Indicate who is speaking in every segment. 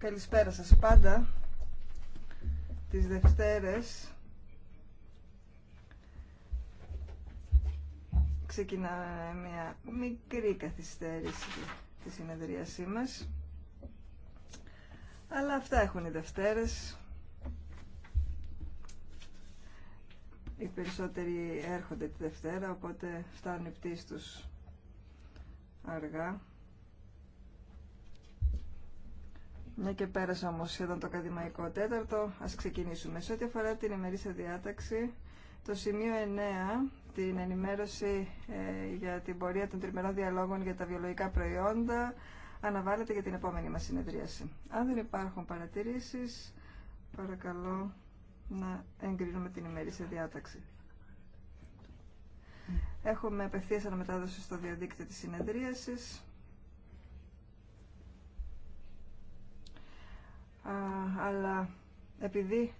Speaker 1: Καλησπέρα σας πάντα. Τις Δευτέρες ξεκινάμε μια μικρή καθυστέρηση της συνεδρίασή μας. Αλλά αυτά έχουν οι Δευτέρες. Οι περισσότεροι έρχονται τη Δευτέρα, οπότε φτάνουν οι πτήσεις τους αργά. Μια και πέρασα όμως σχεδόν το ακαδημαϊκό τέταρτο, ας ξεκινήσουμε. Σε ό,τι αφορά την ημερήσια διάταξη, το σημείο 9, την ενημέρωση ε, για την πορεία των τριμερών διαλόγων για τα βιολογικά προϊόντα, αναβάλλεται για την επόμενη μας συνεδρίαση. Αν δεν υπάρχουν παρατηρήσεις, παρακαλώ να εγκρίνουμε την ημερήσια διάταξη. Έχουμε απευθεία αναμετάδοση στο διαδίκτυο της συνεδρίασης. Α, αλλά επειδή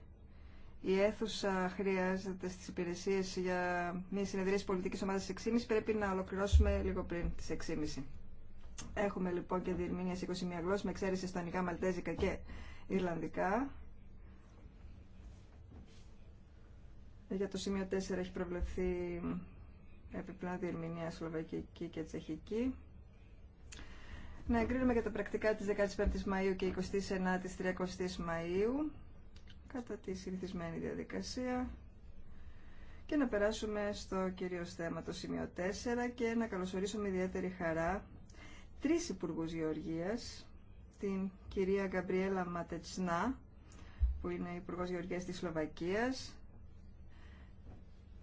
Speaker 1: η αίθουσα χρειάζεται στις υπηρεσίες για μια συνεδρίαση πολιτικής ομάδας 6.30, πρέπει να ολοκληρώσουμε λίγο πριν τις 6.30. Έχουμε λοιπόν και διερμηνία 21 γλώσσες με εξαίρεση στα μαλτέζικα και ιρλανδικά. Για το σημείο 4 έχει προβλεφθεί επιπλέον διερμηνία σλοβακική και τσεχική. Να εγκρίνουμε για τα πρακτικά της 15ης Μαΐου και 29ης 30ης Μαΐου κατά τη συνηθισμένη διαδικασία και να περάσουμε στο κυρίως θέμα το σημείο 4 και να καλωσορίσουμε ιδιαίτερη χαρά τρεις Υπουργούς Γεωργίας την κυρία Γκαμπριέλα Ματετσνά που είναι Υπουργός Γεωργίας της Σλοβακίας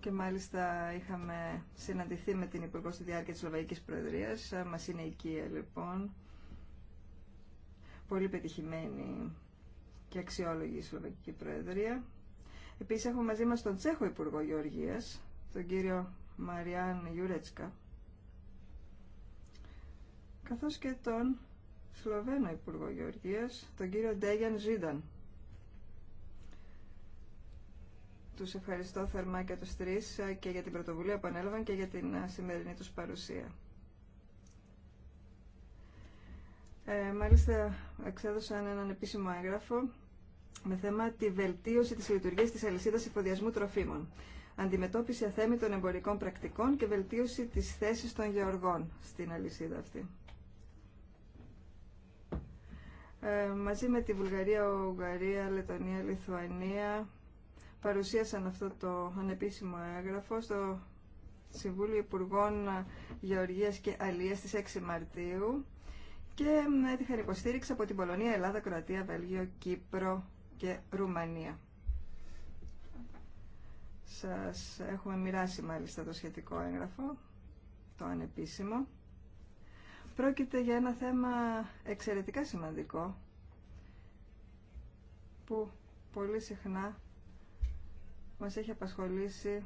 Speaker 1: και μάλιστα είχαμε συναντηθεί με την Υπουργό στη διάρκεια της Σλοβαϊκής Προεδρίας. Ε, μας είναι οικία λοιπόν. Πολύ πετυχημένη και αξιόλογη η Σλοβαϊκή Προεδρία. Επίσης έχουμε μαζί μας τον Τσέχο Υπουργό Γεωργίας, τον κύριο Μαριάν Γιουρέτσκα, καθώς και τον Σλοβαίνο Υπουργό Γεωργίας, τον κύριο Ντέγιαν Ζίνταν. Τους ευχαριστώ θερμά και τους τρεις ε, και για την πρωτοβουλία που ανέλαβαν και για την ε, σημερινή τους παρουσία. Ε, μάλιστα εξέδωσαν έναν επίσημο έγγραφο με θέμα τη βελτίωση της λειτουργίας της αλυσίδας εφοδιασμού τροφίμων, αντιμετώπιση αθέμητων εμπορικών πρακτικών και βελτίωση της θέσης των γεωργών στην αλυσίδα αυτή. Ε, μαζί με τη Βουλγαρία, Ουγγαρία, Λετωνία, Λιθουανία, παρουσίασαν αυτό το ανεπίσημο έγγραφο στο Συμβούλιο Υπουργών Γεωργίας και Αλίας στις 6 Μαρτίου και έτυχαν υποστήριξη από την Πολωνία, Ελλάδα, Κροατία, Βέλγιο, Κύπρο και Ρουμανία. Σας έχουμε μοιράσει μάλιστα το σχετικό έγγραφο, το ανεπίσημο. Πρόκειται για ένα θέμα εξαιρετικά σημαντικό που πολύ συχνά μας έχει απασχολήσει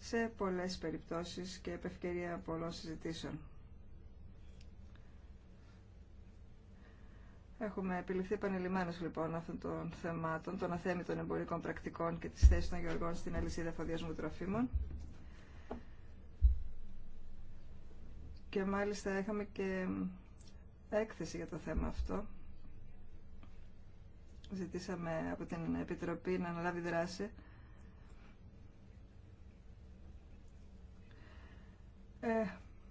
Speaker 1: σε πολλές περιπτώσεις και επ' ευκαιρία πολλών συζητήσεων. Έχουμε επιληφθεί επανειλημμένως λοιπόν αυτών των θεμάτων, των αθέμητων εμπορικών πρακτικών και της θέσης των γεωργών στην αλυσίδα φοδιασμού τροφίμων. Και μάλιστα είχαμε και έκθεση για το θέμα αυτό. Ζητήσαμε από την Επιτροπή να αναλάβει δράση Ε,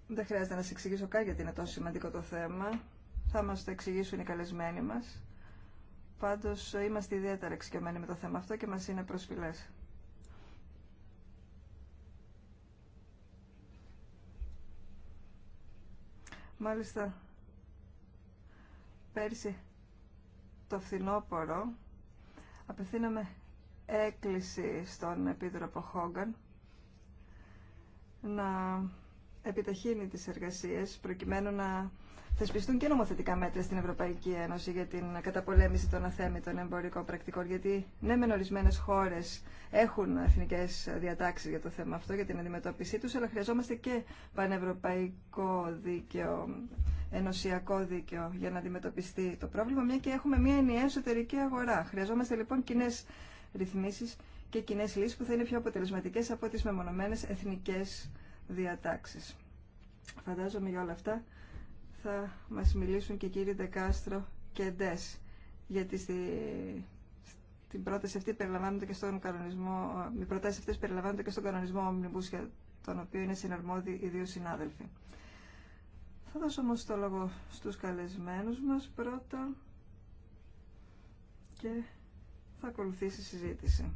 Speaker 1: δεν χρειάζεται να σε εξηγήσω καν γιατί είναι τόσο σημαντικό το θέμα. Θα μας το εξηγήσουν οι καλεσμένοι μας. Πάντως ε, είμαστε ιδιαίτερα εξοικειωμένοι με το θέμα αυτό και μας είναι προσφυλές. Μάλιστα, πέρσι το φθινόπωρο απευθύναμε έκκληση στον Επίτροπο Χόγκαν να επιταχύνει τις εργασίες προκειμένου να θεσπιστούν και νομοθετικά μέτρα στην Ευρωπαϊκή Ένωση για την καταπολέμηση των αθέμητων εμπορικών πρακτικών. Γιατί ναι, μεν ορισμένε χώρε έχουν εθνικέ διατάξει για το θέμα αυτό, για την αντιμετώπιση του, αλλά χρειαζόμαστε και πανευρωπαϊκό δίκαιο, ενωσιακό δίκαιο για να αντιμετωπιστεί το πρόβλημα, μια και έχουμε μια ενιαία εσωτερική αγορά. Χρειαζόμαστε λοιπόν κοινέ ρυθμίσει και κοινέ λύσει που θα είναι πιο αποτελεσματικέ από τι μεμονωμένε εθνικέ διατάξεις. Φαντάζομαι για όλα αυτά θα μας μιλήσουν και οι κύριοι Ντεκάστρο και Ντες, γιατί στη, στην πρόταση αυτή περιλαμβάνονται και στον κανονισμό, οι προτάσεις αυτές περιλαμβάνονται και στον κανονισμό Omnibus, για τον οποίο είναι συναρμόδιοι οι δύο συνάδελφοι. Θα δώσω όμως το λόγο στους καλεσμένους μας πρώτα και θα ακολουθήσει η συζήτηση.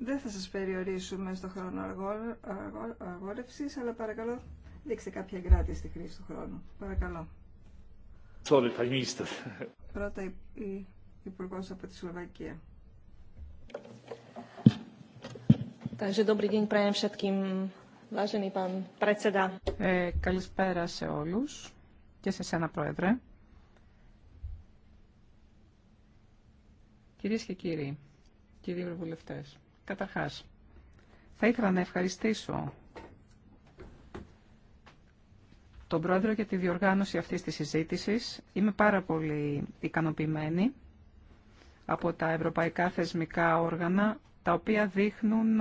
Speaker 1: Δεν θα σας περιορίσουμε στο χρόνο αγόρευσης, αλλά παρακαλώ δείξτε κάποια εγκράτεια στη χρήση του χρόνου. Παρακαλώ. Πρώτα η Υπουργός από τη Σλοβακία.
Speaker 2: Ε, καλησπέρα σε όλους και σε σένα, Πρόεδρε. Κυρίες και κύριοι, κύριοι βουλευτές. Καταρχάς, θα ήθελα να ευχαριστήσω τον Πρόεδρο για τη διοργάνωση αυτής της συζήτησης. Είμαι πάρα πολύ ικανοποιημένη από τα ευρωπαϊκά θεσμικά όργανα, τα οποία δείχνουν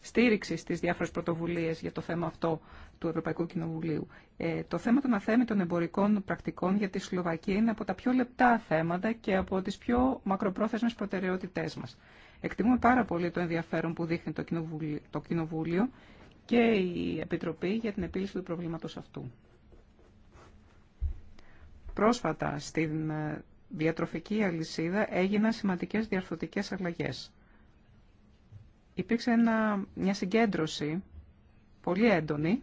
Speaker 2: στήριξη στις διάφορες πρωτοβουλίες για το θέμα αυτό του Ευρωπαϊκού Κοινοβουλίου. Ε, το θέμα των αθέμητων εμπορικών πρακτικών για τη Σλοβακία είναι από τα πιο λεπτά θέματα και από τις πιο μακροπρόθεσμες προτεραιότητές μας. Εκτιμούμε πάρα πολύ το ενδιαφέρον που δείχνει το Κοινοβούλιο, το και η Επιτροπή για την επίλυση του προβλήματος αυτού. Πρόσφατα στην ε, διατροφική αλυσίδα έγιναν σημαντικές διαρθωτικές αλλαγές. Υπήρξε μια συγκέντρωση πολύ έντονη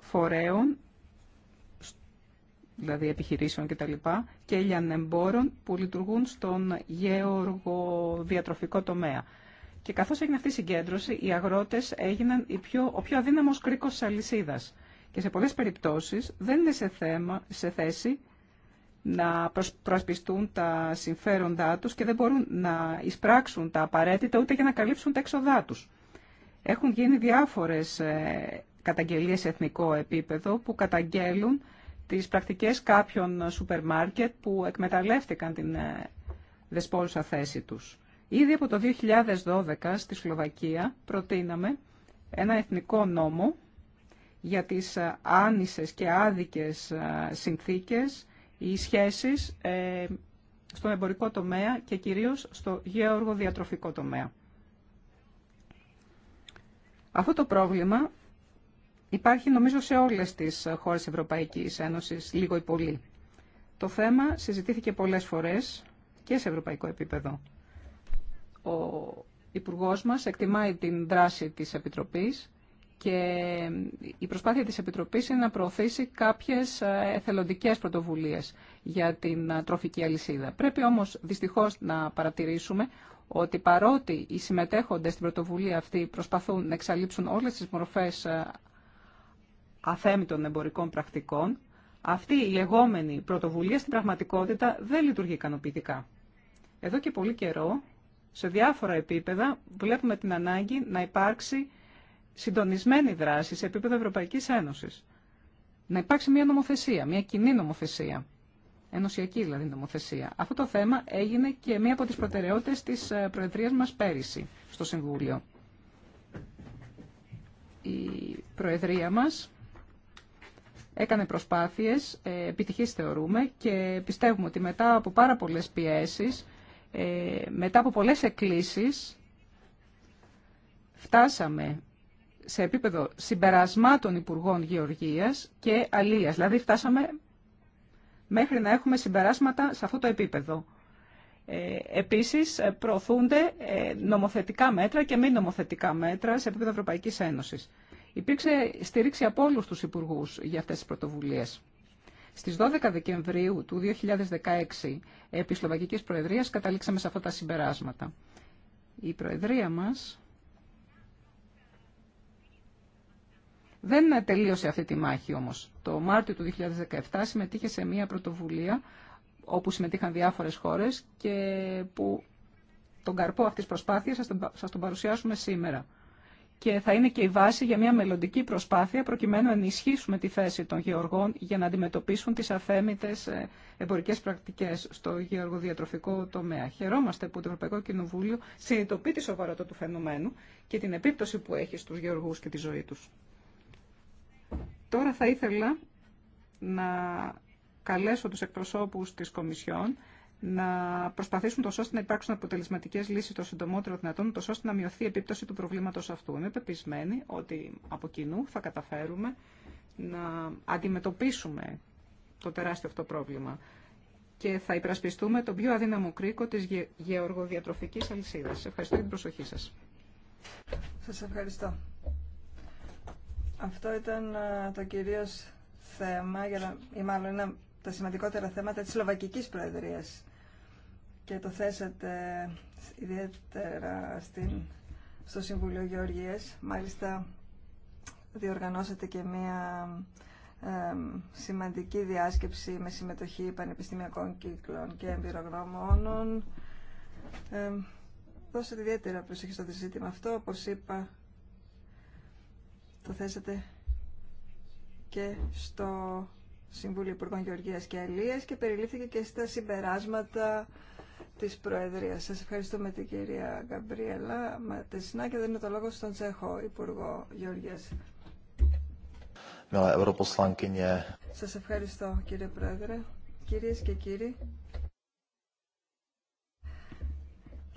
Speaker 2: φορέων δηλαδή επιχειρήσεων κτλ. Και, και που λειτουργούν στον γεωργοδιατροφικό τομέα. Και καθώς έγινε αυτή η συγκέντρωση, οι αγρότες έγιναν πιο, ο πιο αδύναμος κρίκος της αλυσίδας. Και σε πολλές περιπτώσεις δεν είναι σε, θέμα, σε θέση να προασπιστούν τα συμφέροντά τους και δεν μπορούν να εισπράξουν τα απαραίτητα ούτε για να καλύψουν τα έξοδά τους. Έχουν γίνει διάφορες ε, καταγγελίες σε εθνικό επίπεδο που καταγγέλουν τις πρακτικές κάποιων σούπερ μάρκετ που εκμεταλλεύτηκαν την ε, δεσπόλουσα θέση τους. Ήδη από το 2012 στη Σλοβακία προτείναμε ένα εθνικό νόμο για τις ε, άνισες και άδικες ε, συνθήκες ή σχέσεις στο εμπορικό τομέα και κυρίως στο γεωργοδιατροφικό τομέα. Αυτό το πρόβλημα υπάρχει νομίζω σε όλες τις χώρες Ευρωπαϊκής Ένωσης, λίγο ή πολύ. Το θέμα συζητήθηκε πολλές φορές και σε ευρωπαϊκό επίπεδο. Ο υπουργό μας εκτιμάει την δράση της Επιτροπής και η προσπάθεια της Επιτροπής είναι να προωθήσει κάποιες εθελοντικές πρωτοβουλίες για την τροφική αλυσίδα. Πρέπει όμως δυστυχώς να παρατηρήσουμε ότι παρότι οι συμμετέχοντες στην πρωτοβουλία αυτή προσπαθούν να εξαλείψουν όλες τις μορφές αθέμητων εμπορικών πρακτικών, αυτή η λεγόμενη πρωτοβουλία στην πραγματικότητα δεν λειτουργεί ικανοποιητικά. Εδώ και πολύ καιρό, σε διάφορα επίπεδα, βλέπουμε την ανάγκη να υπάρξει συντονισμένη δράση σε επίπεδο Ευρωπαϊκής Ένωσης. Να υπάρξει μια νομοθεσία, μια κοινή νομοθεσία, ενωσιακή δηλαδή νομοθεσία. Αυτό το θέμα έγινε και μία από τις προτεραιότητες της ε, Προεδρίας μας πέρυσι στο Συμβούλιο. Η Προεδρία μας Έκανε προσπάθειες, ε, επιτυχής θεωρούμε και πιστεύουμε ότι μετά από πάρα πολλές πιέσεις, ε, μετά από πολλές εκκλήσεις, φτάσαμε σε επίπεδο συμπερασμάτων Υπουργών Γεωργίας και Αλίας. Δηλαδή φτάσαμε μέχρι να έχουμε συμπεράσματα σε αυτό το επίπεδο. Ε, επίσης προωθούνται ε, νομοθετικά μέτρα και μη νομοθετικά μέτρα σε επίπεδο Ευρωπαϊκής Ένωσης. Υπήρξε στήριξη από όλου του υπουργού για αυτέ τι πρωτοβουλίε. Στις 12 Δεκεμβρίου του 2016, επί Σλοβακικής Προεδρίας, καταλήξαμε σε αυτά τα συμπεράσματα. Η Προεδρία μας δεν τελείωσε αυτή τη μάχη όμως. Το Μάρτιο του 2017 συμμετείχε σε μια πρωτοβουλία όπου συμμετείχαν διάφορες χώρες και που τον καρπό αυτής τη προσπάθεια σας τον παρουσιάσουμε σήμερα και θα είναι και η βάση για μια μελλοντική προσπάθεια προκειμένου να ενισχύσουμε τη θέση των γεωργών για να αντιμετωπίσουν τις αθέμητες ε, εμπορικές πρακτικές στο γεωργοδιατροφικό τομέα. Χαιρόμαστε που το Ευρωπαϊκό Κοινοβούλιο συνειδητοποιεί τη σοβαρότητα του φαινομένου και την επίπτωση που έχει στους γεωργούς και τη ζωή τους. Τώρα θα ήθελα να καλέσω τους εκπροσώπους της Κομισιόν να προσπαθήσουν τόσο ώστε να υπάρξουν αποτελεσματικέ λύσει το συντομότερο δυνατόν, τόσο ώστε να μειωθεί η επίπτωση του προβλήματο αυτού. Είμαι πεπισμένη ότι από κοινού θα καταφέρουμε να αντιμετωπίσουμε το τεράστιο αυτό πρόβλημα και θα υπερασπιστούμε τον πιο αδύναμο κρίκο της γε... γεωργοδιατροφικής αλυσίδας. Ευχαριστώ για την προσοχή σας.
Speaker 1: Σας ευχαριστώ. Αυτό ήταν το κυρίως θέμα, ή μάλλον ένα τα σημαντικότερα θέματα της Σλοβακικής Προεδρίας και το θέσατε ιδιαίτερα στην, στο Συμβουλίο Γεωργίας. Μάλιστα διοργανώσατε και μία σημαντική διάσκεψη με συμμετοχή πανεπιστημιακών κύκλων και εμπειρογνωμόνων. Ε, δώσατε ιδιαίτερα προσοχή στο ζήτημα αυτό. Όπως είπα, το θέσατε και στο Συμβούλιο Υπουργών Γεωργίας και Αλίας και περιλήφθηκε και στα συμπεράσματα της Προεδρίας. Σας ευχαριστούμε την κυρία Γκαμπρίελα Ματεσινά και δίνω το λόγο στον Τσέχο Υπουργό Γεωργίας. Σας ευχαριστώ κύριε Πρόεδρε. Κυρίες και κύριοι,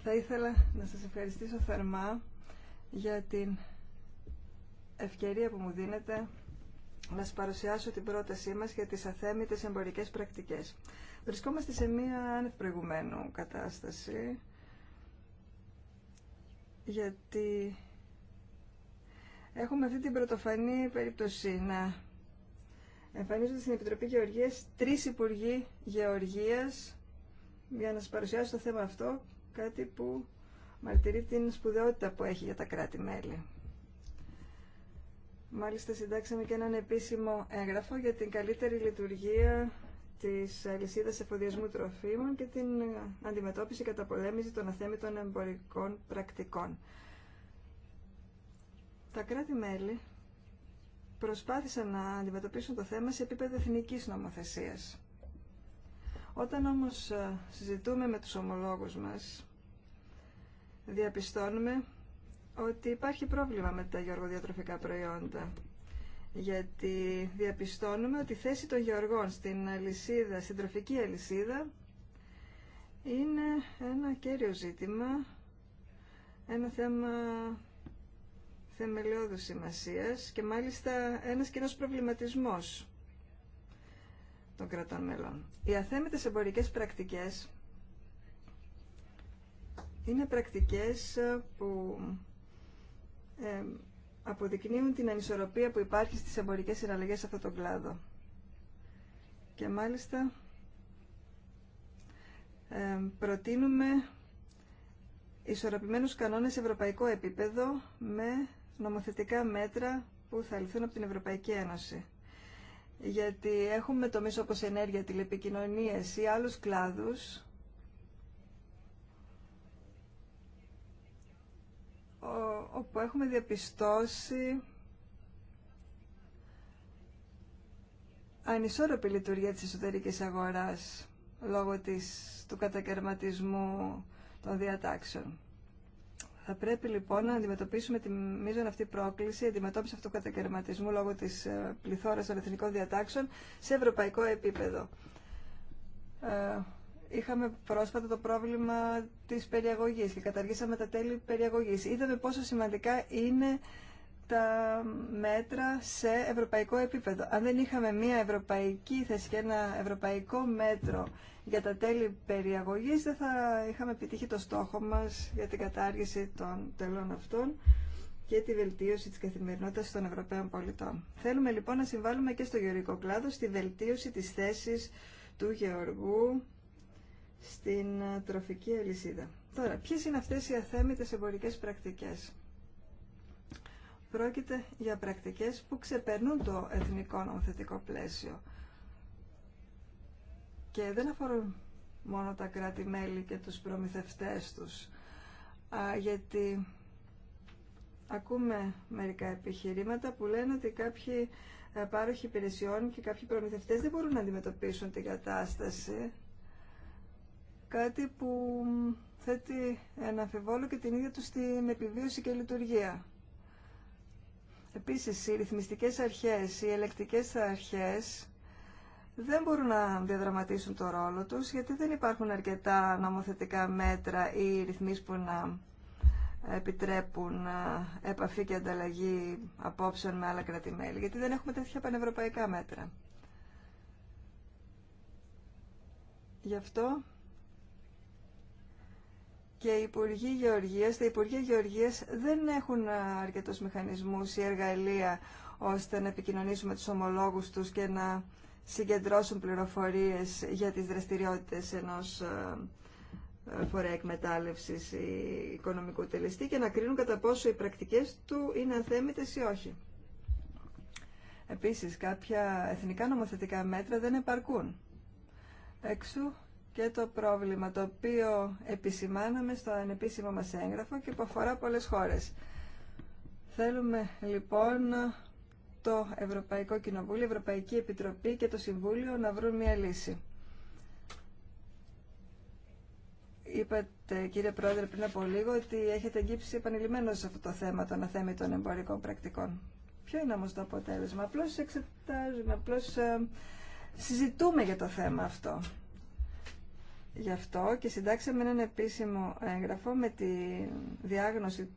Speaker 1: θα ήθελα να σας ευχαριστήσω θερμά για την ευκαιρία που μου δίνετε να σας παρουσιάσω την πρότασή μας για τις αθέμητες εμπορικές πρακτικές. Βρισκόμαστε σε μία άνευ κατάσταση, γιατί έχουμε αυτή την πρωτοφανή περίπτωση να εμφανίζονται στην Επιτροπή Γεωργίας τρεις Υπουργοί Γεωργίας για να σας παρουσιάσω το θέμα αυτό, κάτι που μαρτυρεί την σπουδαιότητα που έχει για τα κράτη-μέλη. Μάλιστα συντάξαμε και έναν επίσημο έγγραφο για την καλύτερη λειτουργία της αλυσίδα εφοδιασμού τροφίμων και την αντιμετώπιση και καταπολέμηση των αθέμητων εμπορικών πρακτικών. Τα κράτη-μέλη προσπάθησαν να αντιμετωπίσουν το θέμα σε επίπεδο εθνικής νομοθεσίας. Όταν όμως ε, συζητούμε με τους ομολόγους μας, διαπιστώνουμε ότι υπάρχει πρόβλημα με τα γεωργοδιατροφικά προϊόντα γιατί διαπιστώνουμε ότι η θέση των γεωργών στην αλυσίδα, στην τροφική αλυσίδα είναι ένα κέριο ζήτημα, ένα θέμα θεμελιώδους σημασίας και μάλιστα ένας κοινός προβληματισμός των κρατών μελών. Οι αθέμετες εμπορικές πρακτικές είναι πρακτικές που ε, αποδεικνύουν την ανισορροπία που υπάρχει στις εμπορικές συναλλαγές σε αυτόν τον κλάδο. Και μάλιστα ε, προτείνουμε ισορροπημένους κανόνες σε ευρωπαϊκό επίπεδο με νομοθετικά μέτρα που θα ληφθούν από την Ευρωπαϊκή Ένωση. Γιατί έχουμε τομείς όπως ενέργεια, τηλεπικοινωνίες ή άλλους κλάδους όπου έχουμε διαπιστώσει ανισόρροπη λειτουργία της εσωτερικής αγοράς λόγω της, του κατακαιρματισμού των διατάξεων. Θα πρέπει λοιπόν να αντιμετωπίσουμε τη μείζων αυτή πρόκληση, αντιμετώπιση αυτού του κατακαιρματισμού λόγω της ε, πληθώρας των εθνικών διατάξεων σε ευρωπαϊκό επίπεδο. Ε, είχαμε πρόσφατα το πρόβλημα της περιαγωγής και καταργήσαμε τα τέλη περιαγωγής. Είδαμε πόσο σημαντικά είναι τα μέτρα σε ευρωπαϊκό επίπεδο. Αν δεν είχαμε μια ευρωπαϊκή θέση και ένα ευρωπαϊκό μέτρο για τα τέλη περιαγωγής, δεν θα είχαμε επιτύχει το στόχο μας για την κατάργηση των τελών αυτών και τη βελτίωση της καθημερινότητας των Ευρωπαίων πολιτών. Θέλουμε λοιπόν να συμβάλλουμε και στο γεωργικό κλάδο στη βελτίωση της θέσης του γεωργού στην ε, τροφική αλυσίδα. Τώρα, ποιες είναι αυτές οι αθέμητες εμπορικές πρακτικές. Πρόκειται για πρακτικές που ξεπερνούν το εθνικό νομοθετικό πλαίσιο και δεν αφορούν μόνο τα κράτη-μέλη και τους προμηθευτές τους, α, γιατί ακούμε μερικά επιχειρήματα που λένε ότι κάποιοι ε, πάροχοι υπηρεσιών και κάποιοι προμηθευτές δεν μπορούν να αντιμετωπίσουν την κατάσταση κάτι που θέτει ένα αμφιβόλο και την ίδια του στην επιβίωση και λειτουργία. Επίσης, οι ρυθμιστικές αρχές, οι ελεκτικές αρχές δεν μπορούν να διαδραματίσουν το ρόλο τους γιατί δεν υπάρχουν αρκετά νομοθετικά μέτρα ή ρυθμίσεις που να επιτρέπουν ε, επαφή και ανταλλαγή απόψεων με άλλα κρατημέλη γιατί δεν έχουμε τέτοια πανευρωπαϊκά μέτρα. Γι' αυτό και οι Υπουργοί Γεωργίας, τα Υπουργεία Γεωργίας δεν έχουν αρκετούς μηχανισμούς ή εργαλεία ώστε να επικοινωνήσουμε τους ομολόγους τους και να συγκεντρώσουν πληροφορίες για τις δραστηριότητες ενός ε, φορέα εκμετάλλευσης ή οικονομικού τελεστή και να κρίνουν κατά πόσο οι πρακτικές του είναι αθέμητες ή όχι. Επίσης, κάποια εθνικά νομοθετικά μέτρα δεν επαρκούν. Εξού και το πρόβλημα το οποίο επισημάναμε στο ανεπίσημο μας έγγραφο και που αφορά πολλές χώρες. Θέλουμε λοιπόν το Ευρωπαϊκό Κοινοβούλιο, η Ευρωπαϊκή Επιτροπή και το Συμβούλιο να βρουν μια λύση. Είπατε κύριε Πρόεδρε πριν από λίγο ότι έχετε γύψει επανειλημμένως σε αυτό το θέμα των αθέμητων εμπορικών πρακτικών. Ποιο είναι όμως το αποτέλεσμα. Απλώ εξετάζουμε, απλώς ε, συζητούμε για το θέμα αυτό. Γι' αυτό και συντάξαμε έναν επίσημο έγγραφο με τη διάγνωση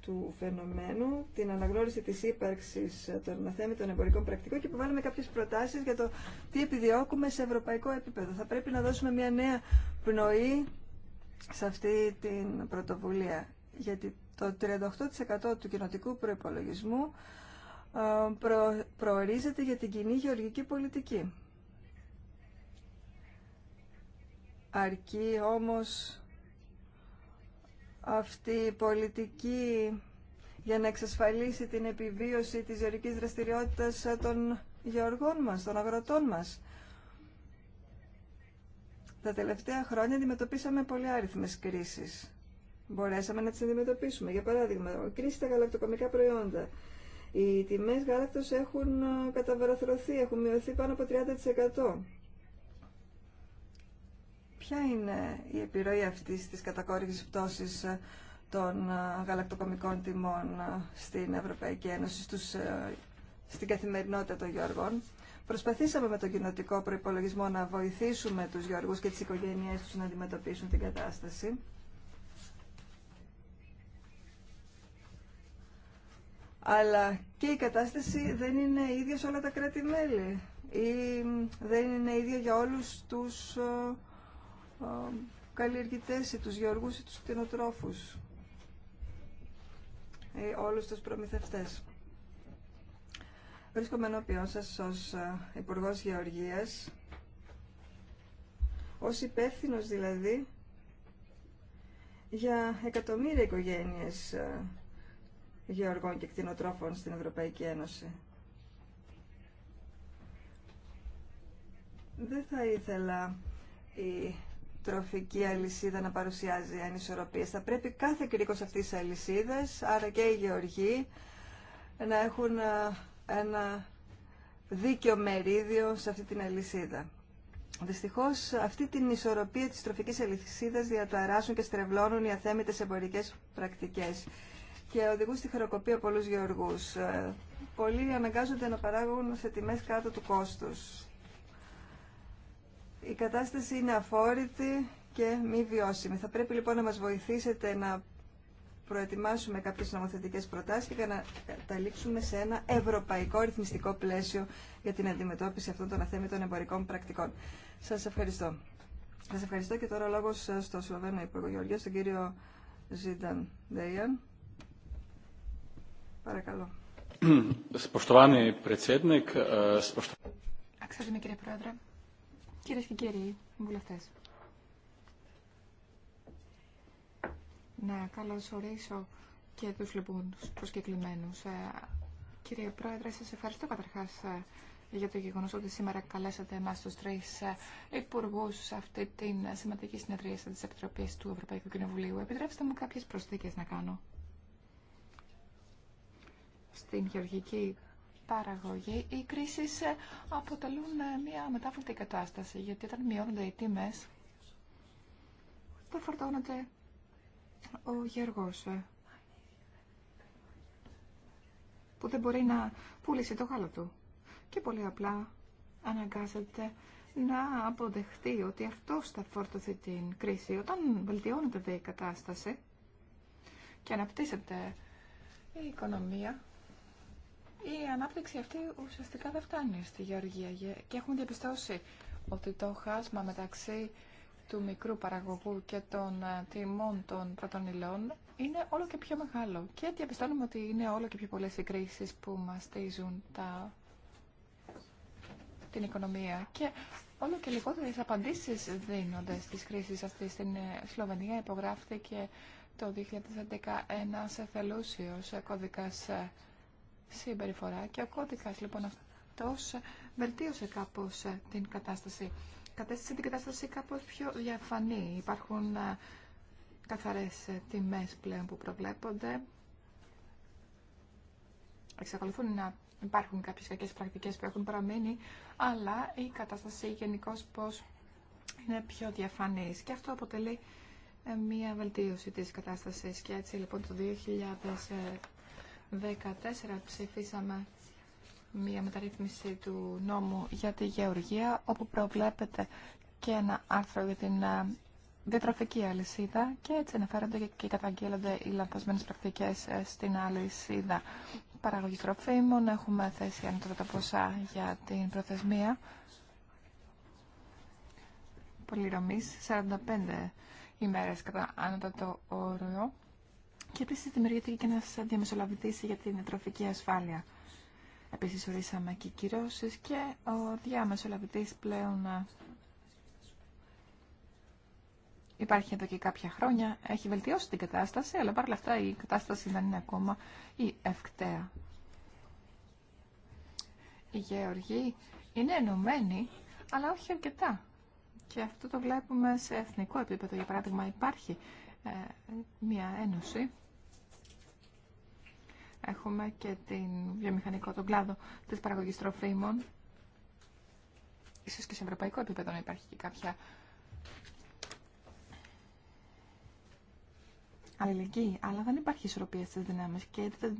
Speaker 1: του φαινομένου, την αναγνώριση της ύπαρξης των αθέμητων εμπορικών πρακτικών και που υποβάλλουμε κάποιες προτάσεις για το τι επιδιώκουμε σε ευρωπαϊκό επίπεδο. Θα πρέπει να δώσουμε μια νέα πνοή σε αυτή την πρωτοβουλία, γιατί το 38% του κοινοτικού προϋπολογισμού ε, προορίζεται για την κοινή γεωργική πολιτική. Αρκεί όμως αυτή η πολιτική για να εξασφαλίσει την επιβίωση της γεωρικής δραστηριότητας των γεωργών μας, των αγροτών μας. Τα τελευταία χρόνια αντιμετωπίσαμε πολλοί άριθμες κρίσεις. Μπορέσαμε να τις αντιμετωπίσουμε. Για παράδειγμα, κρίση στα γαλακτοκομικά προϊόντα. Οι τιμές γάλακτος έχουν καταβαραθρωθεί, έχουν μειωθεί πάνω από 30% ποια είναι η επιρροή αυτής της κατακόρυξης πτώσης ε, των ε, γαλακτοκομικών τιμών ε, στην Ευρωπαϊκή Ένωση, στους, στην καθημερινότητα των γιωργών. Προσπαθήσαμε με τον κοινοτικό προϋπολογισμό να βοηθήσουμε τους γιωργούς και τις οικογένειές τους να αντιμετωπίσουν την κατάσταση. Αλλά και η κατάσταση δεν είναι ίδια σε όλα τα κράτη-μέλη ή δεν είναι ίδια για όλους τους καλλιεργητές ή τους γεωργούς ή τους κτηνοτρόφους ή ε, όλους τους προμηθευτές. Βρίσκομαι ενώπιόν σας ως ε, υπουργό Γεωργίας, ως υπεύθυνο δηλαδή για εκατομμύρια οικογένειες ε, γεωργών και κτηνοτρόφων στην Ευρωπαϊκή Ένωση. Δεν θα ήθελα η τροφική αλυσίδα να παρουσιάζει ανισορροπίε. Θα πρέπει κάθε κρίκο αυτή τη αλυσίδα, άρα και οι γεωργοί, να έχουν ε, ένα δίκαιο μερίδιο σε αυτή την αλυσίδα. Δυστυχώ, αυτή την ισορροπία τη τροφική αλυσίδα, διαταράσσουν και στρεβλώνουν οι αθέμητε εμπορικέ πρακτικέ και οδηγούν στη χρεοκοπία πολλού γεωργού. Ε, πολλοί αναγκάζονται να παράγουν σε τιμέ κάτω του κόστου η κατάσταση είναι αφόρητη και μη βιώσιμη. Θα πρέπει λοιπόν να μας βοηθήσετε να προετοιμάσουμε κάποιες νομοθετικές προτάσεις και να καταλήξουμε σε ένα ευρωπαϊκό ρυθμιστικό πλαίσιο για την αντιμετώπιση αυτών των αθέμητων εμπορικών πρακτικών. Σας ευχαριστώ. Σας ευχαριστώ και τώρα ο λόγος στο Σλοβαίνο Υπουργό Γεωργία, στον κύριο Ζίνταν Δέιαν. Παρακαλώ. κύριε
Speaker 3: Πρόεδρε, Κυρίε και κύριοι βουλευτέ, να καλωσορίσω και τους λοιπόν προσκεκλημένους. Ε, κύριε Πρόεδρε, σα ευχαριστώ καταρχάς ε, για το γεγονό ότι σήμερα καλέσατε εμάς τους τρεις ε, υπουργού σε αυτή τη σημαντική συνεδρία της Επιτροπή του Ευρωπαϊκού Κοινοβουλίου. Επιτρέψτε μου κάποιες προσθήκε να κάνω. Στην γεωργική παραγωγή, οι κρίσει ε, αποτελούν ε, μια μετάβλητη κατάσταση, γιατί όταν μειώνονται οι τιμές, δεν φορτώνεται ο γεργός ε, που δεν μπορεί να πουλήσει το γάλα του. Και πολύ απλά αναγκάζεται να αποδεχτεί ότι αυτό θα φορτωθεί την κρίση. Όταν βελτιώνεται η κατάσταση και αναπτύσσεται η οικονομία, η ανάπτυξη αυτή ουσιαστικά δεν φτάνει στη Γεωργία και έχουμε διαπιστώσει ότι το χάσμα μεταξύ του μικρού παραγωγού και των ε, τιμών των πρώτων είναι όλο και πιο μεγάλο και διαπιστώνουμε ότι είναι όλο και πιο πολλές οι κρίσεις που μαστίζουν τα... την οικονομία και όλο και λιγότερες απαντήσεις δίνονται στις κρίσεις αυτή στην ε, Σλοβενία υπογράφτηκε το 2011 ένας εθελούσιος κώδικας ε, συμπεριφορά και ο κώδικα, λοιπόν αυτός βελτίωσε κάπως ε, την κατάσταση. Κατέστησε την κατάσταση κάπως πιο διαφανή. Υπάρχουν ε, καθαρές ε, τιμέ πλέον που προβλέπονται. Εξακολουθούν να υπάρχουν κάποιες κακέ πρακτικές που έχουν παραμείνει, αλλά η κατάσταση γενικώ πως είναι πιο διαφανής και αυτό αποτελεί μια βελτίωση της κατάστασης και έτσι λοιπόν το 14 ψηφίσαμε μία μεταρρύθμιση του νόμου για τη γεωργία, όπου προβλέπεται και ένα άρθρο για την ε, διατροφική αλυσίδα και έτσι αναφέρονται και καταγγέλλονται οι λανθασμένες πρακτικές ε, στην αλυσίδα παραγωγή τροφίμων. Έχουμε θέσει ανώτατα ποσά για την προθεσμία πολυρωμής, 45 ημέρες κατά ανώτατο όριο. Και επίση δημιουργήθηκε και ένα διαμεσολαβητή για την τροφική ασφάλεια. Επίση ορίσαμε και κυρώσει και ο διαμεσολαβητή πλέον ε, υπάρχει εδώ και κάποια χρόνια. Έχει βελτιώσει την κατάσταση, αλλά παρ' όλα αυτά η κατάσταση δεν είναι ακόμα η ευκταία. Η γεωργοί είναι ενωμένοι, αλλά όχι αρκετά. Και αυτό το βλέπουμε σε εθνικό επίπεδο. Για παράδειγμα, υπάρχει ε, μια ένωση. Έχουμε και την βιομηχανικό, τον κλάδο της παραγωγής τροφίμων. Ίσως και σε ευρωπαϊκό επίπεδο να υπάρχει και κάποια αλληλεγγύη, αλλά δεν υπάρχει ισορροπία στις δυνάμεις και έτσι το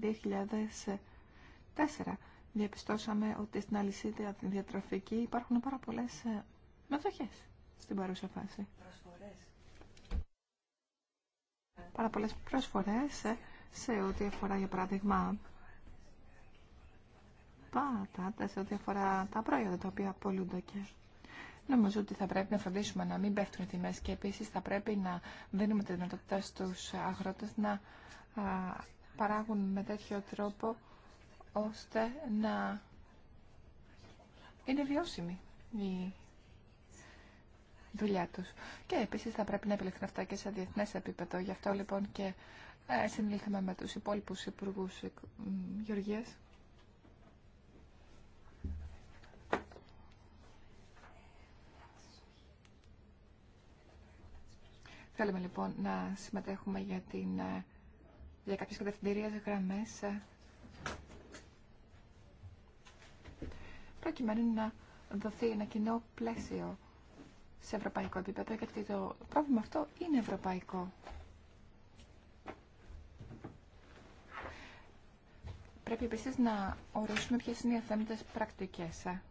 Speaker 3: 2004 διαπιστώσαμε ότι στην αλυσίδα διατροφική υπάρχουν πάρα πολλές ε, μετοχές στην παρούσα φάση πάρα πολλές προσφορές σε ό,τι αφορά, για παράδειγμα, πατάτε, σε ό,τι αφορά τα προϊόντα τα οποία απολούνται και Νομίζω ότι θα πρέπει να φροντίσουμε να μην πέφτουν οι και επίσης θα πρέπει να δίνουμε τη δυνατότητα στους αγρότες να παράγουν με τέτοιο τρόπο ώστε να είναι βιώσιμη δουλειά Και επίσης θα πρέπει να επιλεχθούν αυτά και σε διεθνέ επίπεδο. Γι' αυτό λοιπόν και ε, συνήλθαμε με τους υπόλοιπους υπουργούς ε, Γεωργία. Θέλουμε λοιπόν να συμμετέχουμε για, την, ε, για κάποιες κατευθυντηρίες γραμμές προκειμένου να δοθεί ένα κοινό πλαίσιο σε ευρωπαϊκό επίπεδο, γιατί το πρόβλημα αυτό είναι ευρωπαϊκό. Πρέπει επίσης να ορίσουμε ποιες είναι οι αθέμητες πρακτικές. Ε.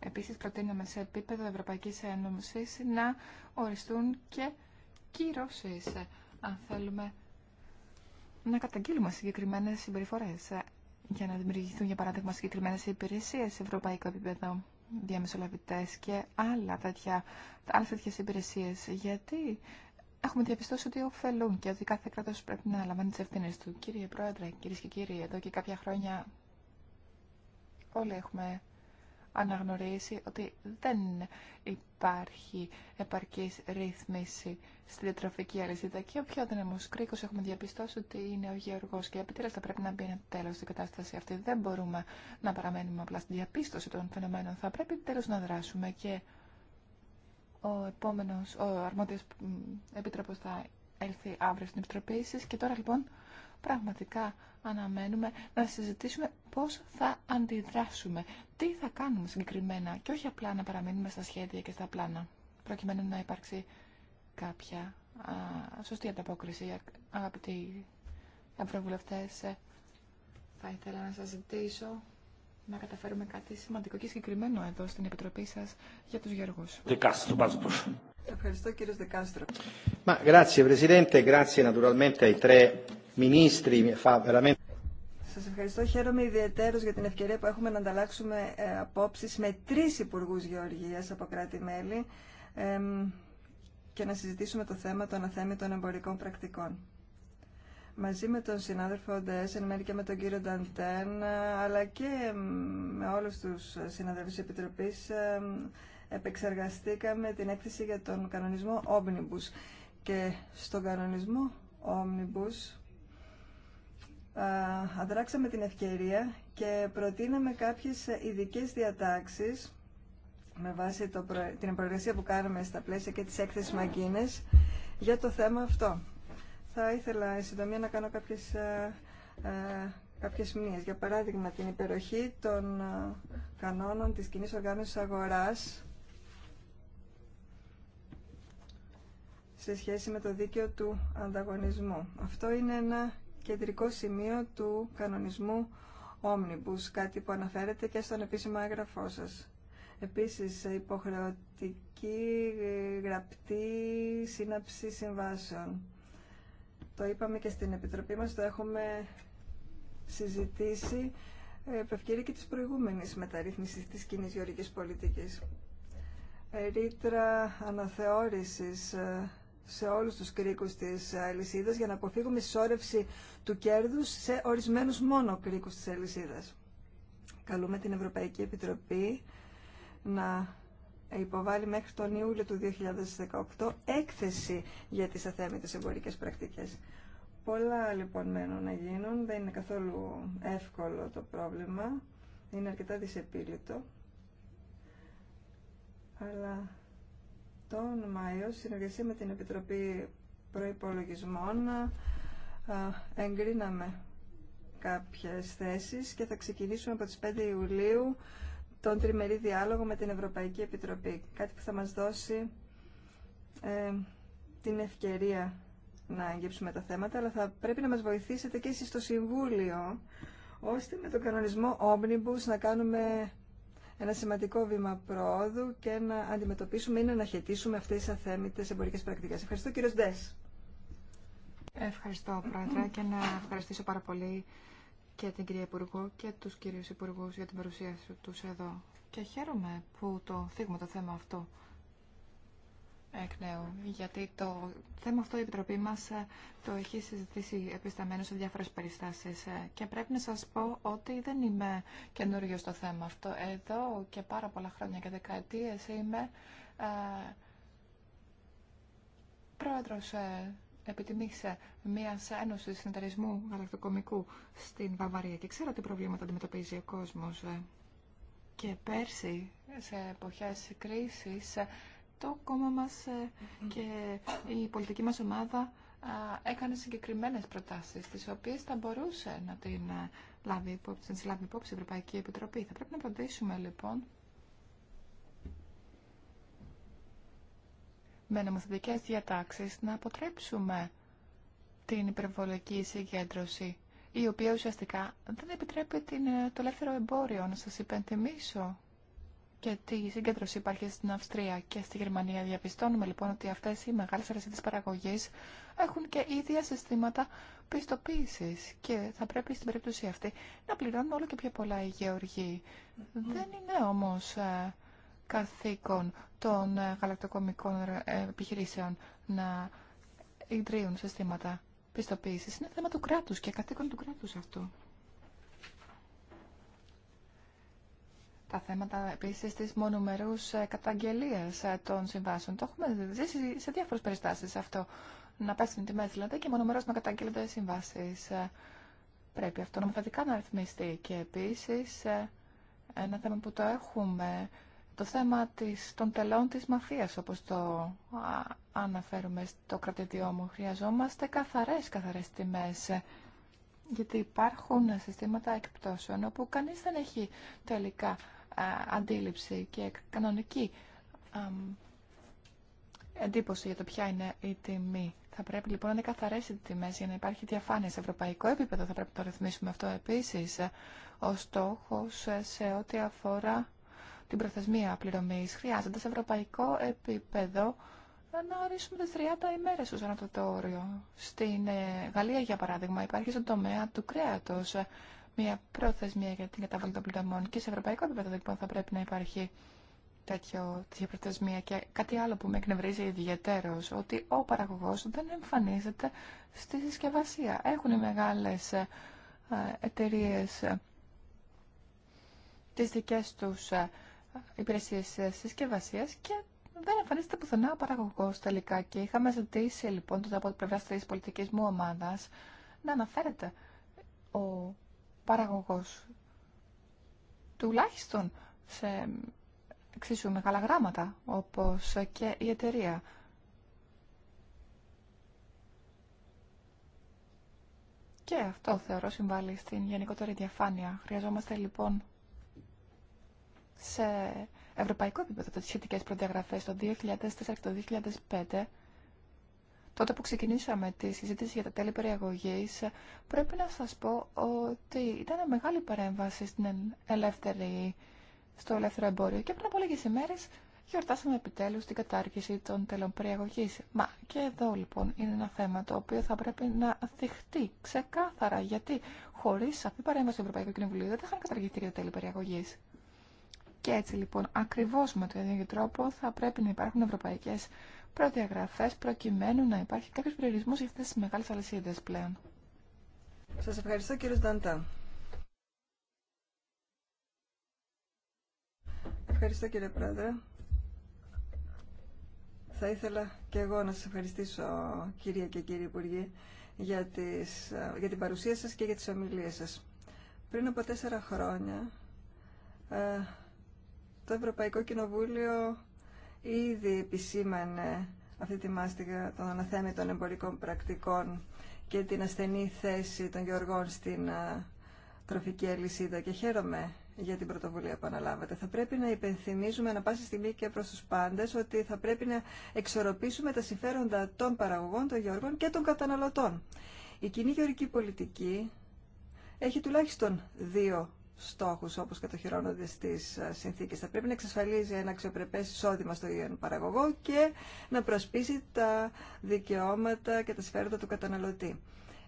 Speaker 3: Επίσης προτείνουμε σε επίπεδο Ευρωπαϊκής Ένωσης να οριστούν και κυρώσεις, ε, αν θέλουμε να καταγγείλουμε συγκεκριμένες συμπεριφορές. Ε για να δημιουργηθούν, για παράδειγμα, συγκεκριμένε υπηρεσίε σε ευρωπαϊκό επίπεδο, διαμεσολαβητέ και άλλα τέτοια, άλλες τέτοιες υπηρεσίε. Γιατί έχουμε διαπιστώσει ότι ωφελούν και ότι κάθε κράτο πρέπει να λαμβάνει τι ευθύνε του. Κύριε Πρόεδρε, κυρίε και κύριοι, εδώ και κάποια χρόνια όλοι έχουμε αναγνωρίσει ότι δεν υπάρχει επαρκής ρύθμιση στη διατροφική αλυσίδα και ο πιο δυναμός κρίκος έχουμε διαπιστώσει ότι είναι ο γεωργός και επιτέλους θα πρέπει να μπει ένα τέλος στην κατάσταση αυτή. Δεν μπορούμε να παραμένουμε απλά στην διαπίστωση των φαινομένων. Θα πρέπει τέλος να δράσουμε και ο επόμενο ο αρμόδιος επίτροπος θα έλθει αύριο στην Επιτροπή και τώρα λοιπόν πραγματικά αναμένουμε να συζητήσουμε πώς θα αντιδράσουμε, τι θα κάνουμε συγκεκριμένα και όχι απλά να παραμείνουμε στα σχέδια και στα πλάνα, προκειμένου να υπάρξει κάποια σωστή ανταπόκριση. Αγαπητοί ευρωβουλευτές, ε, θα ήθελα να σας ζητήσω να καταφέρουμε κάτι σημαντικό και συγκεκριμένο εδώ στην Επιτροπή σας για τους γεωργούς. Ευχαριστώ
Speaker 1: Δεκάστρο.
Speaker 4: grazie Presidente, grazie naturalmente ai σας
Speaker 1: ευχαριστώ. Χαίρομαι ιδιαίτερως για την ευκαιρία που έχουμε να ανταλλάξουμε ε, απόψεις με τρεις υπουργούς γεωργίας από κράτη-μέλη και να συζητήσουμε το θέμα των αθέμητων εμπορικών πρακτικών. Μαζί με τον συνάδελφο Ντέσεν, μέρη και με τον κύριο Νταντέν, αλλά και με όλους τους συναδέλφους της Επιτροπής, επεξεργαστήκαμε την έκθεση για τον κανονισμό Omnibus. Και στον κανονισμό Omnibus αδράξαμε την ευκαιρία και προτείναμε κάποιες ειδικέ διατάξεις με βάση το, την προεργασία που κάναμε στα πλαίσια και τις έκθεσης Μαγκίνες για το θέμα αυτό. Θα ήθελα, εν συντομία, να κάνω κάποιες, κάποιες μνήες. Για παράδειγμα, την υπεροχή των κανόνων της κοινή οργάνωσης αγοράς σε σχέση με το δίκαιο του ανταγωνισμού. Αυτό είναι ένα κεντρικό σημείο του κανονισμού Omnibus, κάτι που αναφέρεται και στον επίσημο έγγραφό σας. Επίσης, υποχρεωτική γραπτή σύναψη συμβάσεων. Το είπαμε και στην Επιτροπή μας, το έχουμε συζητήσει ε, ευκαιρία και της προηγούμενης μεταρρύθμισης της κοινή γεωργικής πολιτικής. Ρήτρα αναθεώρησης ε, σε όλους τους κρίκους της ε, αλυσίδα για να αποφύγουμε συσσόρευση του κέρδους σε ορισμένους μόνο κρίκους της αλυσίδα. Καλούμε την Ευρωπαϊκή Επιτροπή να υποβάλει μέχρι τον Ιούλιο του 2018 έκθεση για τις αθέμητες εμπορικές πρακτικές. Πολλά λοιπόν μένουν να γίνουν, δεν είναι καθόλου εύκολο το πρόβλημα, είναι αρκετά δυσεπίλητο, αλλά τον Μάιο, συνεργασία με την Επιτροπή Προϋπολογισμών, εγκρίναμε κάποιες θέσεις και θα ξεκινήσουμε από τις 5 Ιουλίου τον τριμερή διάλογο με την Ευρωπαϊκή Επιτροπή. Κάτι που θα μας δώσει ε, την ευκαιρία να αγγίψουμε τα θέματα, αλλά θα πρέπει να μας βοηθήσετε και εσείς στο Συμβούλιο, ώστε με τον κανονισμό Omnibus να κάνουμε ένα σημαντικό βήμα πρόοδου και να αντιμετωπίσουμε ή να αναχαιτήσουμε αυτές τις αθέμητες εμπορικές πρακτικές. Ευχαριστώ κύριο Ντές. Ευχαριστώ
Speaker 3: Πρόεδρε και να ευχαριστήσω πάρα πολύ και την κυρία Υπουργό και τους κύριους Υπουργούς για την παρουσία τους εδώ. Και χαίρομαι που το θίγουμε το θέμα αυτό εκ γιατί το θέμα αυτό η Επιτροπή μα ε, το έχει συζητήσει επισταμμένο σε διάφορες περιστάσεις ε, και πρέπει να σας πω ότι δεν είμαι καινούριο στο θέμα αυτό. Εδώ και πάρα πολλά χρόνια και δεκαετίες είμαι ε, πρόεδρος ε, επιτιμήσε μια ένωση συνεταιρισμού γαλακτοκομικού στην Βαβαρία και ξέρω τι προβλήματα αντιμετωπίζει ο κόσμος. Και πέρσι, σε εποχές κρίσης, το κόμμα μας ε, και η πολιτική μας ομάδα έκανε συγκεκριμένες προτάσεις, τις οποίες θα μπορούσε να την ε, λάβει υπόψη, να λάβει υπόψη η Ευρωπαϊκή Επιτροπή. Θα πρέπει να απαντήσουμε λοιπόν με νομοθετικές διατάξεις να αποτρέψουμε την υπερβολική συγκέντρωση η οποία ουσιαστικά δεν επιτρέπει την, ε, το ελεύθερο εμπόριο. Να σας υπενθυμίσω και τη συγκέντρωση υπάρχει στην Αυστρία και στη Γερμανία. Διαπιστώνουμε λοιπόν ότι αυτές οι μεγάλες τη παραγωγή έχουν και ίδια συστήματα πιστοποίηση. και θα πρέπει στην περίπτωση αυτή να πληρώνουν όλο και πιο πολλά οι mm-hmm. Δεν είναι όμως ε, καθήκον των ε, γαλακτοκομικών ε, επιχειρήσεων να ιδρύουν συστήματα πιστοποίηση. Είναι θέμα του κράτου και καθήκον του κράτου αυτό. τα θέματα επίση τη μονομερούς ε, καταγγελίας ε, των συμβάσεων. Το έχουμε ζήσει σε διάφορε περιστάσει αυτό. Να πέσουν τιμέ, δηλαδή και μονομερό να καταγγέλλονται οι συμβάσει. Ε, πρέπει αυτό νομοθετικά να ρυθμιστεί. Και επίση ένα θέμα που το έχουμε, το θέμα της, των τελών της μαφίας, όπως το αναφέρουμε στο κρατηδιό μου. Χρειαζόμαστε καθαρές, καθαρές τιμές γιατί υπάρχουν συστήματα εκπτώσεων όπου κανείς δεν έχει τελικά ε, αντίληψη και κανονική εντύπωση για το ποια είναι η τιμή. Θα πρέπει λοιπόν να είναι καθαρέ οι τιμέ για να υπάρχει διαφάνεια σε ευρωπαϊκό επίπεδο. Θα πρέπει να το ρυθμίσουμε αυτό επίση. Ε, ο στόχο ε, σε ό,τι αφορά την προθεσμία πληρωμή χρειάζεται σε ευρωπαϊκό επίπεδο να ορίσουμε τι 30 ημέρε ω το όριο. Στην Γαλλία, για παράδειγμα, υπάρχει στον τομέα του κρέατο μια πρόθεσμια για την καταβολή των πληρωμών και σε ευρωπαϊκό επίπεδο λοιπόν θα πρέπει να υπάρχει τέτοιο, τέτοια προθεσμία και κάτι άλλο που με εκνευρίζει ιδιαίτερω, ότι ο παραγωγό δεν εμφανίζεται στη συσκευασία. Έχουν οι μεγάλες ε, εταιρείε ε, τι δικέ του ε, υπηρεσίε συσκευασία και δεν εμφανίζεται πουθενά ο παραγωγό τελικά και είχαμε ζητήσει λοιπόν από την πλευρά τη πολιτική μου ομάδα να αναφέρεται ο παραγωγός. Τουλάχιστον σε εξίσου μεγάλα γράμματα, όπως και η εταιρεία. Και αυτό θεωρώ συμβάλλει στην γενικότερη διαφάνεια. Χρειαζόμαστε λοιπόν σε ευρωπαϊκό επίπεδο τις σχετικές προδιαγραφές το 2004 και το 2005 Τότε που ξεκινήσαμε τη συζήτηση για τα τέλη περιαγωγής, πρέπει να σας πω ότι ήταν μεγάλη παρέμβαση στην ελεύθερη, στο ελεύθερο εμπόριο και πριν από λίγες ημέρες γιορτάσαμε επιτέλους την κατάργηση των τελών περιαγωγής. Μα και εδώ λοιπόν είναι ένα θέμα το οποίο θα πρέπει να θυχτεί ξεκάθαρα, γιατί χωρίς η παρέμβαση του Ευρωπαϊκού Κοινοβουλίου δεν θα είχαν καταργηθεί και τα τέλη περιαγωγής. Και έτσι λοιπόν, ακριβώς με τον ίδιο τρόπο θα πρέπει να υπάρχουν ευρωπαϊκές προδιαγραφέ προκειμένου να υπάρχει κάποιο περιορισμό για αυτέ τι μεγάλε αλυσίδε πλέον.
Speaker 1: Σα ευχαριστώ κύριε Νταντά. Ευχαριστώ κύριε Πρόεδρε. Θα ήθελα και εγώ να σας ευχαριστήσω κυρία και κύριοι Υπουργοί για, για την παρουσία σας και για τις ομιλίες σας. Πριν από τέσσερα χρόνια ε, το Ευρωπαϊκό Κοινοβούλιο ήδη επισήμανε αυτή τη μάστιγα των αναθέμετων εμπορικών πρακτικών και την ασθενή θέση των γεωργών στην τροφική αλυσίδα και χαίρομαι για την πρωτοβουλία που αναλάβατε. Θα πρέπει να υπενθυμίζουμε να πάση στιγμή και προς τους πάντες ότι θα πρέπει να εξορροπήσουμε τα συμφέροντα των παραγωγών, των γεωργών και των καταναλωτών. Η κοινή γεωργική πολιτική έχει τουλάχιστον δύο Στόχου, όπως κατοχυρώνονται στις ε, συνθήκες. Θα πρέπει να εξασφαλίζει ένα αξιοπρεπέ εισόδημα στο ίδιο παραγωγό και να προσπίσει τα δικαιώματα και τα συμφέροντα του καταναλωτή.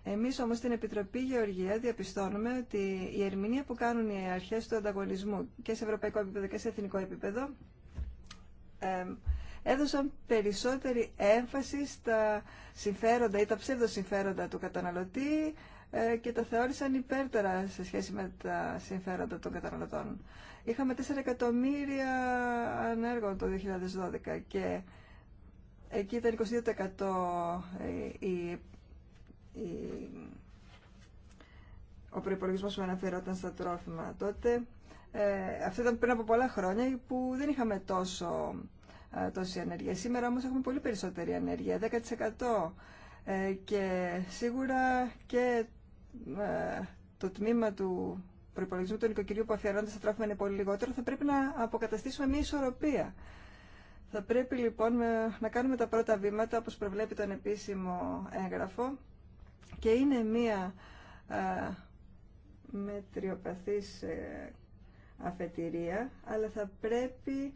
Speaker 1: Εμείς όμως στην Επιτροπή Γεωργία διαπιστώνουμε ότι η ερμηνεία που κάνουν οι αρχές του ανταγωνισμού και σε ευρωπαϊκό επίπεδο και σε εθνικό επίπεδο έδωσαν περισσότερη έμφαση στα συμφέροντα ή τα ψεύδο συμφέροντα του καταναλωτή ε, και τα θεώρησαν υπέρτερα σε σχέση με τα συμφέροντα των καταναλωτών. Είχαμε 4 εκατομμύρια ανέργων το 2012 και εκεί ήταν 22% ε, η, η, ο προπολογισμό που αναφερόταν στα τρόφιμα. Τότε ε, αυτό ήταν πριν από πολλά χρόνια που δεν είχαμε τόσο τόση ανέργεια. Σήμερα όμως έχουμε πολύ περισσότερη ενέργεια 10%. Ε, και σίγουρα και ε, το τμήμα του προϋπολογισμού του νοικοκυριού που αφιερώνεται στα τρόφιμα είναι πολύ λιγότερο, θα πρέπει να αποκαταστήσουμε μια ισορροπία. Θα πρέπει λοιπόν να κάνουμε τα πρώτα βήματα, όπως προβλέπει τον επίσημο έγγραφο, και είναι μια ε, μετριοπαθής αφετηρία, αλλά θα πρέπει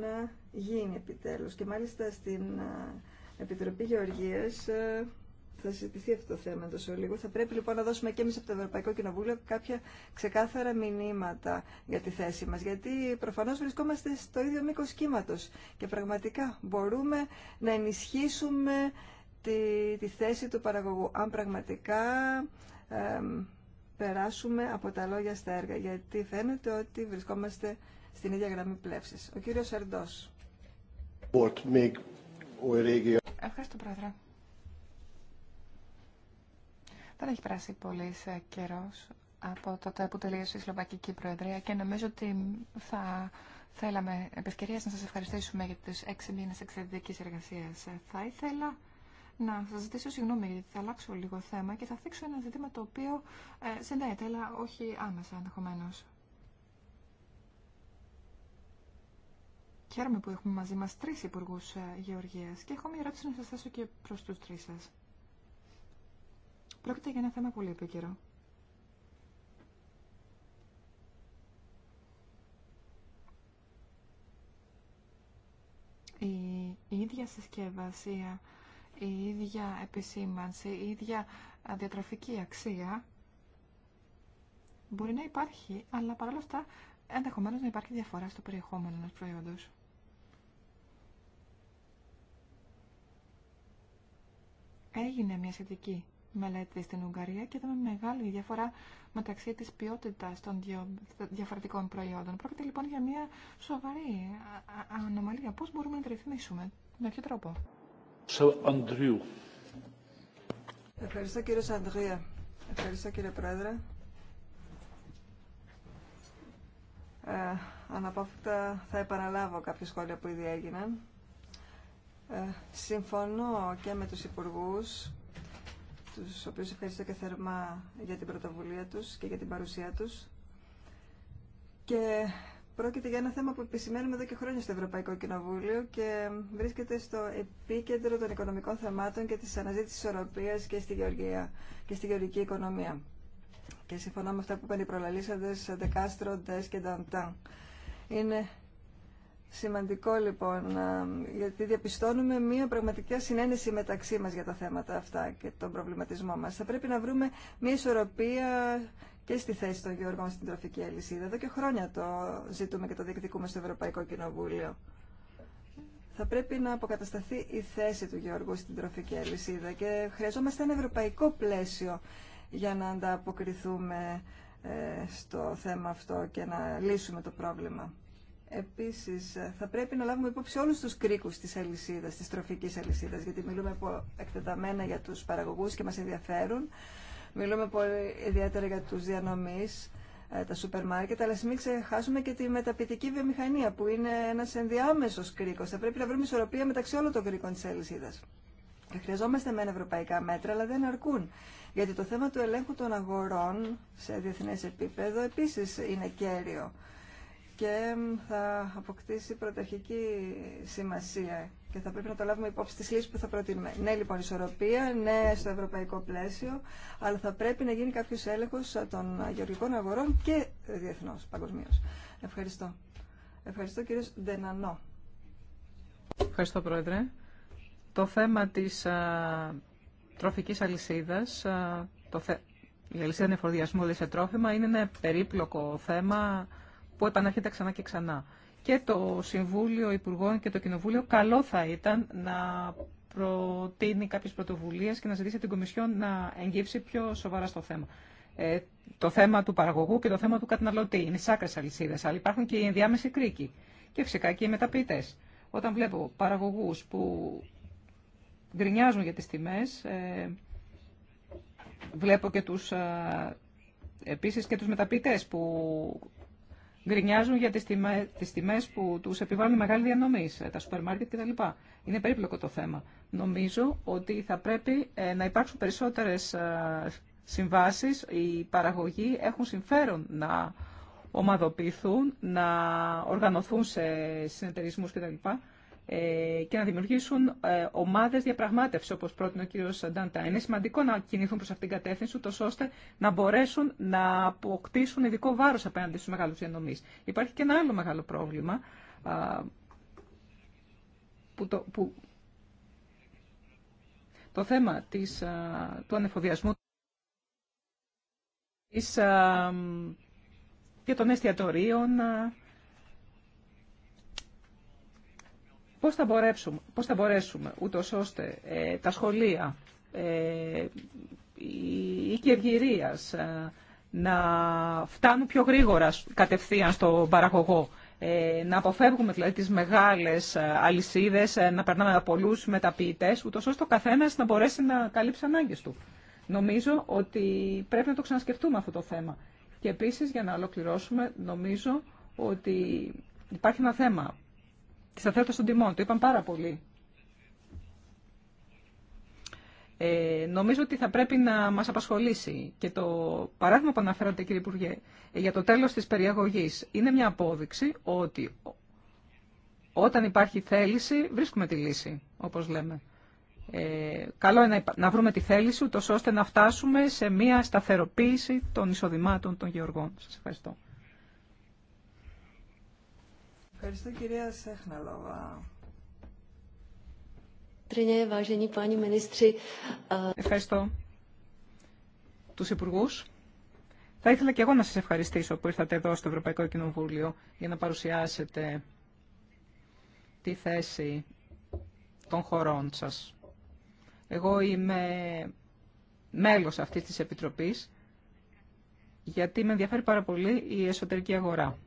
Speaker 1: να γίνει επιτέλους. Και μάλιστα στην Επιτροπή Γεωργίας ε, θα συζητηθεί αυτό το θέμα εντό λίγο. Θα πρέπει λοιπόν να δώσουμε και εμεί από το Ευρωπαϊκό Κοινοβούλιο κάποια ξεκάθαρα μηνύματα για τη θέση μα. Γιατί προφανώ βρισκόμαστε στο ίδιο μήκο κύματο και πραγματικά μπορούμε να ενισχύσουμε τη, τη θέση του παραγωγού. Αν πραγματικά ε, περάσουμε από τα λόγια στα έργα. Γιατί φαίνεται ότι βρισκόμαστε στην ίδια γραμμή πλεύση. Ο κύριο Ερντό. Ευχαριστώ, Πρόεδρε.
Speaker 3: Δεν έχει περάσει πολύ ε, καιρό από τότε που τελείωσε η Σλοβακική Προεδρία και νομίζω ότι θα θέλαμε επευκαιρία να σας ευχαριστήσουμε για τις έξι μήνες εξαιρετικής εργασίας. Ε, θα ήθελα να σας ζητήσω συγγνώμη γιατί θα αλλάξω λίγο θέμα και θα θίξω ένα ζήτημα το οποίο ε, συνδέεται, αλλά όχι άμεσα ενδεχομένω. Χαίρομαι που έχουμε μαζί μας τρεις υπουργούς ε, γεωργίας και έχω μια ερώτηση να σας θέσω και προς τους τρεις σας. Πρόκειται για ένα θέμα πολύ επίκαιρο. η, ίδια συσκευασία, η ίδια επισήμανση, η ίδια διατροφική αξία μπορεί να υπάρχει, αλλά παρόλα αυτά ενδεχομένως να υπάρχει διαφορά στο περιεχόμενο ενός προϊόντος. Έγινε μια σχετική μελέτη στην Ουγγαρία και είδαμε μεγάλη διαφορά μεταξύ της ποιότητας των διαφορετικών προϊόντων. Πρόκειται λοιπόν για μια σοβαρή ανομαλία. Πώς μπορούμε να τη ρυθμίσουμε,
Speaker 1: με ποιο τρόπο. Ευχαριστώ κύριε Σαντρία. Ευχαριστώ κύριε Πρόεδρε. Ε, αναπόφευκτα θα επαναλάβω κάποια σχόλια που ήδη έγιναν. Ε, συμφωνώ και με τους υπουργούς, τους οποίους ευχαριστώ και θερμά για την πρωτοβουλία τους και για την παρουσία τους. Και πρόκειται για ένα θέμα που επισημαίνουμε εδώ και χρόνια στο Ευρωπαϊκό Κοινοβούλιο και βρίσκεται στο επίκεντρο των οικονομικών θεμάτων και της αναζήτησης ισορροπίας και στη, γεωργία, και στη γεωργική οικονομία. Και συμφωνώ με αυτά που είπαν οι προλαλήσαντες Ντεκάστρο, ε, Ντες και Νταντάν. Είναι Σημαντικό λοιπόν, ε, γιατί διαπιστώνουμε μία πραγματική συνένεση μεταξύ μας για τα θέματα αυτά και τον προβληματισμό μας. Θα πρέπει να βρούμε μία ισορροπία και στη θέση των γεωργών στην τροφική αλυσίδα. Εδώ και χρόνια το ζητούμε και το διεκδικούμε στο Ευρωπαϊκό Κοινοβούλιο. Θα πρέπει να αποκατασταθεί η θέση του γεωργού στην τροφική αλυσίδα και χρειαζόμαστε ένα ευρωπαϊκό πλαίσιο για να ανταποκριθούμε ε, στο θέμα αυτό και να λύσουμε το πρόβλημα. Επίση, θα πρέπει να λάβουμε υπόψη όλου του κρίκου τη αλυσίδα, τη τροφική αλυσίδα, γιατί μιλούμε εκτεταμένα για του παραγωγού και μα ενδιαφέρουν. Μιλούμε πολύ ιδιαίτερα για του διανομή, ε, τα σούπερ μάρκετ, αλλά μην ξεχάσουμε και τη μεταπητική βιομηχανία, που είναι ένα ενδιάμεσο κρίκο. Θα πρέπει να βρούμε ισορροπία μεταξύ όλων των κρίκων τη αλυσίδα. Χρειαζόμαστε μεν ευρωπαϊκά μέτρα, αλλά δεν αρκούν. Γιατί το θέμα του ελέγχου των αγορών σε διεθνέ επίπεδο επίση είναι κέριο και θα αποκτήσει πρωταρχική σημασία και θα πρέπει να το λάβουμε υπόψη τις λύσεις που θα προτείνουμε. Ναι, λοιπόν, ισορροπία, ναι, στο ευρωπαϊκό πλαίσιο, αλλά θα πρέπει να γίνει κάποιος έλεγχος των γεωργικών αγορών και διεθνώς, παγκοσμίω. Ευχαριστώ. Ευχαριστώ, κύριε Ντενανό.
Speaker 2: Ευχαριστώ, Πρόεδρε. Το θέμα της α, τροφικής αλυσίδας, το θε... η αλυσίδα σε τρόφιμα, είναι ένα περίπλοκο θέμα που επανέρχεται ξανά και ξανά. Και το Συμβούλιο Υπουργών και το Κοινοβούλιο καλό θα ήταν να προτείνει κάποιες πρωτοβουλίες και να ζητήσει την Κομισιόν να εγγύψει πιο σοβαρά στο θέμα. Ε, το θέμα του παραγωγού και το θέμα του καταναλωτή. Είναι σάκρε αλυσίδε, αλλά υπάρχουν και οι ενδιάμεσοι κρίκοι. Και φυσικά και οι μεταποιητέ. Όταν βλέπω παραγωγού που γκρινιάζουν για τι τιμέ, ε, βλέπω και τους, ε, επίσης και τους μεταποιητές που γκρινιάζουν για τις, τιμέ, τιμές που τους επιβάλλουν μεγάλη διανομή, ε, τα σούπερ μάρκετ κτλ. Είναι περίπλοκο το θέμα. Νομίζω ότι θα πρέπει ε, να υπάρξουν περισσότερες ε, συμβάσεις. Οι παραγωγοί έχουν συμφέρον να ομαδοποιηθούν, να οργανωθούν σε συνεταιρισμού κτλ. Ε, και να δημιουργήσουν ε, ομάδε διαπραγμάτευση, όπω πρότεινε ο κ. Νταντά. Είναι σημαντικό να κινηθούν προ αυτήν την κατεύθυνση, ούτω ώστε να μπορέσουν να αποκτήσουν ειδικό βάρο απέναντι στου μεγάλου διανομή. Υπάρχει και ένα άλλο μεγάλο πρόβλημα που το, που το θέμα της, του ανεφοδιασμού της, και των εστιατορίων Πώς θα, μπορέσουμε, πώς θα μπορέσουμε ούτως ώστε ε, τα σχολεία, ε, η και ε, να φτάνουν πιο γρήγορα κατευθείαν στον παραγωγό, ε, να αποφεύγουμε δηλαδή τις μεγάλες ε, αλυσίδες, να περνάμε από πολλούς μεταποιητές, ούτως ώστε ο καθένας να μπορέσει να καλύψει ανάγκες του. Νομίζω ότι πρέπει να το ξανασκεφτούμε αυτό το θέμα. Και επίσης, για να ολοκληρώσουμε, νομίζω ότι υπάρχει ένα θέμα της σταθερότητα των τιμών. Το είπαν πάρα πολύ. Ε, νομίζω ότι θα πρέπει να μας απασχολήσει και το παράδειγμα που αναφέρατε κύριε Υπουργέ ε, για το τέλος της περιαγωγής είναι μια απόδειξη ότι όταν υπάρχει θέληση βρίσκουμε τη λύση όπως λέμε. Ε, καλό είναι να βρούμε τη θέληση ούτως ώστε να φτάσουμε σε μια σταθεροποίηση των εισοδημάτων των γεωργών. Σας ευχαριστώ.
Speaker 1: Ευχαριστώ κυρία Σέχναλοβα. Ευχαριστώ
Speaker 2: τους υπουργούς. Θα ήθελα και εγώ να σας ευχαριστήσω που ήρθατε εδώ στο Ευρωπαϊκό Κοινοβούλιο για να παρουσιάσετε τη θέση των χωρών σας. Εγώ είμαι μέλος αυτής της Επιτροπής γιατί με ενδιαφέρει πάρα πολύ η εσωτερική αγορά.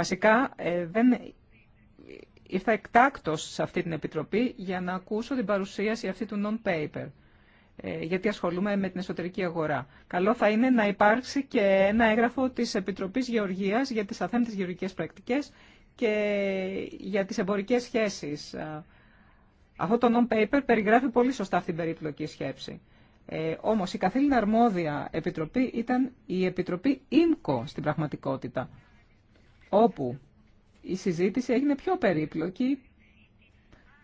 Speaker 2: Βασικά ε, δεν ήρθα εκτάκτος σε αυτή την Επιτροπή για να ακούσω την παρουσίαση αυτή του non-paper, ε, γιατί ασχολούμαι με την εσωτερική αγορά. Καλό θα είναι να υπάρξει και ένα έγγραφο της Επιτροπής Γεωργίας για τις αθέμητες γεωργικές πρακτικές και για τις εμπορικές σχέσεις. Ε, αυτό το non-paper περιγράφει πολύ σωστά αυτή την περίπλοκη σκέψη. Ε, όμως η καθήλυνα αρμόδια επιτροπή ήταν η Επιτροπή ΙΝΚΟ στην πραγματικότητα όπου η συζήτηση έγινε πιο περίπλοκη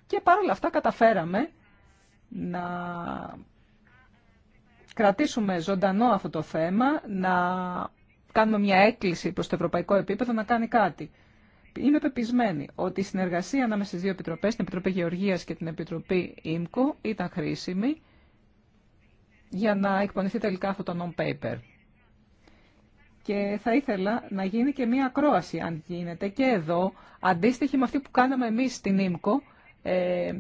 Speaker 2: και όλα αυτά καταφέραμε να κρατήσουμε ζωντανό αυτό το θέμα, να κάνουμε μια έκκληση προς το ευρωπαϊκό επίπεδο να κάνει κάτι. Είμαι πεπισμένη ότι η συνεργασία ανάμεσα στις δύο επιτροπές, την Επιτροπή Γεωργίας και την Επιτροπή ΙΜΚΟ, ήταν χρήσιμη για να εκπονηθεί τελικά αυτό το non-paper. Και θα ήθελα να γίνει και μία ακρόαση, αν γίνεται, και εδώ, αντίστοιχη με αυτή που κάναμε εμείς στην ΙΜΚΟ, ε,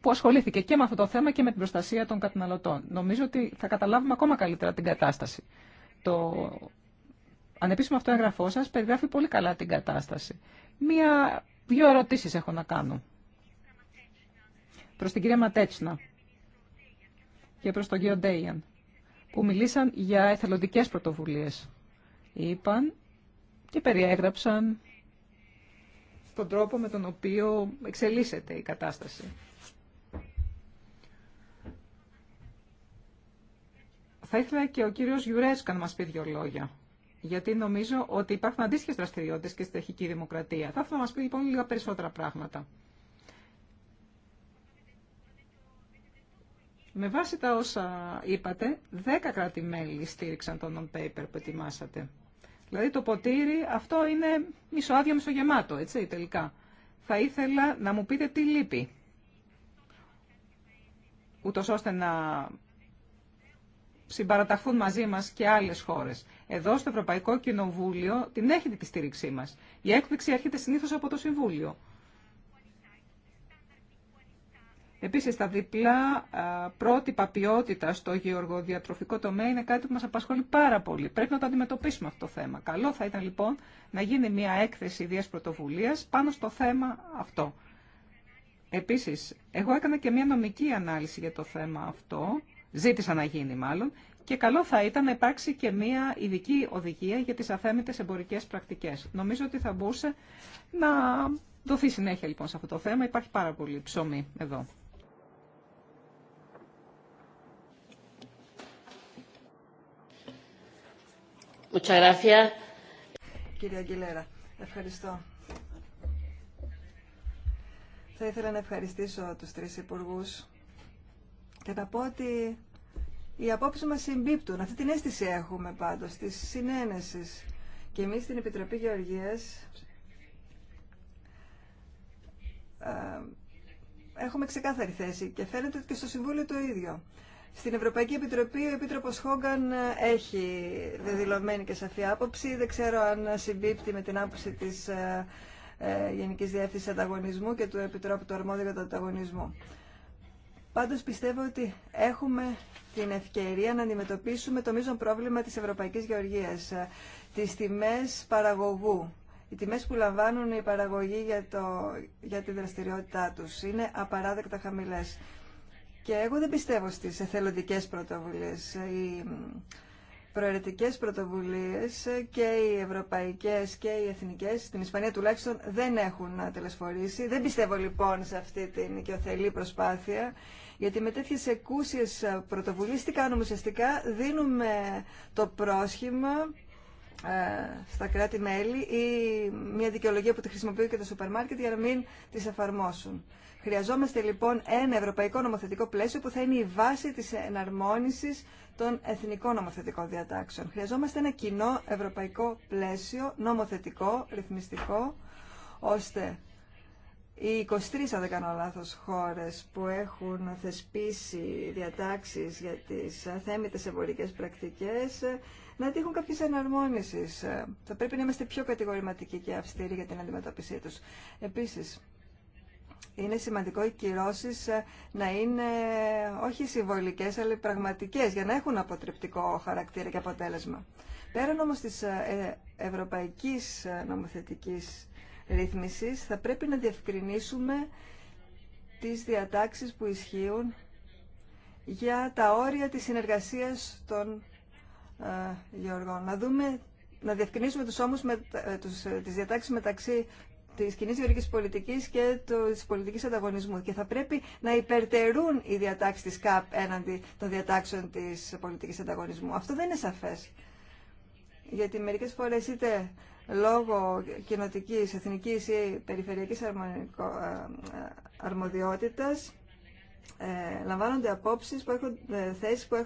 Speaker 2: που ασχολήθηκε και με αυτό το θέμα και με την προστασία των καταναλωτών. Νομίζω ότι θα καταλάβουμε ακόμα καλύτερα την κατάσταση. Το ανεπίσημο αυτό έγγραφό σα περιγράφει πολύ καλά την κατάσταση. Μία, δύο ερωτήσεις έχω να κάνω. Προς την κυρία Ματέτσνα και προς τον κύριο Ντέιαν, που μιλήσαν για εθελοντικές πρωτοβουλίες είπαν και περιέγραψαν τον τρόπο με τον οποίο εξελίσσεται η κατάσταση. Θα ήθελα και ο κύριος Γιουρέσκα να μας πει δύο λόγια. Γιατί νομίζω ότι υπάρχουν αντίστοιχε δραστηριότητε και στη τεχική Δημοκρατία. Θα ήθελα να μα πει λοιπόν λίγα περισσότερα πράγματα. Με βάση τα όσα είπατε, 10 κράτη-μέλη στήριξαν το non-paper που ετοιμάσατε. Δηλαδή το ποτήρι αυτό είναι μισοάδιο μισογεμάτο, έτσι τελικά. Θα ήθελα να μου πείτε τι λείπει. ούτω ώστε να συμπαραταχθούν μαζί μας και άλλες χώρες. Εδώ στο Ευρωπαϊκό Κοινοβούλιο την έχετε τη στήριξή μας. Η έκπληξη έρχεται συνήθως από το Συμβούλιο. Επίσης, τα διπλά πρότυπα ποιότητα στο γεωργοδιατροφικό τομέα είναι κάτι που μας απασχολεί πάρα πολύ. Πρέπει να το αντιμετωπίσουμε αυτό το θέμα. Καλό θα ήταν λοιπόν να γίνει μια έκθεση ιδίας πρωτοβουλία πάνω στο θέμα αυτό. Επίσης, εγώ έκανα και μια νομική ανάλυση για το θέμα αυτό, ζήτησα να γίνει μάλλον, και καλό θα ήταν να υπάρξει και μια ειδική οδηγία για τις αθέμητες εμπορικές πρακτικές. Νομίζω ότι θα μπορούσε να δοθεί συνέχεια λοιπόν σε αυτό το θέμα. Υπάρχει πάρα πολύ ψωμί εδώ.
Speaker 1: Κύριε Αγγιλέρα, ευχαριστώ. Θα ήθελα να ευχαριστήσω τους τρεις υπουργούς και να πω ότι οι απόψεις μας συμπίπτουν. Αυτή την αίσθηση έχουμε πάντως, της συνένεσης. Και εμείς στην Επιτροπή Γεωργίας ε, έχουμε ξεκάθαρη θέση και φαίνεται και στο Συμβούλιο το ίδιο. Στην Ευρωπαϊκή Επιτροπή ο Επίτροπος Χόγκαν ε, έχει δεδηλωμένη και σαφή άποψη. Δεν ξέρω αν συμπίπτει με την άποψη της ε, ε, Γενικής Διεύθυνσης Ανταγωνισμού και του Επιτρόπου του Αρμόδιου για τον Ανταγωνισμό. Πάντως πιστεύω ότι έχουμε την ευκαιρία να αντιμετωπίσουμε το μείζον πρόβλημα της Ευρωπαϊκής Γεωργίας, τις τιμές παραγωγού. Οι τιμές που λαμβάνουν οι παραγωγοί για, το, για τη δραστηριότητά τους είναι απαράδεκτα χαμηλές. Και εγώ δεν πιστεύω στις εθελοντικές πρωτοβουλίες. Οι προαιρετικές πρωτοβουλίες και οι ευρωπαϊκές και οι εθνικές, στην Ισπανία τουλάχιστον, δεν έχουν τελεσφορήσει. Δεν πιστεύω λοιπόν σε αυτή την οικειοθελή προσπάθεια, γιατί με τέτοιες εκούσιες πρωτοβουλίες τι κάνουμε ουσιαστικά, δίνουμε το πρόσχημα ε, στα κράτη-μέλη ή μια δικαιολογία που τη χρησιμοποιούν και τα σούπερ μάρκετ για να μην τις εφαρμόσουν. Χρειαζόμαστε λοιπόν ένα ευρωπαϊκό νομοθετικό πλαίσιο που θα είναι η βάση της εναρμόνισης των εθνικών νομοθετικών διατάξεων. Χρειαζόμαστε ένα κοινό ευρωπαϊκό πλαίσιο νομοθετικό, ρυθμιστικό, ώστε οι 23, αν δεν κάνω λάθος, χώρες που έχουν θεσπίσει διατάξεις για τις θέμητες εμπορικές πρακτικές να τύχουν κάποιες εναρμόνισεις. Θα πρέπει να είμαστε πιο κατηγορηματικοί και αυστηροί για την αντιμετώπιση τους. Επίσης, είναι σημαντικό οι κυρώσει ε, να είναι ε, όχι συμβολικέ, αλλά πραγματικέ, για να έχουν αποτρεπτικό χαρακτήρα και αποτέλεσμα. Πέραν όμω τη ε, ευρωπαϊκή νομοθετική ρύθμιση, θα πρέπει να διευκρινίσουμε τι διατάξει που ισχύουν για τα όρια της συνεργασίας των ε, γεωργών. Να δούμε να διευκρινίσουμε τους, όμως τις διατάξεις μεταξύ τη κοινή γεωργική πολιτική και τη πολιτική ανταγωνισμού και θα πρέπει να υπερτερούν οι διατάξεις της ΚΑΠ έναντι των διατάξεων της πολιτικής ανταγωνισμού. Αυτό δεν είναι σαφές. Γιατί μερικές φορές είτε λόγω κοινοτική, εθνική ή περιφερειακή αρμοδιότητα, ε, λαμβάνονται απόψεις που έχουν, ε, θέσεις που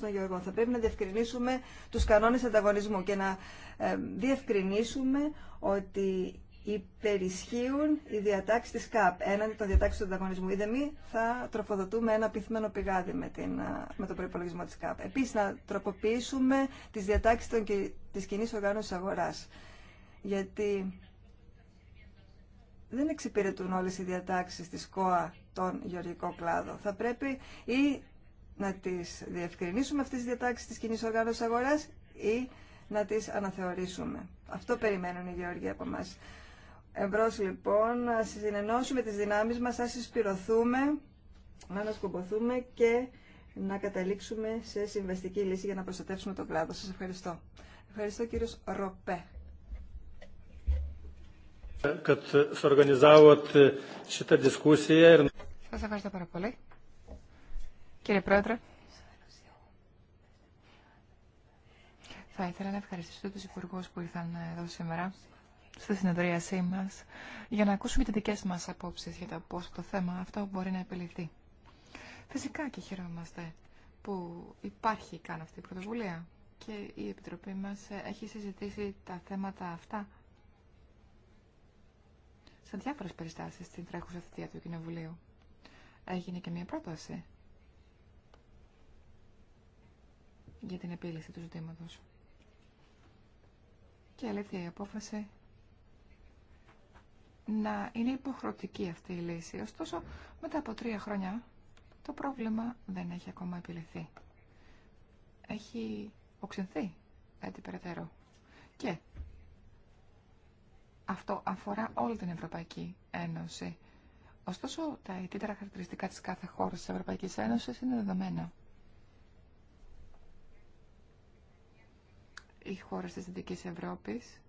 Speaker 1: των γεωργών. Θα πρέπει να διευκρινίσουμε τους κανόνες ανταγωνισμού και να ε, διευκρινίσουμε ότι υπερισχύουν οι διατάξει τη ΚΑΠ έναντι των διατάξεων του ανταγωνισμού. Είδε μη, θα τροφοδοτούμε ένα πυθμένο πηγάδι με, την, με τον προπολογισμό τη ΚΑΠ. Επίση, να τροποποιήσουμε τι διατάξει τη κοινή οργάνωση αγορά. Γιατί δεν εξυπηρετούν όλε οι διατάξει τη ΚΟΑ τον γεωργικό κλάδο. Θα πρέπει ή να τι διευκρινίσουμε αυτέ τι διατάξει τη κοινή οργάνωση αγορά ή να τις αναθεωρήσουμε. Αυτό περιμένουν οι Γεωργοί από μας. Εμπρός λοιπόν, να συνενώσουμε τις δυνάμεις μας, να συσπηρωθούμε, να ανασκουμποθούμε και να καταλήξουμε σε συμβαστική λύση για να προστατεύσουμε τον κλάδο. Σας ευχαριστώ. Ευχαριστώ κύριος Ροπέ.
Speaker 3: Σας ευχαριστώ πάρα πολύ. Κύριε Πρόεδρε, θα ήθελα να ευχαριστήσω τους υπουργούς που ήρθαν εδώ σήμερα στη συνεδρίασή μας για να ακούσουμε και τις δικές μας απόψεις για το πώς το θέμα αυτό μπορεί να επιληφθεί. Φυσικά και χαιρόμαστε που υπάρχει καν αυτή η πρωτοβουλία και η Επιτροπή μας έχει συζητήσει τα θέματα αυτά σε διάφορες περιστάσεις στην τρέχουσα θητεία του Κοινοβουλίου. Έγινε και μια πρόταση για την επίλυση του ζητήματος. Και αλήθεια η απόφαση να είναι υποχρεωτική αυτή η λύση. Ωστόσο, μετά από τρία χρόνια το πρόβλημα δεν έχει ακόμα επιληθεί. Έχει οξυνθεί έτσι περαιτέρω. Και αυτό αφορά όλη την Ευρωπαϊκή Ένωση. Ωστόσο, τα ιδιαίτερα χαρακτηριστικά της κάθε χώρας της Ευρωπαϊκής Ένωσης είναι δεδομένα. Οι χώρες της Δυτικής Ευρώπης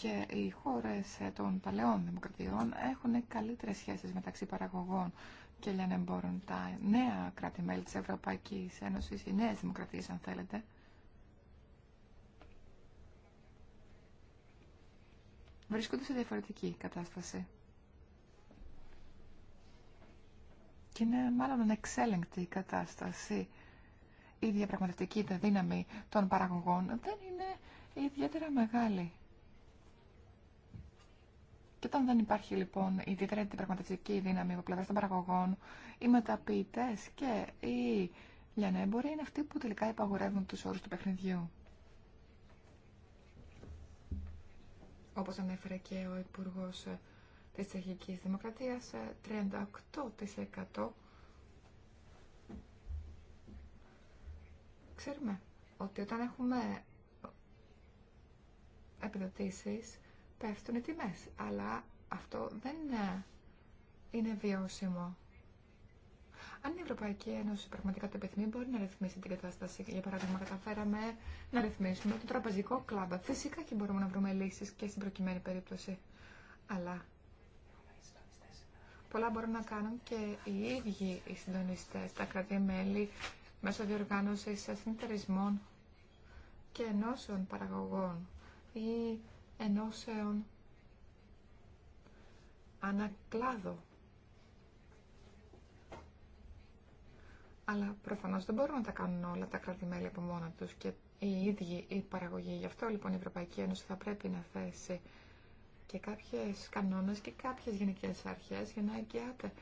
Speaker 3: και οι χώρες των παλαιών δημοκρατιών έχουν καλύτερες σχέσεις μεταξύ παραγωγών και λιανεμπόρων. Τα νέα κράτη-μέλη της Ευρωπαϊκής Ένωσης, οι νέες δημοκρατίες αν θέλετε, βρίσκονται σε διαφορετική κατάσταση. Και είναι μάλλον ανεξέλεγκτη η κατάσταση. Η διαπραγματευτική δύναμη των παραγωγών δεν είναι ιδιαίτερα μεγάλη. Και όταν δεν υπάρχει λοιπόν η ιδιαίτερη πραγματευτική δύναμη από πλευρά των παραγωγών, οι μεταποιητέ και οι λιανέμποροι είναι αυτοί που τελικά υπαγορεύουν του όρου του παιχνιδιού. Όπως ανέφερε και ο υπουργό της Τσεχική Δημοκρατίας, 38% ξέρουμε ότι όταν έχουμε επιδοτήσεις πέφτουν οι τιμές. Αλλά αυτό δεν ε, είναι βιώσιμο. Αν η Ευρωπαϊκή Ένωση πραγματικά το επιθυμεί, μπορεί να ρυθμίσει την κατάσταση. Για παράδειγμα, καταφέραμε να ρυθμίσουμε το τραπεζικό κλαμπ. Φυσικά και μπορούμε να βρούμε λύσει και στην προκειμένη περίπτωση. Αλλά πολλά μπορούν να κάνουν και οι ίδιοι οι συντονιστέ, τα κρατή-μέλη, μέσω διοργάνωση συνεταιρισμών και ενώσεων παραγωγών ή ενώσεων ανακλάδο. Αλλά προφανώ δεν μπορούν να τα κάνουν όλα τα κρατη από μόνα του και οι ίδιοι η παραγωγή. Γι' αυτό λοιπόν η Ευρωπαϊκή Ένωση θα πρέπει να θέσει και κάποιε κανόνε και κάποιε γενικέ αρχέ για να εγγυάται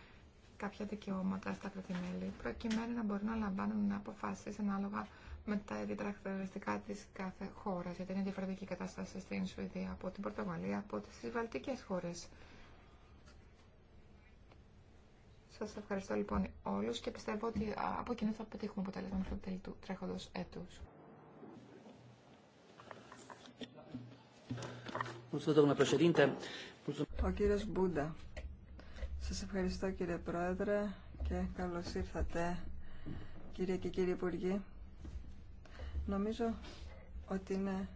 Speaker 3: κάποια δικαιώματα στα κρατη προκειμένου να μπορούν να λαμβάνουν αποφάσει ανάλογα με τα ιδιαίτερα τη κάθε χώρα, γιατί είναι διαφορετική η κατάσταση στην Σουηδία από την Πορτογαλία, από τι βαλτικέ χώρε. Σα ευχαριστώ λοιπόν όλου και πιστεύω ότι από κοινού θα πετύχουμε αποτέλεσμα στο το τέλο του τρέχοντο έτου.
Speaker 1: Ο κύριο Μπούντα. Σας ευχαριστώ κύριε Πρόεδρε και καλώ ήρθατε κύριε και κύριοι Υπουργοί. Νομίζω ότι είναι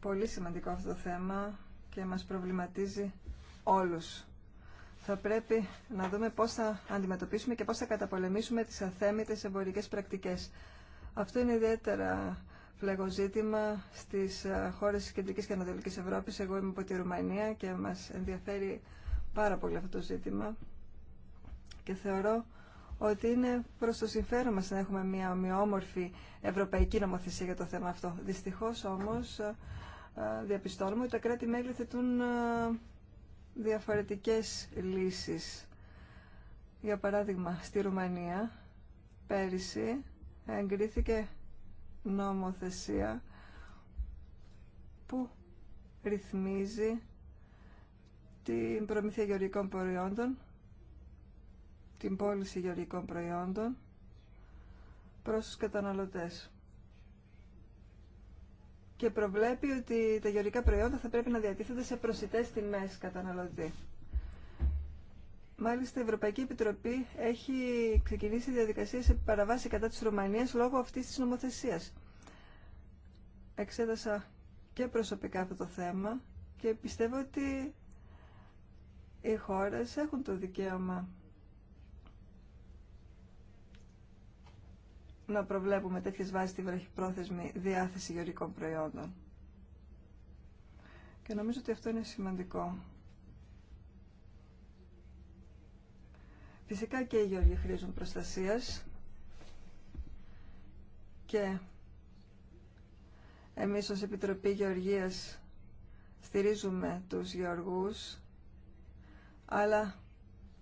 Speaker 1: πολύ σημαντικό αυτό το θέμα και μας προβληματίζει όλους. Θα πρέπει να δούμε πώς θα αντιμετωπίσουμε και πώς θα καταπολεμήσουμε τις αθέμητες εμπορικές πρακτικές. Αυτό είναι ιδιαίτερα φλέγο ζήτημα στις ε, χώρες της Κεντρικής και Ανατολικής Ευρώπης. Εγώ είμαι από τη Ρουμανία και μας ενδιαφέρει πάρα πολύ αυτό το ζήτημα και θεωρώ ότι είναι προς το συμφέρον μας να έχουμε μια ομοιόμορφη ευρωπαϊκή νομοθεσία για το θέμα αυτό. Δυστυχώς όμως ε, ε, διαπιστώνουμε ότι τα κράτη-μέλη θετούν ε, διαφορετικέ λύσεις. Για παράδειγμα, στη Ρουμανία πέρυσι εγκρίθηκε νομοθεσία που ρυθμίζει την προμήθεια γεωργικών προϊόντων την πώληση γεωργικών προϊόντων προς τους καταναλωτές. Και προβλέπει ότι τα γεωργικά προϊόντα θα πρέπει να διατίθενται σε προσιτές τιμές καταναλωτή. Μάλιστα, η Ευρωπαϊκή Επιτροπή έχει ξεκινήσει διαδικασία σε παραβάση κατά της Ρουμανίας λόγω αυτής της νομοθεσίας. Εξέτασα και προσωπικά αυτό το θέμα και πιστεύω ότι οι χώρες έχουν το δικαίωμα να προβλέπουμε τέτοιες βάσεις τη βραχυπρόθεσμη διάθεση γεωρικών προϊόντων. Και νομίζω ότι αυτό είναι σημαντικό. Φυσικά και οι γεωργοί χρήζουν προστασίας και εμείς ως Επιτροπή Γεωργίας στηρίζουμε τους γεωργούς αλλά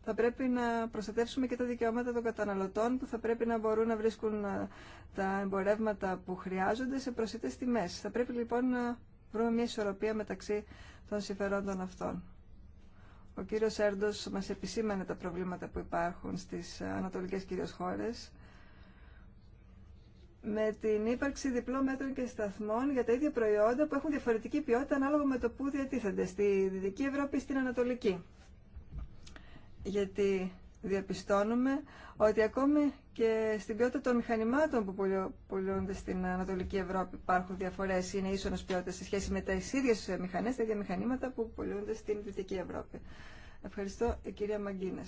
Speaker 1: θα πρέπει να προστατεύσουμε και τα δικαιώματα των καταναλωτών που θα πρέπει να μπορούν να βρίσκουν ε, τα εμπορεύματα που χρειάζονται σε προσιτές τιμές. Θα πρέπει λοιπόν να βρούμε μια ισορροπία μεταξύ των συμφερόντων αυτών. Ο κύριος Έρντος μας επισήμανε τα προβλήματα που υπάρχουν στις ανατολικές κυρίως χώρες με την ύπαρξη διπλών μέτρων και σταθμών για τα ίδια προϊόντα που έχουν διαφορετική ποιότητα ανάλογα με το που διατίθενται στη Δυτική Ευρώπη ή στην Ανατολική γιατί διαπιστώνουμε ότι ακόμη και στην ποιότητα των μηχανημάτων που πουλούνται στην Ανατολική Ευρώπη υπάρχουν διαφορές, είναι ίσονος ποιότητα σε σχέση με τα ίδια μηχανέ τα ίδια μηχανήματα που πουλούνται στην Δυτική Ευρώπη. Ευχαριστώ, κυρία Μαγκίνε.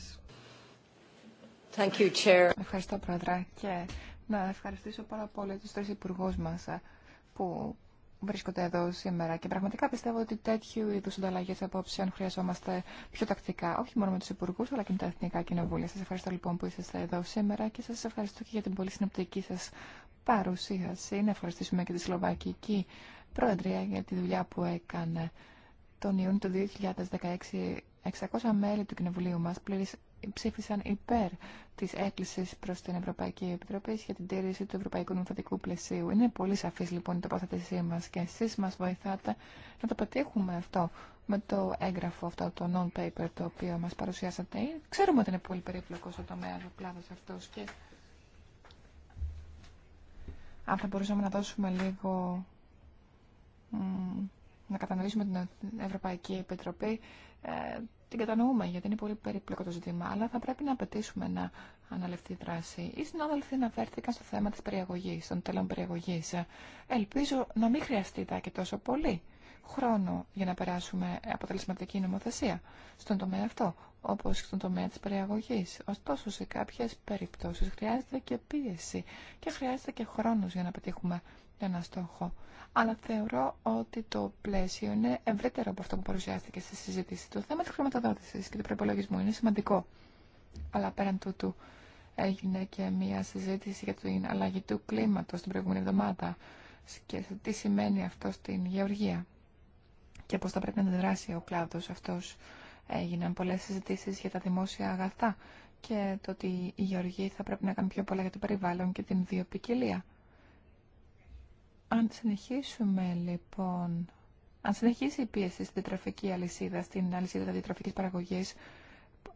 Speaker 3: Ευχαριστώ, Πρόεδρε, και να ευχαριστήσω πάρα πολύ του τρει υπουργού μα ε, που βρίσκονται εδώ σήμερα και πραγματικά πιστεύω ότι τέτοιου είδου ανταλλαγέ απόψεων χρειαζόμαστε πιο τακτικά, όχι μόνο με του υπουργού αλλά και με τα εθνικά κοινοβούλια. Σα ευχαριστώ λοιπόν που είσαστε εδώ σήμερα και σα ευχαριστώ και για την πολύ συνοπτική σα παρουσίαση. Να ευχαριστήσουμε και τη Σλοβακική Προεδρία για τη δουλειά που έκανε τον Ιούνιο του 2016. 600 μέλη του Κοινοβουλίου μα πλήρης ψήφισαν υπέρ της έκκλησης προς την Ευρωπαϊκή Επιτροπή για την τήρηση του Ευρωπαϊκού Νομοθετικού Πλαισίου. Είναι πολύ σαφής λοιπόν η τοποθέτησή μας και εσείς μας βοηθάτε να το πετύχουμε αυτό με το έγγραφο αυτό, το non-paper το οποίο μας παρουσιάσατε. Ξέρουμε ότι είναι πολύ περίπλοκος ο τομέας, ο κλάδος αυτός και αν θα μπορούσαμε να δώσουμε λίγο να κατανοήσουμε την Ευρωπαϊκή Επιτροπή ε, την κατανοούμε γιατί είναι πολύ περίπλοκο το ζήτημα, αλλά θα πρέπει να απαιτήσουμε να η δράση. Οι συνάδελφοι αναφέρθηκαν στο θέμα τη περιαγωγή, των τέλων περιαγωγή. Ελπίζω να μην χρειαστεί και τόσο πολύ χρόνο για να περάσουμε αποτελεσματική νομοθεσία στον τομέα αυτό, όπως στον τομέα τη περιαγωγή. Ωστόσο, σε κάποιε περιπτώσει χρειάζεται και πίεση και χρειάζεται και χρόνο για να πετύχουμε ένα στόχο. Αλλά θεωρώ ότι το πλαίσιο είναι ευρύτερο από αυτό που παρουσιάστηκε στη συζήτηση. Το θέμα τη χρηματοδότηση και του προπολογισμού είναι σημαντικό. Αλλά πέραν τούτου έγινε και μια συζήτηση για την αλλαγή του κλίματο την προηγούμενη εβδομάδα και τι σημαίνει αυτό στην γεωργία και πώς θα πρέπει να αντιδράσει ο κλάδος αυτός. Έγιναν πολλές συζητήσεις για τα δημόσια αγαθά και το ότι η γεωργία θα πρέπει να κάνουν πιο πολλά για το περιβάλλον και την βιοπικιλία. Αν συνεχίσουμε λοιπόν, αν συνεχίσει η πίεση στην τετραφική αλυσίδα, στην αλυσίδα διατροφική παραγωγής,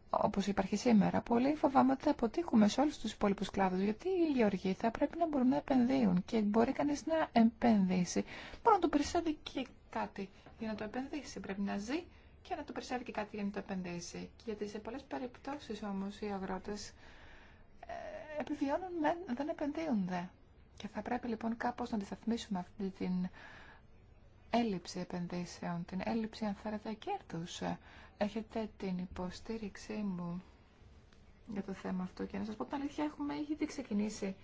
Speaker 3: όπως υπάρχει σήμερα, πολύ φοβάμαι ότι θα αποτύχουμε σε όλους τους υπόλοιπους κλάδους, γιατί οι γεωργοί θα πρέπει να μπορούν να επενδύουν και μπορεί κανείς να επενδύσει. Μπορεί να του περισσεύει και κάτι για να το επενδύσει, πρέπει να ζει και να του περισσεύει και κάτι για να το επενδύσει. Γιατί σε πολλές περιπτώσεις όμως οι αγρότες ε, επιβιώνουν, δεν επενδύουν δε. Και θα πρέπει λοιπόν κάπως να αντισταθμίσουμε αυτή την έλλειψη επενδύσεων, την έλλειψη αν θέλετε κέρδους. Έχετε την υποστήριξή μου για το θέμα αυτό και να σας πω την αλήθεια έχουμε ήδη ξεκινήσει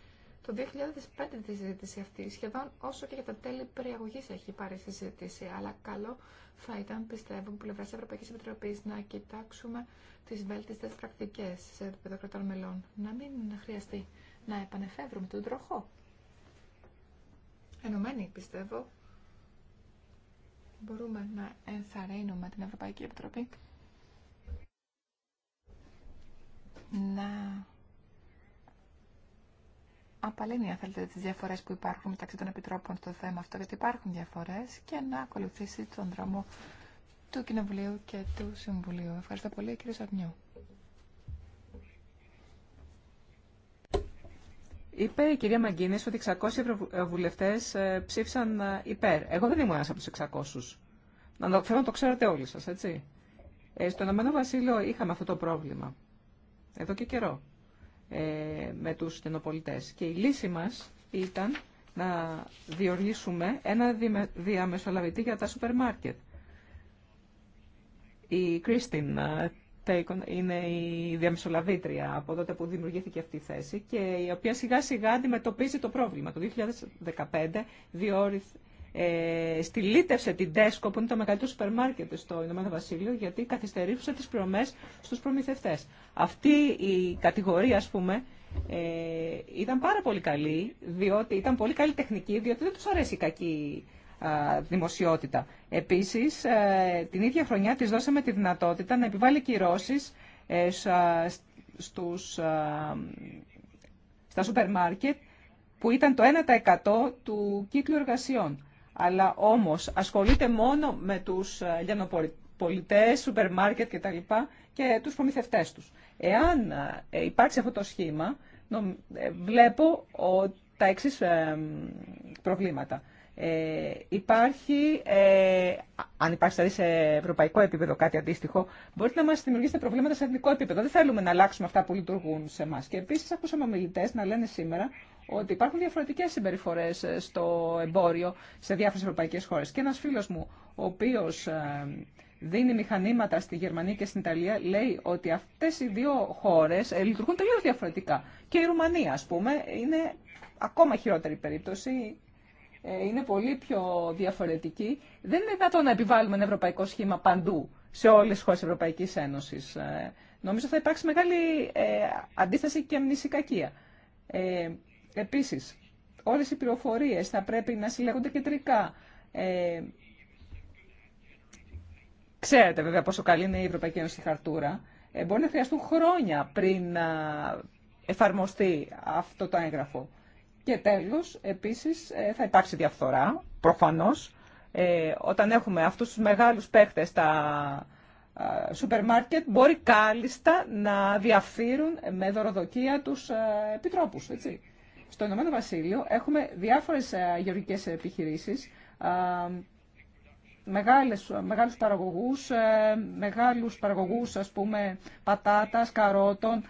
Speaker 3: το 2005 τη συζήτηση αυτή, σχεδόν όσο και για τα τέλη περιαγωγή έχει πάρει στη συζήτηση. Αλλά καλό θα ήταν, πιστεύω, από πλευρά τη Ευρωπαϊκή Επιτροπή να κοιτάξουμε τι βέλτιστε πρακτικέ σε επίπεδο κρατών μελών. Να μην χρειαστεί να επανεφεύρουμε τον τροχό ενωμένοι πιστεύω μπορούμε να ενθαρρύνουμε την Ευρωπαϊκή Επιτροπή να απαλύνει αν θέλετε τις διαφορές που υπάρχουν μεταξύ των επιτρόπων στο θέμα αυτό γιατί υπάρχουν διαφορές και να ακολουθήσει τον δρόμο του Κοινοβουλίου και του Συμβουλίου. Ευχαριστώ πολύ κύριε Σαρνιού.
Speaker 2: Είπε η κυρία Μαγκίνης ότι 600 ευρωβουλευτές ε, ψήφισαν ε, υπέρ. Εγώ δεν ήμουν ένα από τους 600. Να, θέλω το ξέρετε όλοι σα. έτσι. Ε, στο Ηνωμένο Βασίλειο είχαμε αυτό το πρόβλημα. Εδώ και καιρό. Ε, με τους στενοπολιτές. Και η λύση μας ήταν να διοργήσουμε ένα διαμεσολαβητή για τα σούπερ μάρκετ. Η Κρίστιν ε, είναι η διαμεσολαβήτρια από τότε που δημιουργήθηκε αυτή η θέση και η οποία σιγά σιγά αντιμετωπίζει το πρόβλημα. Το 2015 στηλίτευσε ε, στυλίτευσε την Τέσκο που είναι το μεγαλύτερο σούπερ μάρκετ στο Ηνωμένο Βασίλειο γιατί καθυστερήσε τις πληρωμές στους προμηθευτές. Αυτή η κατηγορία ας πούμε ε, ήταν πάρα πολύ καλή διότι ήταν πολύ καλή τεχνική διότι δεν τους αρέσει η κακή δημοσιότητα. Επίσης, ε, την ίδια χρονιά της δώσαμε τη δυνατότητα να επιβάλλει κυρώσεις ε, στους, στα σούπερ μάρκετ που ήταν το 1% του κύκλου εργασιών. Αλλά όμως ασχολείται μόνο με τους λιανοπολιτές, ε, σούπερ μάρκετ κτλ. και τους προμηθευτές τους. Εάν υπάρξει αυτό το σχήμα, βλέπω τα εξής προβλήματα. Ε, υπάρχει, ε, αν υπάρχει δηλαδή σε ευρωπαϊκό επίπεδο κάτι αντίστοιχο, μπορείτε να μα δημιουργήσετε προβλήματα σε εθνικό επίπεδο. Δεν θέλουμε να αλλάξουμε αυτά που λειτουργούν σε εμά. Και επίση, ακούσαμε ομιλητέ να λένε σήμερα ότι υπάρχουν διαφορετικέ συμπεριφορέ ε, στο εμπόριο σε διάφορε ευρωπαϊκέ χώρε. Και ένα φίλο μου, ο οποίο ε, δίνει μηχανήματα στη Γερμανία και στην Ιταλία, λέει ότι αυτέ οι δύο χώρε λειτουργούν τελείω διαφορετικά. Και η Ρουμανία, α πούμε, είναι ακόμα χειρότερη περίπτωση ε, είναι πολύ πιο διαφορετική. Δεν είναι δυνατόν να επιβάλλουμε ένα ευρωπαϊκό σχήμα παντού, σε όλες τις χώρες Ευρωπαϊκής Ένωσης. Ε, νομίζω θα υπάρξει μεγάλη ε, αντίσταση και μνησικακία. Ε, επίσης, όλες οι πληροφορίες θα πρέπει να συλλέγονται κεντρικά. Ε, ξέρετε βέβαια πόσο καλή είναι η Ευρωπαϊκή Ένωση χαρτούρα. Ε, μπορεί να χρειαστούν χρόνια πριν να εφαρμοστεί αυτό το έγγραφο. Και τέλος, επίσης, ε, θα υπάρξει διαφθορά, προφανώς. Ε, όταν έχουμε αυτούς τους μεγάλους παίχτες στα σούπερ μάρκετ, μπορεί κάλλιστα να διαφύρουν με δωροδοκία τους επιτρόπους, έτσι. Στο Ηνωμένο Βασίλειο έχουμε διάφορες γεωργικές επιχειρήσεις, μεγάλες, μεγάλους παραγωγούς, ε, μεγάλους παραγωγούς, ας πούμε, πατάτας, καρότων,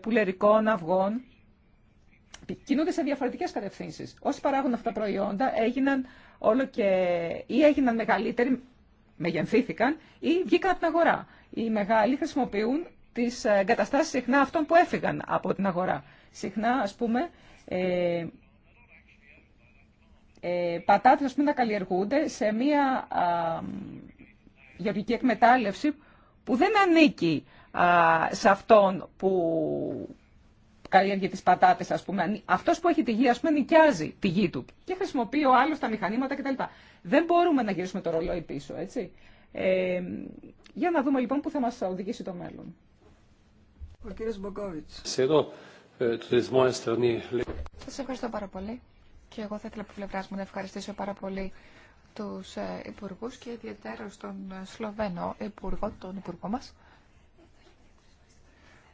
Speaker 2: πουλερικών, αυγών, κινούνται σε διαφορετικές κατευθύνσεις. Όσοι παράγουν αυτά τα προϊόντα έγιναν όλο και ή έγιναν μεγαλύτεροι, μεγενθήθηκαν ή βγήκαν από την αγορά. Οι μεγάλοι χρησιμοποιούν τις εγκαταστάσεις συχνά αυτών που έφυγαν από την αγορά. Συχνά, ας πούμε, ε, ε, πατάτες να καλλιεργούνται σε μια α, γεωργική εκμετάλλευση που δεν ανήκει α, σε αυτόν που καλλιέργεια τη πατάτε, α πούμε. Αυτό που έχει τη γη, α πούμε, νοικιάζει τη γη του και χρησιμοποιεί ο άλλο τα μηχανήματα κτλ. Δεν μπορούμε να γυρίσουμε το ρολόι πίσω, έτσι. Ε, για να δούμε λοιπόν πού θα μα
Speaker 3: οδηγήσει το μέλλον.
Speaker 1: Ο
Speaker 4: Σε Εδώ, ε,
Speaker 3: Σας ευχαριστώ πάρα πολύ. Και εγώ θα ήθελα από πλευρά μου να ευχαριστήσω πάρα πολύ του ε, υπουργού και ιδιαίτερα τον ε, Σλοβαίνο υπουργό, τον υπουργό μα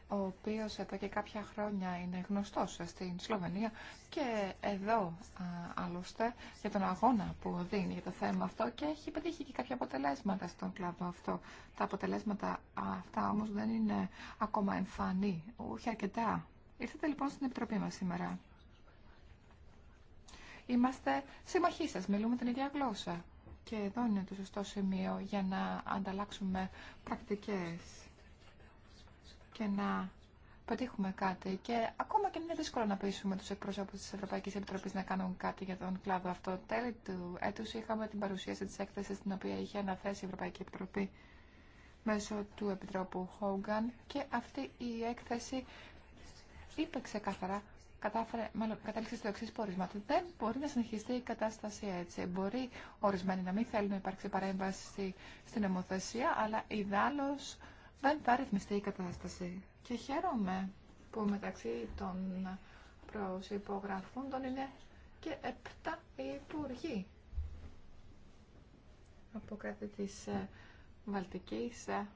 Speaker 3: ο οποίος εδώ και κάποια χρόνια είναι γνωστός στην Σλοβενία και εδώ α, άλλωστε για τον αγώνα που δίνει για το θέμα αυτό και έχει πετύχει και κάποια αποτελέσματα στον κλάδο αυτό. Τα αποτελέσματα αυτά όμως δεν είναι ακόμα εμφανή, όχι αρκετά. Ήρθατε λοιπόν στην Επιτροπή μας σήμερα. Είμαστε σύμμαχοί σας, μιλούμε την ίδια γλώσσα. Και εδώ είναι το σωστό σημείο για να ανταλλάξουμε πρακτικές και να πετύχουμε κάτι. Και ακόμα και είναι δύσκολο να πείσουμε του εκπροσώπου τη Ευρωπαϊκή Επιτροπή να κάνουν κάτι για τον κλάδο αυτό. Τέλη του έτου είχαμε την παρουσίαση τη έκθεση την οποία είχε αναθέσει η Ευρωπαϊκή Επιτροπή μέσω του Επιτρόπου Χόγκαν και αυτή η έκθεση είπε ξεκάθαρα κατάφερε, μάλλον κατέληξε στο εξή πόρισμα, ότι δεν μπορεί να συνεχιστεί η κατάσταση έτσι. Μπορεί ορισμένοι να μην θέλουν να υπάρξει παρέμβαση στην νομοθεσία, αλλά ιδάλω δεν θα ρυθμιστεί η κατάσταση. Και χαίρομαι που μεταξύ των προσυπογραφούντων είναι και επτά υπουργοί από κράτη της ε, Βαλτικής. Ε.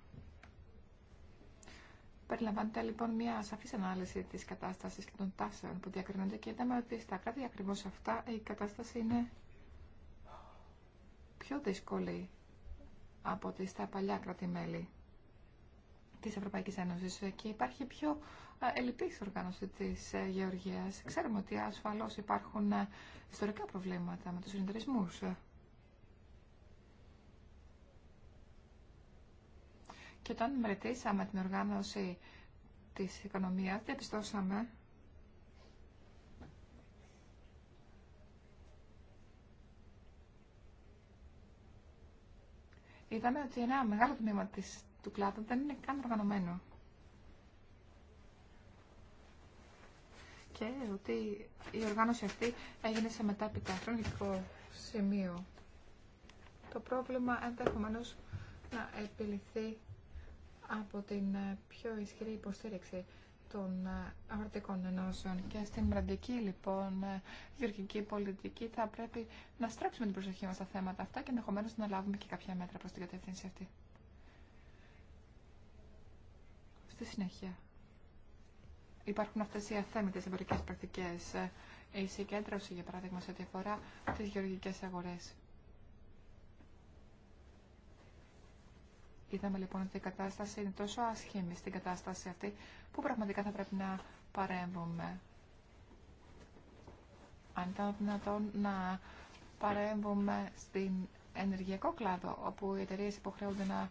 Speaker 3: Περιλαμβάνεται λοιπόν μια σαφή ανάλυση της κατάστασης και των τάσεων που διακρίνονται και είδαμε ότι στα κράτη ακριβώς αυτά η κατάσταση είναι πιο δύσκολη από ότι στα παλιά κράτη-μέλη της Ευρωπαϊκής Ένωσης και υπάρχει πιο ελλειπής οργάνωση της ε, Γεωργίας. Ξέρουμε ότι ασφαλώς υπάρχουν ε, ιστορικά προβλήματα με τους συνεταιρισμούς. Και όταν μελετήσαμε την οργάνωση της οικονομίας, διαπιστώσαμε είδαμε ότι ένα μεγάλο τμήμα της του κλάδου δεν είναι καν οργανωμένο. Και ότι η οργάνωση αυτή έγινε σε μετάπιτα χρονικό σημείο. Το πρόβλημα ενδεχομένω να επιληθεί από την πιο ισχυρή υποστήριξη των αγροτικών ενώσεων. Και στην μπραντική λοιπόν γεωργική πολιτική θα πρέπει να στρέψουμε την προσοχή μας στα θέματα αυτά και ενδεχομένω να λάβουμε και κάποια μέτρα προς την κατεύθυνση αυτή. στη συνέχεια. Υπάρχουν αυτές οι αθέμητες εμπορικές πρακτικές, ε, η συγκέντρωση για παράδειγμα σε ό,τι αφορά τις γεωργικές αγορές. Είδαμε λοιπόν ότι η κατάσταση είναι τόσο ασχήμη στην κατάσταση αυτή που πραγματικά θα πρέπει να παρέμβουμε. Αν ήταν δυνατόν να παρέμβουμε στην ενεργειακό κλάδο, όπου οι εταιρείε υποχρεούνται να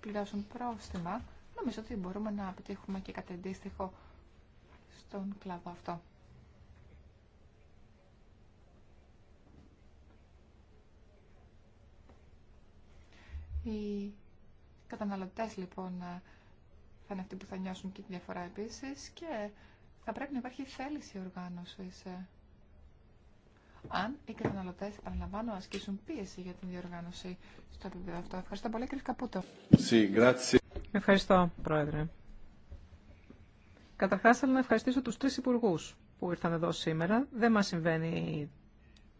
Speaker 3: πληρώσουν πρόστιμα, νομίζω ότι μπορούμε να πετύχουμε και κάτι αντίστοιχο στον κλάδο αυτό. Οι καταναλωτές λοιπόν θα είναι αυτοί που θα νιώσουν και τη διαφορά επίσης και θα πρέπει να υπάρχει θέληση οργάνωσης. Αν οι καταναλωτέ, επαναλαμβάνω, ασκήσουν πίεση για την διοργάνωση στο επίπεδο αυτό. Ευχαριστώ πολύ, κύριε Καπούτο.
Speaker 2: Ευχαριστώ, Πρόεδρε.
Speaker 3: Καταρχάς, θέλω να ευχαριστήσω τους τρεις υπουργούς
Speaker 2: που ήρθαν εδώ σήμερα. Δεν μας συμβαίνει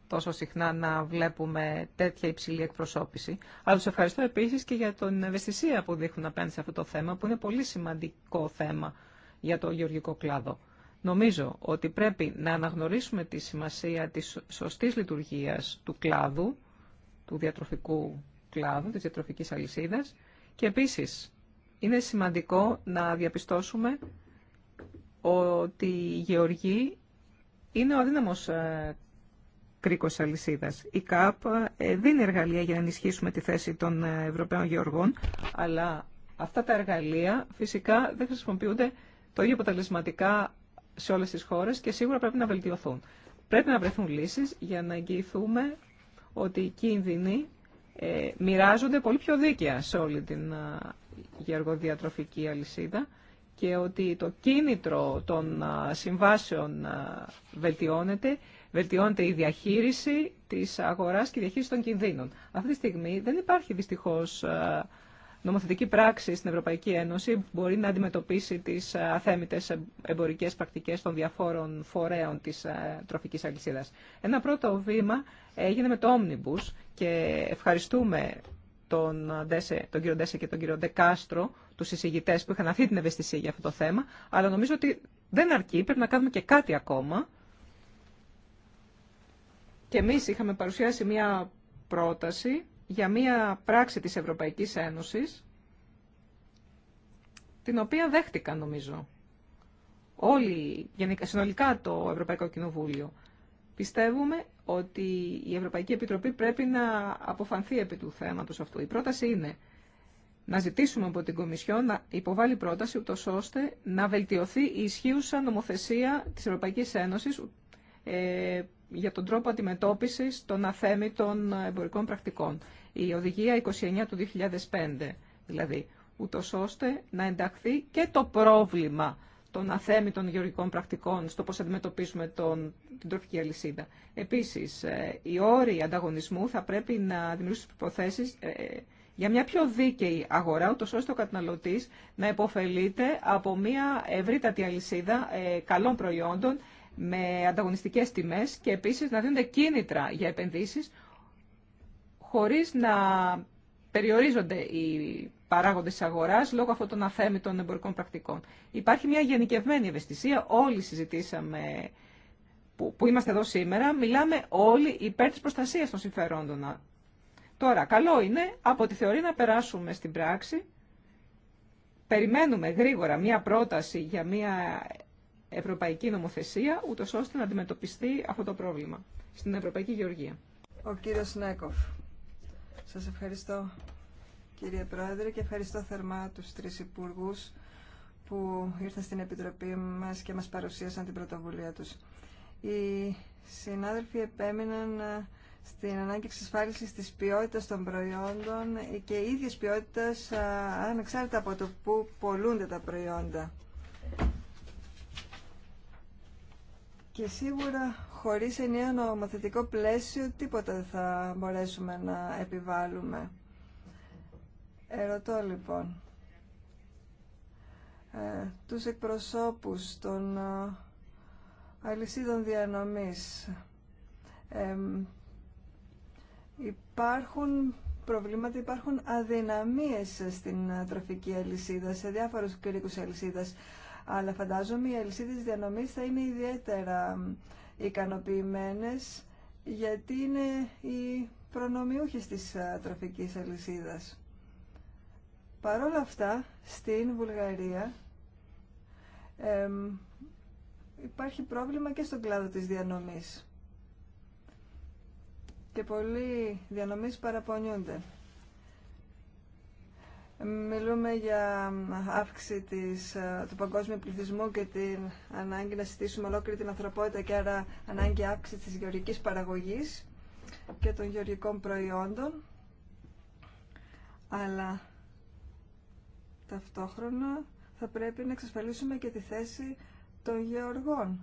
Speaker 2: τόσο συχνά να βλέπουμε τέτοια υψηλή εκπροσώπηση. Αλλά του ευχαριστώ επίσης και για την ευαισθησία που δείχνουν απέναντι σε αυτό το θέμα, που είναι πολύ σημαντικό θέμα για το γεωργικό κλάδο. Νομίζω ότι πρέπει να αναγνωρίσουμε τη σημασία της σωστής λειτουργίας του κλάδου, του διατροφικού κλάδου, της διατροφικής αλυσίδας και επίσης είναι σημαντικό να διαπιστώσουμε ότι η γεωργή είναι ο αδύναμος ε, κρίκος αλυσίδας. Η ΚΑΠ ε, δίνει εργαλεία για να ενισχύσουμε τη θέση των ε, Ευρωπαίων γεωργών, αλλά αυτά τα εργαλεία φυσικά δεν χρησιμοποιούνται το ίδιο αποτελεσματικά σε όλες τις χώρες και σίγουρα πρέπει να βελτιωθούν. Πρέπει να βρεθούν λύσεις για να εγγυηθούμε ότι οι κίνδυνοι μοιράζονται πολύ πιο δίκαια σε όλη την γεωργοδιατροφική αλυσίδα και ότι το κίνητρο των συμβάσεων βελτιώνεται, βελτιώνεται η διαχείριση της αγοράς και η διαχείριση των κινδύνων. Αυτή τη στιγμή δεν υπάρχει δυστυχώς νομοθετική πράξη στην Ευρωπαϊκή Ένωση που μπορεί να αντιμετωπίσει τις αθέμητες εμπορικές πρακτικές των διαφόρων φορέων της τροφικής αλυσίδας. Ένα πρώτο βήμα έγινε με το Omnibus και ευχαριστούμε τον, ε, τον κύριο Ντέσε και τον κύριο Ντεκάστρο, του συζητητέ που είχαν αυτή την ευαισθησία για αυτό το θέμα, αλλά νομίζω ότι δεν αρκεί, πρέπει να κάνουμε και κάτι ακόμα. Και εμεί είχαμε παρουσιάσει μία πρόταση για μία πράξη της Ευρωπαϊκής Ένωσης, την οποία δέχτηκαν νομίζω όλοι, συνολικά το Ευρωπαϊκό Κοινοβούλιο. Πιστεύουμε ότι η Ευρωπαϊκή Επιτροπή πρέπει να αποφανθεί επί του θέματος αυτού. Η πρόταση είναι να ζητήσουμε από την Κομισιό να υποβάλει πρόταση ούτως ώστε να βελτιωθεί η ισχύουσα νομοθεσία της Ευρωπαϊκής Ένωσης ε, για τον τρόπο αντιμετώπισης των αθέμητων εμπορικών πρακτικών. Η Οδηγία 29 του 2005 δηλαδή, ούτως ώστε να ενταχθεί και το πρόβλημα των αθέμητων γεωργικών πρακτικών στο πώς αντιμετωπίζουμε τον, την τροφική αλυσίδα. Επίσης, ε, οι όροι ανταγωνισμού θα πρέπει να δημιουργήσουν προθέσεις ε, για μια πιο δίκαιη αγορά, ούτως ώστε ο καταναλωτής να υποφελείται από μια ευρύτατη αλυσίδα ε, καλών προϊόντων με ανταγωνιστικές τιμές και επίσης να δίνονται κίνητρα για επενδύσεις χωρίς να περιορίζονται οι παράγοντες της αγοράς λόγω αυτών των αθέμητων εμπορικών πρακτικών. Υπάρχει μια γενικευμένη ευαισθησία, όλοι συζητήσαμε που, που είμαστε εδώ σήμερα, μιλάμε όλοι υπέρ της προστασίας των συμφερόντων. Τώρα, καλό είναι από τη θεωρία να περάσουμε στην πράξη, περιμένουμε γρήγορα μια πρόταση για μια ευρωπαϊκή νομοθεσία, ούτω ώστε να αντιμετωπιστεί αυτό το πρόβλημα στην Ευρωπαϊκή Γεωργία.
Speaker 1: Ο κύριος Νέκοφ. Σας ευχαριστώ κύριε Πρόεδρε και ευχαριστώ θερμά τους τρεις υπουργούς που ήρθαν στην Επιτροπή μας και μας παρουσίασαν την πρωτοβουλία τους. Οι συνάδελφοι επέμειναν ε, στην ανάγκη εξασφάλιση της ποιότητας των προϊόντων και ίδιας ποιότητας ε, ανεξάρτητα από το που πολλούνται τα προϊόντα. Και σίγουρα χωρίς ενιαίο νομοθετικό πλαίσιο τίποτα δεν θα μπορέσουμε να επιβάλλουμε. Ερωτώ λοιπόν ε, τους εκπροσώπους των ε, αλυσίδων διανομής. Ε, υπάρχουν προβλήματα, υπάρχουν αδυναμίες στην ε, τροφική αλυσίδα, σε διάφορους κρίκους αλυσίδας. Αλλά φαντάζομαι οι αλυσίδες διανομής θα είναι ιδιαίτερα ικανοποιημένες γιατί είναι οι προνομιούχες της τροφικής αλυσίδας. Παρόλα αυτά, στην Βουλγαρία υπάρχει πρόβλημα και στον κλάδο της διανομής. Και πολλοί διανομής παραπονιούνται. Μιλούμε για αύξηση της, ε, του παγκόσμιου πληθυσμού και την ανάγκη να συστήσουμε ολόκληρη την ανθρωπότητα και άρα ανάγκη αύξηση της γεωργικής παραγωγής και των γεωργικών προϊόντων. Αλλά ταυτόχρονα θα πρέπει να εξασφαλίσουμε και τη θέση των γεωργών.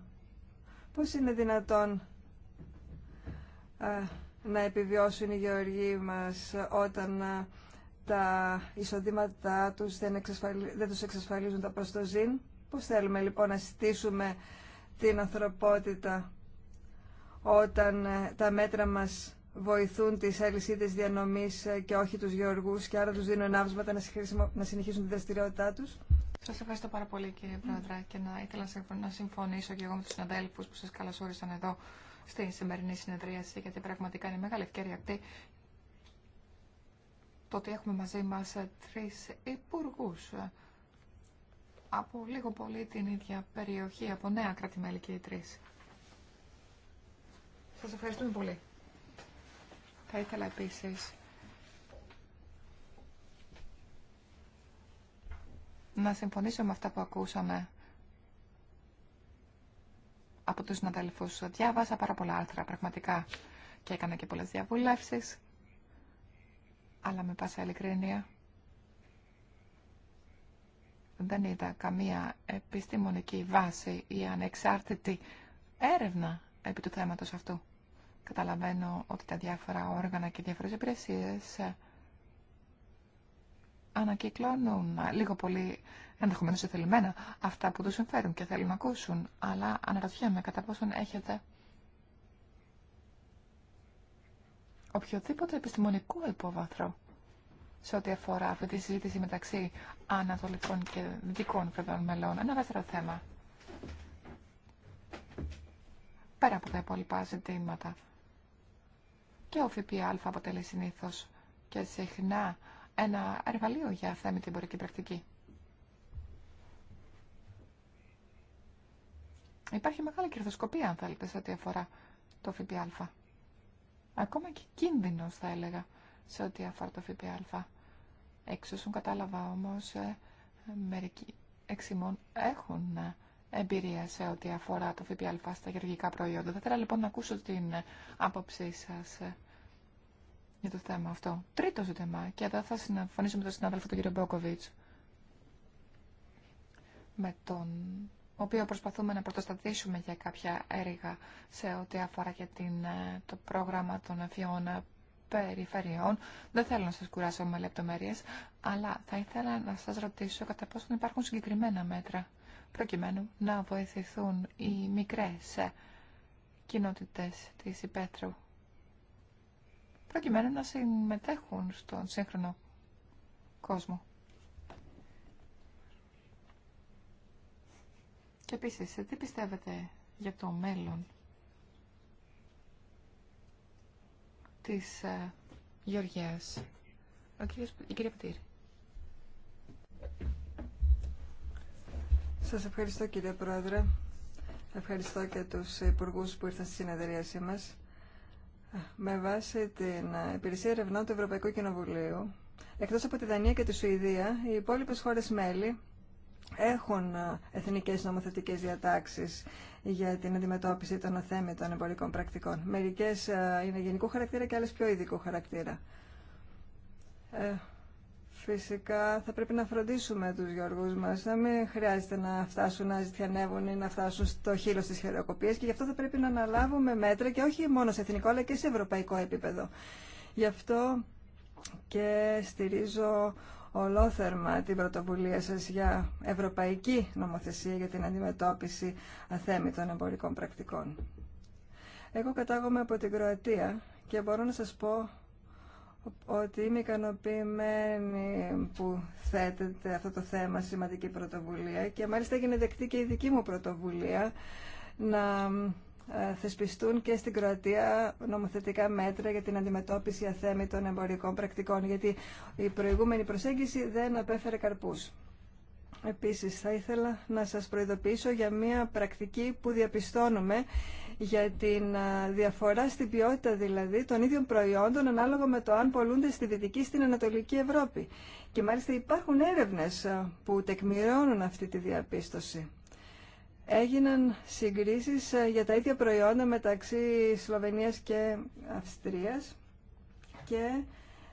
Speaker 1: Πώς είναι δυνατόν ε, να επιβιώσουν οι γεωργοί μας όταν... Ε, τα εισοδήματά τους δεν, δεν τους εξασφαλίζουν τα προστοζήν. Πώς θέλουμε λοιπόν να στήσουμε την ανθρωπότητα όταν ε, τα μέτρα μας βοηθούν τις αλυσίδες διανομής ε, και όχι τους γεωργούς και άρα τους δίνουν ενάβσματα να συνεχίσουν τη δραστηριότητά τους. Σας ευχαριστώ πάρα πολύ κύριε Πρόεδρε
Speaker 3: και να ήθελα να συμφωνήσω και εγώ με τους συναδέλφους που σας καλωσόρισαν εδώ στη σημερινή συνεδρίαση, γιατί πραγματικά είναι μεγάλη ευκαιρία αυτή το ότι έχουμε μαζί μας τρεις υπουργούς από λίγο πολύ την ίδια περιοχή, από νέα κρατημέλη και οι τρεις. Σας ευχαριστούμε πολύ. Θα ήθελα επίσης να συμφωνήσω με αυτά που ακούσαμε από τους συναδέλφους. Διάβασα πάρα πολλά άρθρα πραγματικά και έκανα και πολλές διαβουλεύσεις αλλά με πάσα ειλικρίνεια δεν είδα καμία επιστημονική βάση ή ανεξάρτητη έρευνα επί του θέματος αυτού. Καταλαβαίνω ότι τα διάφορα όργανα και διάφορες υπηρεσίες ε, ανακυκλώνουν λίγο πολύ, ενδεχομένως εθελημένα, αυτά που τους συμφέρουν και θέλουν να ακούσουν, αλλά αναρωτιέμαι κατά πόσον έχετε οποιοδήποτε επιστημονικό υπόβαθρο σε ό,τι αφορά αυτή τη συζήτηση μεταξύ ανατολικών και δυτικών κρατών μελών. Ένα δεύτερο θέμα. Πέρα από τα υπόλοιπα ζητήματα. Και ο ΦΠΑ αποτελεί συνήθω και συχνά ένα εργαλείο για θέμη την εμπορική πρακτική. Υπάρχει μεγάλη κερδοσκοπία, αν θέλετε, σε ό,τι αφορά το ΦΠΑ ακόμα και κίνδυνος θα έλεγα σε ό,τι αφορά το ΦΠΑ. έξω. σου κατάλαβα όμως, ε, μερικοί εξημών έχουν ε, εμπειρία σε ό,τι αφορά το ΦΠΑ στα γεωργικά προϊόντα. Θα ήθελα λοιπόν να ακούσω την ε, άποψή σας για το θέμα αυτό. Τρίτο ζήτημα, και εδώ θα συμφωνήσω με τον συνάδελφο τον κύριο Μπόκοβιτς, με τον οποίο προσπαθούμε να πρωτοστατήσουμε για κάποια έργα σε ό,τι αφορά και ε, το πρόγραμμα των αφιών ε, περιφερειών. Δεν θέλω να σας κουράσω με λεπτομέρειες, αλλά θα ήθελα να σας ρωτήσω κατά πόσο υπάρχουν συγκεκριμένα μέτρα προκειμένου να βοηθηθούν οι μικρές ε, κοινότητες της υπέτρου προκειμένου να συμμετέχουν στον σύγχρονο κόσμο. Και επίσης, τι πιστεύετε για το μέλλον της ε, Γεωργίας. Ο κύριος, η κυρία Πτήρη.
Speaker 1: Σας ευχαριστώ κύριε Πρόεδρε. Ευχαριστώ και τους υπουργούς που ήρθαν στη συνεδρίασή μας. Ε, με βάση την ε, Υπηρεσία Ερευνών του Ευρωπαϊκού Κοινοβουλίου, εκτός από τη Δανία και τη Σουηδία, οι υπόλοιπε χώρες μέλη έχουν ε, εθνικές νομοθετικές διατάξεις για την αντιμετώπιση των αθέμητων εμπορικών πρακτικών. Μερικές ε, είναι γενικού χαρακτήρα και άλλες πιο ειδικού χαρακτήρα. Ε, φυσικά θα πρέπει να φροντίσουμε τους Γιώργους μας, να μην χρειάζεται να φτάσουν να ζητιανεύουν ή να φτάσουν στο χείλο της χειροκοπίας και γι' αυτό θα πρέπει να αναλάβουμε μέτρα και όχι μόνο σε εθνικό αλλά και σε ευρωπαϊκό επίπεδο. Γι' αυτό και στηρίζω ολόθερμα την πρωτοβουλία σας για ευρωπαϊκή νομοθεσία για την αντιμετώπιση αθέμητων εμπορικών πρακτικών. Εγώ κατάγομαι από την Κροατία και μπορώ να σας πω ότι είμαι ικανοποιημένη που θέτεται αυτό το θέμα σημαντική πρωτοβουλία και μάλιστα έγινε δεκτή και η δική μου πρωτοβουλία να ε, θεσπιστούν και στην Κροατία νομοθετικά μέτρα για την αντιμετώπιση αθέμητων εμπορικών πρακτικών, γιατί η προηγούμενη προσέγγιση δεν απέφερε καρπούς. Επίσης, θα ήθελα να σας προειδοποιήσω για μια πρακτική που διαπιστώνουμε για την ε, διαφορά στην ποιότητα δηλαδή των ίδιων προϊόντων ανάλογα με το αν πολλούνται στη Δυτική στην Ανατολική Ευρώπη. Και μάλιστα υπάρχουν έρευνες ε, που τεκμηρώνουν αυτή τη διαπίστωση έγιναν συγκρίσεις ε, για τα ίδια προϊόντα μεταξύ Σλοβενίας και Αυστρίας και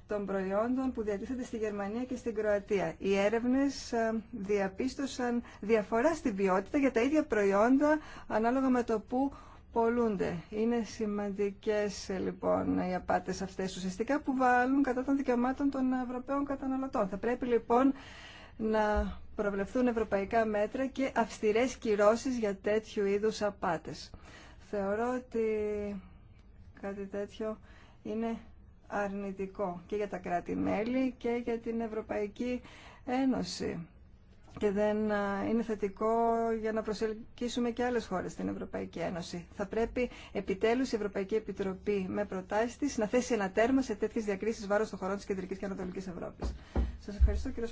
Speaker 1: των προϊόντων που διατίθεται στη Γερμανία και στην Κροατία. Οι έρευνες ε, διαπίστωσαν διαφορά στην ποιότητα για τα ίδια προϊόντα ανάλογα με το που πολλούνται. Είναι σημαντικές ε, λοιπόν οι απάτες αυτές ουσιαστικά που βάλουν κατά των δικαιωμάτων των Ευρωπαίων καταναλωτών. Θα πρέπει λοιπόν να προβλεφθούν ευρωπαϊκά μέτρα και αυστηρές κυρώσεις για τέτοιου είδους απάτες. Θεωρώ ότι κάτι τέτοιο είναι αρνητικό και για τα κράτη-μέλη και για την Ευρωπαϊκή Ένωση και δεν είναι θετικό για να προσελκύσουμε και άλλες χώρες στην Ευρωπαϊκή Ένωση. Θα πρέπει επιτέλους η Ευρωπαϊκή Επιτροπή με προτάσεις της να θέσει ένα τέρμα σε τέτοιες διακρίσεις βάρος των χωρών της Κεντρικής και Ανατολικής Ευρώπης. Σας ευχαριστώ κύριο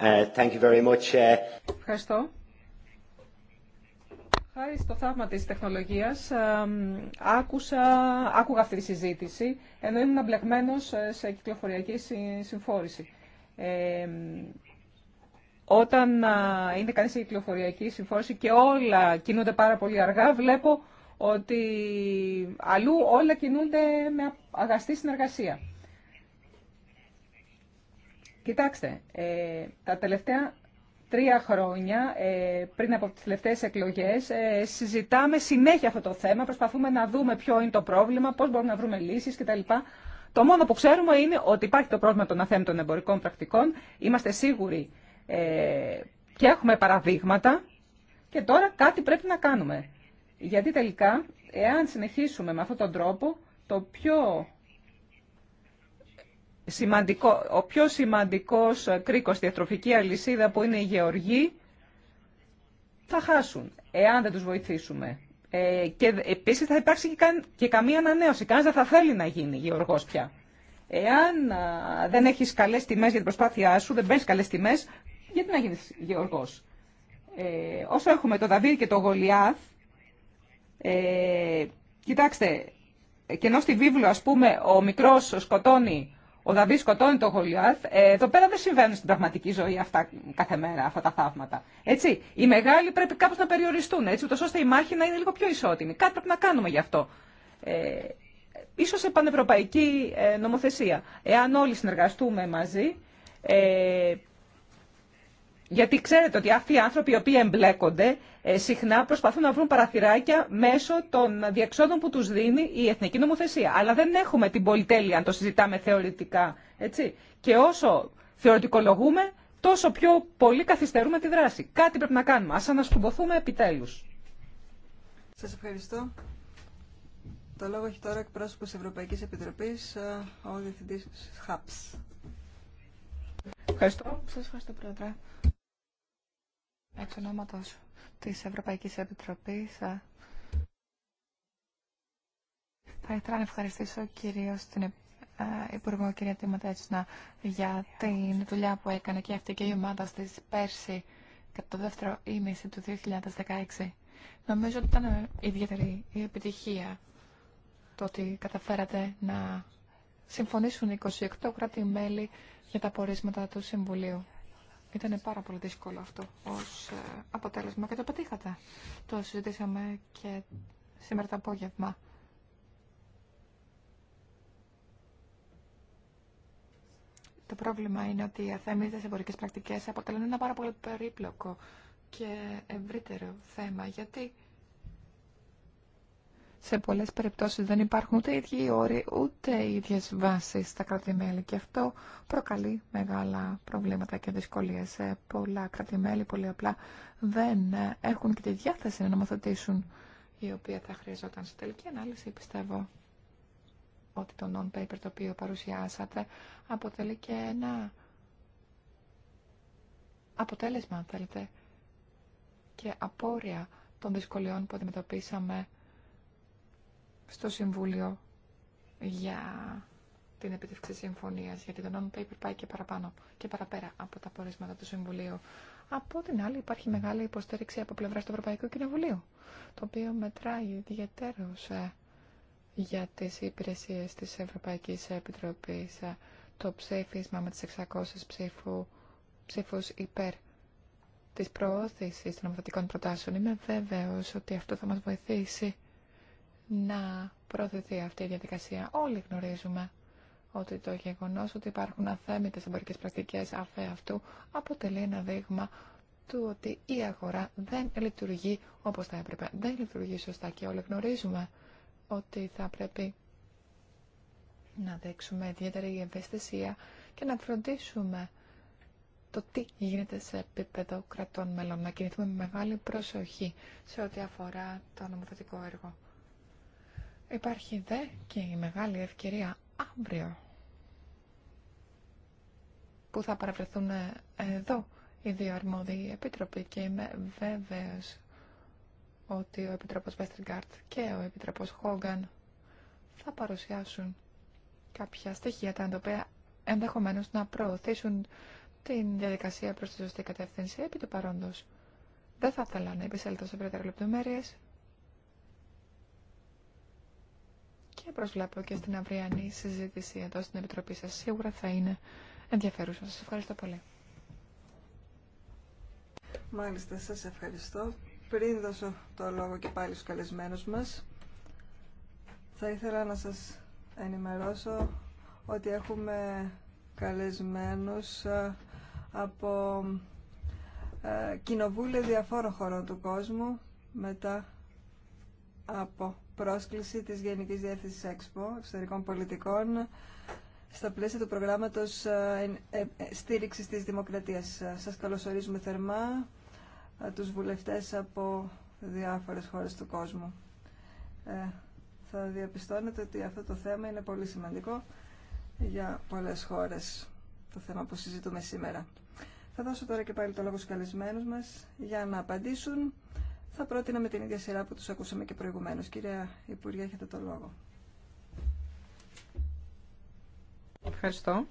Speaker 1: ε, thank you very much. Ε. Ευχαριστώ.
Speaker 2: Χάρη στο θαύμα της τεχνολογίας, ε, άκουσα, άκουγα αυτή τη συζήτηση, ενώ ήμουν αμπλεγμένος σε κυκλοφοριακή συμφόρηση. όταν είναι κάνει σε κυκλοφοριακή συμφόρηση και όλα κινούνται πάρα πολύ αργά, βλέπω ότι αλλού όλα κινούνται με αγαστή συνεργασία. Κοιτάξτε, ε, τα τελευταία τρία χρόνια ε, πριν από τις τελευταίες εκλογές ε, συζητάμε συνέχεια αυτό το θέμα, προσπαθούμε να δούμε ποιο είναι το πρόβλημα, πώς μπορούμε να βρούμε λύσεις κτλ. Το μόνο που ξέρουμε είναι ότι υπάρχει το πρόβλημα των αθέμπτων εμπορικών πρακτικών, είμαστε σίγουροι ε, και έχουμε παραδείγματα και τώρα κάτι πρέπει να κάνουμε. Γιατί τελικά, εάν συνεχίσουμε με αυτόν τον τρόπο, το πιο σημαντικό, ο πιο σημαντικός κρίκος στη διατροφική αλυσίδα που είναι οι γεωργοί θα χάσουν εάν δεν τους βοηθήσουμε. Ε, και επίσης θα υπάρξει και, και καμία ανανέωση. Κανένας δεν θα θέλει να γίνει γεωργός πια. Εάν δεν έχεις καλές τιμές για την προσπάθειά σου, δεν παίρνεις καλές τιμές, γιατί να γίνεις γεωργός. Ε, όσο έχουμε το Δαβίδ και το Γολιάθ, ε, κοιτάξτε, ε, και ενώ στη βίβλο, ας πούμε, ο μικρός σκοτώνει ο Δαβί σκοτώνει τον Γολιάθ. Ε, εδώ πέρα δεν συμβαίνουν στην πραγματική ζωή αυτά κάθε μέρα, αυτά τα θαύματα. Έτσι. Οι μεγάλοι πρέπει κάπω να περιοριστούν, έτσι, ούτω ώστε η μάχη να είναι λίγο πιο ισότιμη. Κάτι πρέπει να κάνουμε γι' αυτό. Ε, ίσως σε πανευρωπαϊκή ε, νομοθεσία. Εάν όλοι συνεργαστούμε μαζί, ε, γιατί ξέρετε ότι αυτοί οι άνθρωποι οι οποίοι εμπλέκονται ε, συχνά προσπαθούν να βρουν παραθυράκια μέσω των διεξόδων που τους δίνει η εθνική νομοθεσία. Αλλά δεν έχουμε την πολυτέλεια αν το συζητάμε θεωρητικά. Έτσι. Και όσο θεωρητικολογούμε τόσο πιο πολύ καθυστερούμε τη δράση. Κάτι πρέπει να κάνουμε. Ας ανασκουμποθούμε επιτέλους.
Speaker 1: Σας ευχαριστώ. Το λόγο έχει τώρα εκπρόσωπος Ευρωπαϊκής Επιτροπής, ε, ο Διευθυντής ΧΑΠΣ. Ευχαριστώ.
Speaker 3: Σας Εξ ονόματος της Ευρωπαϊκής Επιτροπής ε, θα ήθελα να ευχαριστήσω κυρίως την ε, Υπουργό κυρία Τιματέτσνα για την δουλειά που έκανε και αυτή και η ομάδα της πέρσι κατά το δεύτερο ήμιση του 2016. Νομίζω ότι ήταν ιδιαίτερη η επιτυχία το ότι καταφέρατε να συμφωνήσουν 28 κράτη-μέλη για τα πορίσματα του Συμβουλίου. Ήταν πάρα πολύ δύσκολο αυτό ως ε, αποτέλεσμα και το πετύχατε. Το συζητήσαμε και σήμερα το απόγευμα. Το πρόβλημα είναι ότι οι αθεμίδες εμπορικές πρακτικές αποτελούν ένα πάρα πολύ περίπλοκο και ευρύτερο θέμα, γιατί σε πολλές περιπτώσεις δεν υπάρχουν ούτε οι ίδιοι όροι, ούτε οι ίδιες βάσεις στα κράτη-μέλη και αυτό προκαλεί μεγάλα προβλήματα και δυσκολίες. Πολλά κράτη-μέλη πολύ απλά δεν έχουν και τη διάθεση να νομοθετήσουν η οποία θα χρειαζόταν στη τελική ανάλυση, πιστεύω ότι το non-paper το οποίο παρουσιάσατε αποτελεί και ένα αποτέλεσμα, αν θέλετε, και απόρρια των δυσκολιών που αντιμετωπίσαμε στο Συμβούλιο για την επιτευξή συμφωνίας, γιατί το νόμο paper πάει και παραπάνω και παραπέρα από τα πορίσματα του Συμβουλίου. Από την άλλη υπάρχει μεγάλη υποστήριξη από πλευρά του Ευρωπαϊκού Κοινοβουλίου, το οποίο μετράει ιδιαίτερως ε, για τις υπηρεσίες της Ευρωπαϊκής Επιτροπής ε, το ψήφισμα με τις 600 ψήφου, ψήφους υπέρ της προώθησης των νομοθετικών προτάσεων. Είμαι βέβαιος ότι αυτό θα μας βοηθήσει να προωθηθεί αυτή η διαδικασία. Όλοι γνωρίζουμε ότι το γεγονό ότι υπάρχουν αθέμητε εμπορικέ πρακτικέ αφέ αυτού αποτελεί ένα δείγμα του ότι η αγορά δεν λειτουργεί όπω θα έπρεπε. Δεν λειτουργεί σωστά και όλοι γνωρίζουμε ότι θα πρέπει να δείξουμε ιδιαίτερη ευαισθησία και να φροντίσουμε το τι γίνεται σε επίπεδο κρατών μελών. Να κινηθούμε με μεγάλη προσοχή σε ό,τι αφορά το νομοθετικό έργο. Υπάρχει δε και η μεγάλη ευκαιρία αύριο που θα παραβρεθούν ε, εδώ οι δύο αρμόδιοι επίτροποι και είμαι βέβαιος ότι ο Επιτροπός Βέστριγκαρτ και ο Επιτροπός Χόγκαν θα παρουσιάσουν κάποια στοιχεία τα οποία ενδεχομένως να προωθήσουν την διαδικασία προς τη σωστή κατεύθυνση επί του παρόντος. Δεν θα ήθελα να επισέλθω σε περαιτέρω λεπτομέρειες. και προσβλέπω και στην αυριανή συζήτηση εδώ στην Επιτροπή σας. Σίγουρα θα είναι ενδιαφέρουσα. Σας ευχαριστώ πολύ.
Speaker 1: Μάλιστα, σας ευχαριστώ. Πριν δώσω το λόγο και πάλι στους καλεσμένους μας, θα ήθελα να σας ενημερώσω ότι έχουμε καλεσμένους ε, από ε, κοινοβούλια διαφόρων χωρών του κόσμου μετά από πρόσκληση της Γενικής Διεύθυνσης ΕΞΠΟ, Εξωτερικών Πολιτικών, στα πλαίσια του προγράμματος ε, ε, ε, στήριξης της δημοκρατίας. Σας καλωσορίζουμε θερμά τους βουλευτές από διάφορες χώρες του κόσμου. θα διαπιστώνετε ότι αυτό το θέμα είναι πολύ σημαντικό για πολλές χώρες, το θέμα που συζητούμε σήμερα. Θα δώσω τώρα και πάλι το λόγο στους καλεσμένους μας για να απαντήσουν θα πρότεινα με την ίδια σειρά που τους ακούσαμε και προηγουμένως. Κυρία Υπουργέ, έχετε το λόγο.
Speaker 2: Ευχαριστώ.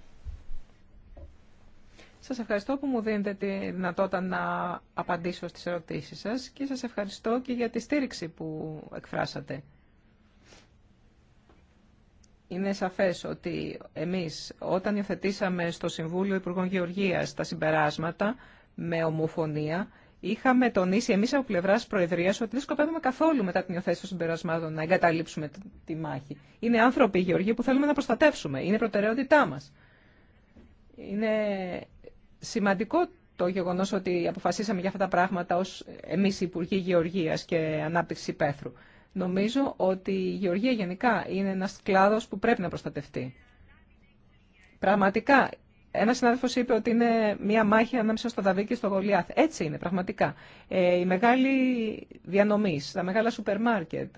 Speaker 2: Σας ευχαριστώ που μου δίνετε τη δυνατότητα να απαντήσω στις ερωτήσεις σας και σας ευχαριστώ και για τη στήριξη που εκφράσατε. Είναι σαφές ότι εμείς όταν υιοθετήσαμε στο Συμβούλιο Υπουργών Γεωργίας τα συμπεράσματα με ομοφωνία, Είχαμε τονίσει εμεί από πλευρά Προεδρία ότι δεν σκοπεύουμε καθόλου μετά την υιοθέτηση των συμπερασμάτων να εγκαταλείψουμε τη μάχη. Είναι άνθρωποι οι Γεωργοί που θέλουμε να προστατεύσουμε. Είναι προτεραιότητά μα. Είναι σημαντικό το γεγονό ότι αποφασίσαμε για αυτά τα πράγματα ω εμεί οι Υπουργοί Γεωργία και Ανάπτυξη Πέθρου. Νομίζω ότι η γεωργία γενικά είναι ένα κλάδο που πρέπει να προστατευτεί. Πραγματικά ένα συνάδελφο είπε ότι είναι μία μάχη ανάμεσα στο Δαβί και στο Γολιάθ. Έτσι είναι, πραγματικά. Ε, οι μεγάλοι διανομή, τα μεγάλα σούπερ μάρκετ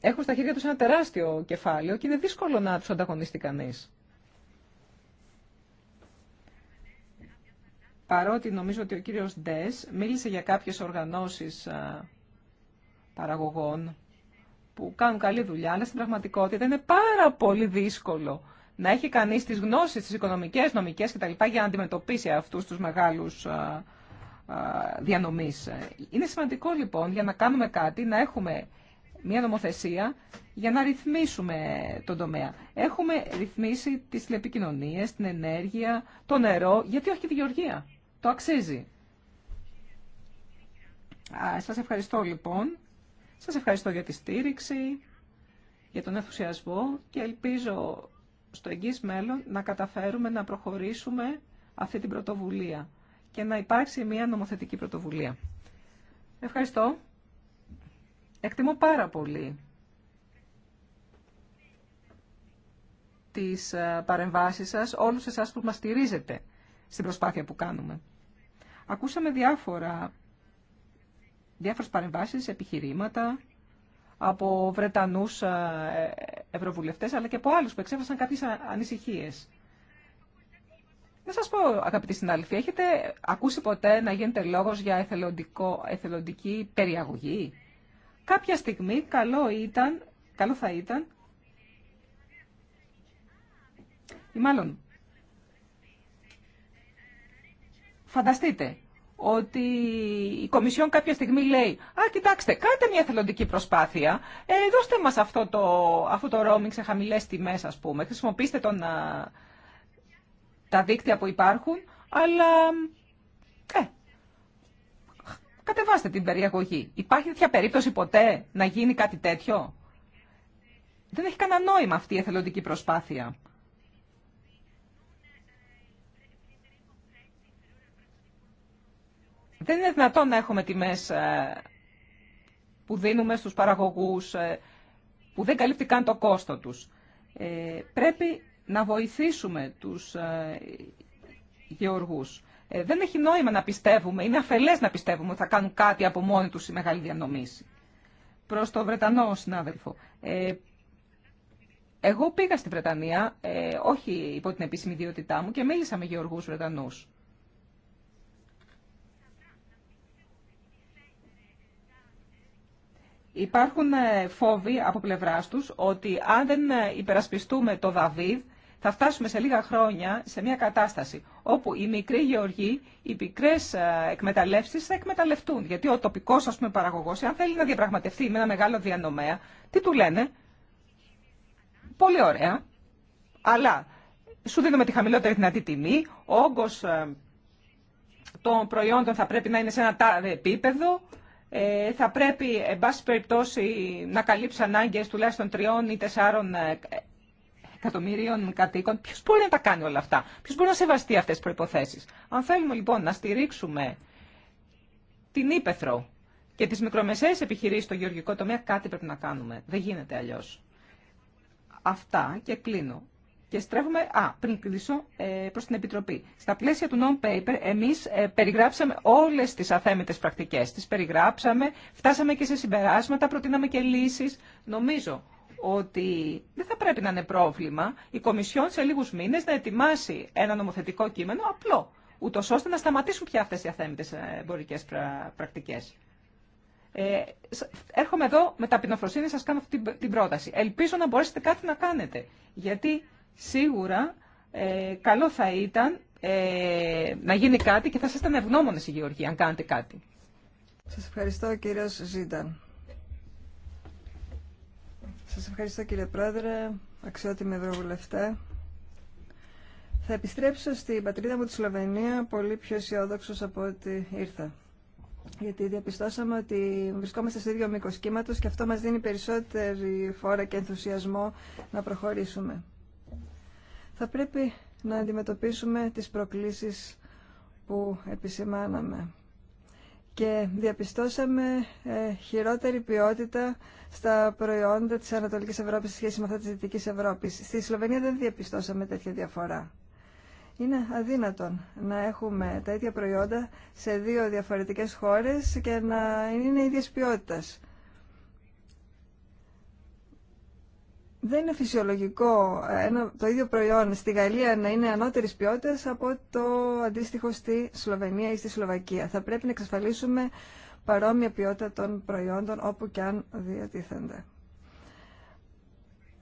Speaker 2: έχουν στα χέρια του ένα τεράστιο κεφάλαιο και είναι δύσκολο να του ανταγωνιστεί κανεί. Παρότι νομίζω ότι ο κύριος Ντες μίλησε για κάποιες οργανώσεις παραγωγών που κάνουν καλή δουλειά, αλλά στην πραγματικότητα είναι πάρα πολύ δύσκολο να έχει κανείς τις γνώσεις, τις οικονομικές, νομικές κτλ. για να αντιμετωπίσει αυτού τους μεγάλους διανομή. Είναι σημαντικό λοιπόν για να κάνουμε κάτι, να έχουμε μια νομοθεσία για να ρυθμίσουμε τον τομέα. Έχουμε ρυθμίσει τις τηλεπικοινωνίε, την ενέργεια, το νερό, γιατί όχι τη γεωργία. Το αξίζει. Σα ευχαριστώ λοιπόν. Σας ευχαριστώ για τη στήριξη, για τον ενθουσιασμό και ελπίζω στο εγγύς μέλλον να καταφέρουμε να προχωρήσουμε αυτή την πρωτοβουλία και να υπάρξει μια νομοθετική πρωτοβουλία. Ευχαριστώ. Εκτιμώ πάρα πολύ τις ε, παρεμβάσεις σας, όλους εσάς που μας στηρίζετε στην προσπάθεια που κάνουμε. Ακούσαμε διάφορα, διάφορες παρεμβάσεις, επιχειρήματα, από Βρετανούς ε, ευρωβουλευτέ, αλλά και από άλλου που εξέφρασαν κάποιε ανησυχίες. Να σας πω, αγαπητοί συνάδελφοι, έχετε ακούσει ποτέ να γίνεται λόγος για εθελοντική περιαγωγή. Κάποια στιγμή καλό, ήταν, καλό θα ήταν, ή μάλλον, φανταστείτε, ότι η Κομισιόν κάποια στιγμή λέει «Α, κοιτάξτε, κάντε μια θελοντική προσπάθεια, ε, δώστε μας αυτό το, αυτό το roaming σε χαμηλές τιμές, ας πούμε, χρησιμοποιήστε τον, τα δίκτυα που υπάρχουν, αλλά ε, κατεβάστε την περιαγωγή». Υπάρχει τέτοια περίπτωση ποτέ να γίνει κάτι τέτοιο. Δεν έχει κανένα νόημα αυτή η εθελοντική προσπάθεια. Δεν είναι δυνατόν να έχουμε τιμές ε, που δίνουμε στους παραγωγούς, ε, που δεν καλύπτει καν το κόστο τους. Ε, πρέπει να βοηθήσουμε τους γεωργούς. Δεν έχει νόημα να πιστεύουμε, είναι αφελές να πιστεύουμε ότι θα κάνουν κάτι από μόνοι τους οι μεγάλοι διανομής. Προς το Βρετανό συνάδελφο. Εγώ πήγα στη Βρετανία, όχι υπό την επίσημη ιδιότητά μου, και μίλησα με γεωργούς Βρετανούς. Υπάρχουν ε, φόβοι από πλευρά του ότι αν δεν ε, υπερασπιστούμε το Δαβίδ, θα φτάσουμε σε λίγα χρόνια σε μια κατάσταση όπου οι μικροί γεωργοί, οι πικρέ ε, εκμεταλλεύσει θα εκμεταλλευτούν. Γιατί ο τοπικό παραγωγό, αν θέλει να διαπραγματευτεί με ένα μεγάλο διανομέα, τι του λένε. Πολύ ωραία, αλλά σου δίνουμε τη χαμηλότερη δυνατή τιμή, ο όγκο των προϊόντων θα πρέπει να είναι σε ένα τάδε επίπεδο. Ε, θα πρέπει, εν πάση περιπτώσει, να καλύψει ανάγκε τουλάχιστον τριών ή τεσσάρων ε, εκατομμυρίων κατοίκων. Ποιο μπορεί να τα κάνει όλα αυτά, ποιο μπορεί να σεβαστεί αυτέ τι προποθέσει. Αν θέλουμε λοιπόν να στηρίξουμε την ύπεθρο και τι μικρομεσαίες επιχειρήσει στο γεωργικό τομέα, κάτι πρέπει να κάνουμε. Δεν γίνεται αλλιώ. Αυτά και κλείνω. Και στρέφουμε, α, πριν κλείσω, ε, προς την Επιτροπή. Στα πλαίσια του non-paper, εμείς ε, περιγράψαμε όλες τις αθέμητες πρακτικές. Τις περιγράψαμε, φτάσαμε και σε συμπεράσματα, προτείναμε και λύσεις. Νομίζω ότι δεν θα πρέπει να είναι πρόβλημα η Κομισιόν σε λίγους μήνες να ετοιμάσει ένα νομοθετικό κείμενο απλό, ούτω ώστε να σταματήσουν πια αυτές οι αθέμητες ε, εμπορικέ πρακτικές. Ε, έρχομαι εδώ με ταπεινοφροσύνη, σας κάνω αυτή την πρόταση. Ελπίζω να μπορέσετε κάτι να κάνετε, γιατί Σίγουρα ε, καλό θα ήταν ε, να γίνει κάτι και θα σας ήταν ευγνώμονες η Γεωργία αν κάνετε κάτι.
Speaker 1: Σας ευχαριστώ κύριε Ζήταν. Σας ευχαριστώ κύριε Πρόεδρε, αξιότιμη Ευρωβουλευτέ. Θα επιστρέψω στην πατρίδα μου τη Σλοβενία πολύ πιο αισιόδοξο από ό,τι ήρθα. Γιατί διαπιστώσαμε ότι βρισκόμαστε στο ίδιο μήκο κύματο και αυτό μα δίνει περισσότερη φόρα και ενθουσιασμό να προχωρήσουμε θα πρέπει να αντιμετωπίσουμε τις προκλήσεις που επισημάναμε. Και διαπιστώσαμε ε, χειρότερη ποιότητα στα προϊόντα της Ανατολικής Ευρώπης σε σχέση με αυτά της Δυτικής Ευρώπης. Στη Σλοβενία δεν διαπιστώσαμε τέτοια διαφορά. Είναι αδύνατον να έχουμε τα ίδια προϊόντα σε δύο διαφορετικές χώρες και να είναι ίδιες ποιότητας. δεν είναι φυσιολογικό ε, ένα, το ίδιο προϊόν στη Γαλλία να είναι ανώτερη ποιότητα από το αντίστοιχο στη Σλοβενία ή στη Σλοβακία. Θα πρέπει να εξασφαλίσουμε παρόμοια ποιότητα των προϊόντων όπου και αν διατίθενται.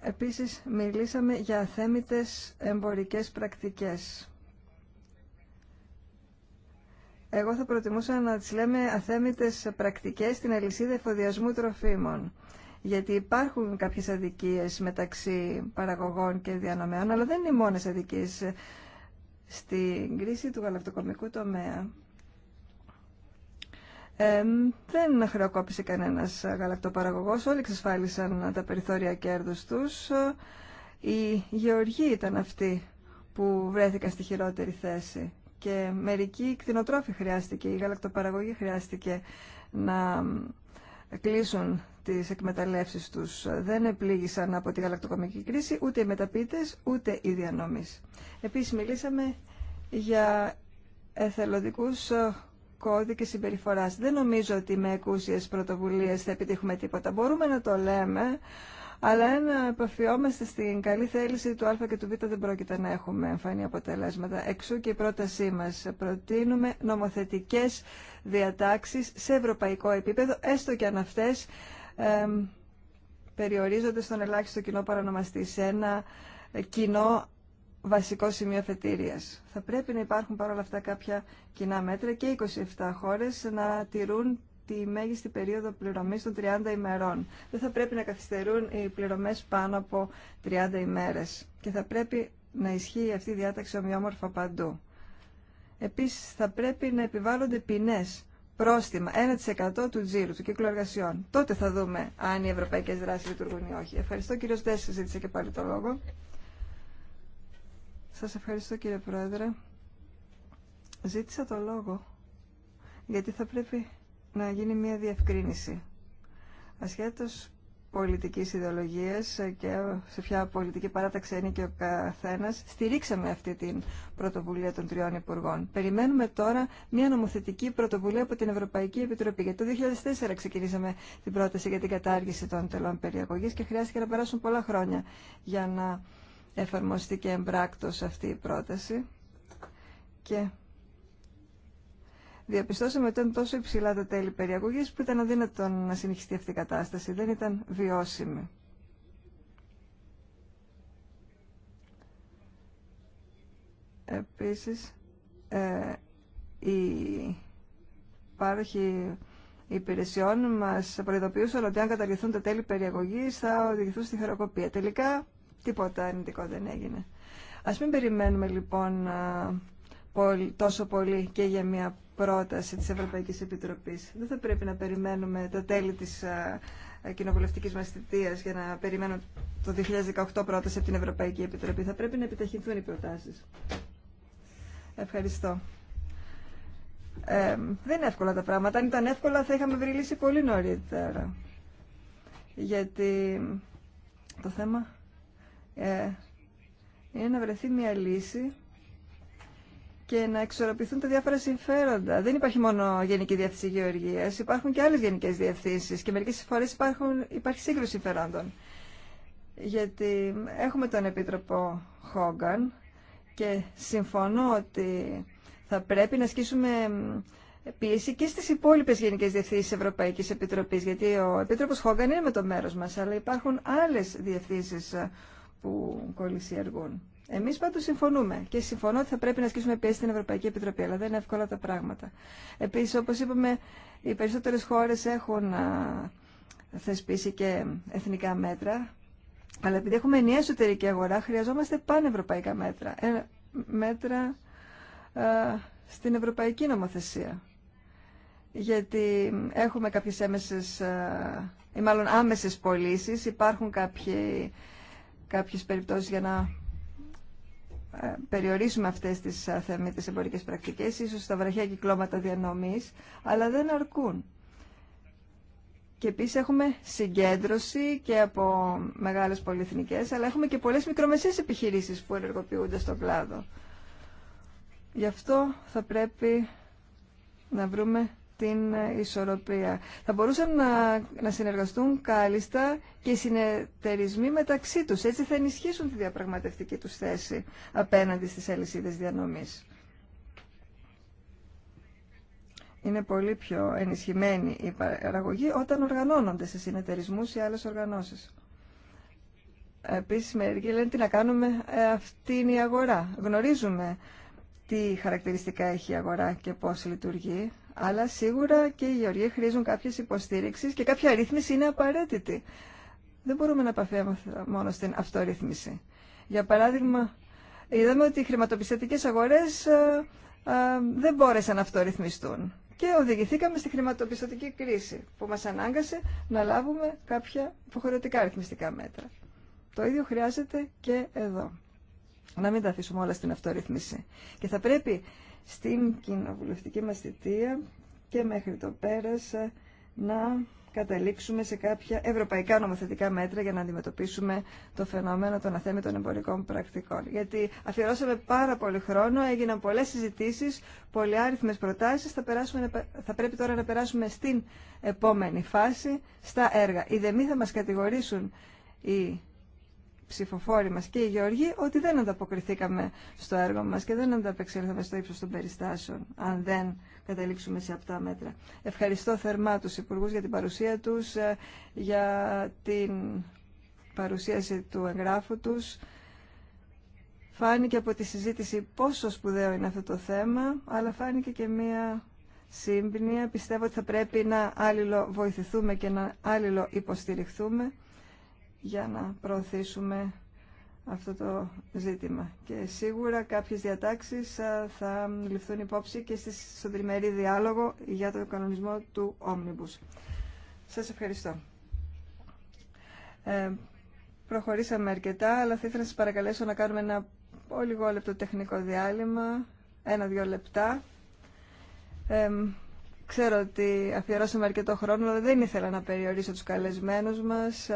Speaker 1: Επίσης, μιλήσαμε για αθέμητες εμπορικές πρακτικές. Εγώ θα προτιμούσα να τις λέμε αθέμητες πρακτικές στην αλυσίδα εφοδιασμού τροφίμων γιατί υπάρχουν κάποιες αδικίες μεταξύ παραγωγών και διανομέων, αλλά δεν είναι οι μόνες αδικίες στην κρίση του γαλακτοκομικού τομέα. δεν χρεοκόπησε κανένας γαλακτοπαραγωγός, όλοι εξασφάλισαν τα περιθώρια κέρδους τους. Η γεωργοί ήταν αυτή που βρέθηκαν στη χειρότερη θέση και μερικοί κτηνοτρόφοι χρειάστηκε, η γαλακτοπαραγωγή χρειάστηκε να κλείσουν τις εκμεταλλεύσεις τους. Δεν επλήγησαν από τη γαλακτοκομική κρίση ούτε οι μεταπίτε ούτε οι διανομή. Επίσης μιλήσαμε για εθελοντικούς ε, κώδικες συμπεριφοράς. Δεν νομίζω ότι με εκούσιες πρωτοβουλίες θα επιτύχουμε τίποτα. Μπορούμε να το λέμε, αλλά αν επαφιόμαστε στην καλή θέληση του Α και του Β δεν πρόκειται να έχουμε εμφανή αποτελέσματα. Εξού και η πρότασή μας. Προτείνουμε νομοθετικές διατάξεις σε ευρωπαϊκό επίπεδο, έστω και αν αυτές περιορίζονται στον ελάχιστο κοινό παρανομαστή, σε ένα κοινό βασικό σημείο αφετηρία. Θα πρέπει να υπάρχουν παρόλα αυτά κάποια κοινά μέτρα και 27 χώρες να τηρούν τη μέγιστη περίοδο πληρωμής των 30 ημερών. Δεν θα πρέπει να καθυστερούν οι πληρωμές πάνω από 30 ημέρες και θα πρέπει να ισχύει αυτή η διάταξη ομοιόμορφα παντού. Επίσης θα πρέπει να επιβάλλονται ποινές πρόστιμα 1% του τζίρου, του κύκλου εργασιών. Τότε θα δούμε αν οι ευρωπαϊκές δράσεις λειτουργούν ή όχι. Ευχαριστώ κύριο Δέσης, ζήτησε και πάλι το λόγο. Σας ευχαριστώ κύριε Πρόεδρε. Ζήτησα το λόγο, γιατί θα πρέπει να γίνει μια διευκρίνηση. Ασχέτως Πολιτική ιδεολογία και σε ποια πολιτική παράταξη και ο καθένα στηρίξαμε αυτή την πρωτοβουλία των τριών υπουργών. Περιμένουμε τώρα μια νομοθετική πρωτοβουλία από την Ευρωπαϊκή Επιτροπή. Γιατί το 2004 ξεκινήσαμε την πρόταση για την κατάργηση των τελών περιαγωγή και χρειάστηκε να περάσουν πολλά χρόνια για να εφαρμοστεί και εμπράκτο αυτή η πρόταση. Και διαπιστώσαμε ότι ήταν τόσο υψηλά τα τέλη περιαγωγής που ήταν αδύνατο να συνεχιστεί αυτή η κατάσταση. Δεν ήταν βιώσιμη. Επίσης, ε, οι πάροχοι υπηρεσιών μας προειδοποιούσαν ότι αν καταργηθούν τα τέλη περιαγωγής θα οδηγηθούν στη χαροκοπιά. Τελικά, τίποτα αρνητικό δεν έγινε. Ας μην περιμένουμε λοιπόν ε, τόσο πολύ και για μια πρόταση της Ευρωπαϊκής Επιτροπής. Δεν θα πρέπει να περιμένουμε τα τέλη της ε, κοινοβουλευτικής μας θητείας για να περιμένουμε το 2018 πρόταση από την Ευρωπαϊκή Επιτροπή. Θα πρέπει να επιταχυνθούν οι προτάσεις. Ευχαριστώ. Ε, δεν είναι εύκολα τα πράγματα. Αν ήταν εύκολα θα είχαμε βρει λύση πολύ νωρίτερα. Γιατί το θέμα ε, είναι να βρεθεί μια λύση και να εξορροπηθούν τα διάφορα συμφέροντα. Δεν υπάρχει μόνο Γενική Διεύθυνση Γεωργία, υπάρχουν και άλλε γενικέ διευθύνσει και μερικέ φορέ υπάρχει σύγκρουση συμφερόντων. Γιατί έχουμε τον Επίτροπο Χόγκαν και συμφωνώ ότι θα πρέπει να ασκήσουμε πίεση και στι υπόλοιπε γενικέ διευθύνσει Ευρωπαϊκή Επιτροπή. Γιατί ο Επίτροπο Χόγκαν είναι με το μέρο μα, αλλά υπάρχουν άλλε διευθύνσει που κολλησιεργούν. Εμεί πάντω συμφωνούμε και συμφωνώ ότι θα πρέπει να ασκήσουμε πίεση στην Ευρωπαϊκή Επιτροπή, αλλά δεν είναι εύκολα τα πράγματα. Επίση, όπω είπαμε, οι περισσότερε χώρε έχουν α, θεσπίσει και εθνικά μέτρα, αλλά επειδή έχουμε ενιαία εσωτερική αγορά, χρειαζόμαστε πανευρωπαϊκά μέτρα. Ε, μέτρα α, στην ευρωπαϊκή νομοθεσία. Γιατί έχουμε κάποιε έμεσε ή μάλλον άμεσε πωλήσει, υπάρχουν κάποιοι κάποιες περιπτώσεις για να ε, περιορίσουμε αυτές τις αθεμίτες ε, εμπορικές πρακτικές, ίσως στα βραχιά κυκλώματα διανομής, αλλά δεν αρκούν. Και επίσης έχουμε συγκέντρωση και από μεγάλες πολυεθνικές, αλλά έχουμε και πολλές μικρομεσαίες επιχειρήσεις που ενεργοποιούνται στον κλάδο. Γι' αυτό θα πρέπει να βρούμε την ισορροπία. Θα μπορούσαν να, να συνεργαστούν κάλλιστα και οι συνεταιρισμοί μεταξύ τους. Έτσι θα ενισχύσουν τη διαπραγματευτική τους θέση απέναντι στις αλυσίδες διανομής. Είναι πολύ πιο ενισχυμένη η παραγωγή όταν οργανώνονται σε συνεταιρισμούς ή άλλες οργανώσεις. Επίσης, μερικοί λένε τι να κάνουμε, ε, αυτή είναι η αγορά. Γνωρίζουμε τι χαρακτηριστικά έχει η αγορά και πώς λειτουργεί. Αλλά σίγουρα και οι γεωργοί χρήζουν κάποιες υποστήριξεις και κάποια ρύθμιση είναι απαραίτητη. Δεν μπορούμε να παθαίνουμε μόνο στην αυτορύθμιση. Για παράδειγμα, είδαμε ότι οι χρηματοπιστωτικές αγορές α, ε, ε, δεν μπόρεσαν να αυτορυθμιστούν και οδηγηθήκαμε στη χρηματοπιστωτική κρίση που μας ανάγκασε να λάβουμε κάποια υποχρεωτικά ρυθμιστικά μέτρα. Το ίδιο χρειάζεται και εδώ. Να μην τα αφήσουμε όλα στην αυτορύθμιση. Και θα πρέπει στην κοινοβουλευτική μας θητεία και μέχρι το πέρας ε, να καταλήξουμε σε κάποια ευρωπαϊκά νομοθετικά μέτρα για να αντιμετωπίσουμε το φαινόμενο των αθέμητων εμπορικών πρακτικών. Γιατί αφιερώσαμε πάρα πολύ χρόνο, έγιναν πολλές συζητήσεις, πολλοί άριθμες προτάσεις, θα, περάσουμε, θα πρέπει τώρα να περάσουμε στην επόμενη φάση, στα έργα. Οι δεμοί θα μας κατηγορήσουν οι ψηφοφόροι μας και οι Γεωργοί ότι δεν ανταποκριθήκαμε στο έργο μας και δεν ανταπεξέλθαμε στο ύψος των περιστάσεων, αν δεν καταλήξουμε σε αυτά μέτρα. Ευχαριστώ θερμά τους Υπουργούς για την παρουσία τους, ε, για την παρουσίαση του εγγράφου τους. Φάνηκε από τη συζήτηση πόσο σπουδαίο είναι αυτό το θέμα, αλλά φάνηκε και μία σύμπνοια. Πιστεύω ότι θα πρέπει να άλληλο βοηθηθούμε και να άλληλο υποστηριχθούμε για να προωθήσουμε αυτό το ζήτημα. Και σίγουρα κάποιες διατάξεις θα ληφθούν υπόψη και στο τριμερή διάλογο για το κανονισμό του Omnibus. Σας ευχαριστώ. Ε, προχωρήσαμε αρκετά, αλλά θα ήθελα να σας παρακαλέσω να κάνουμε ένα πολύ λεπτό τεχνικό διάλειμμα, ένα-δύο λεπτά. Ε, Ξέρω ότι αφιερώσαμε αρκετό χρόνο, αλλά δεν ήθελα να περιορίσω τους καλεσμένους μας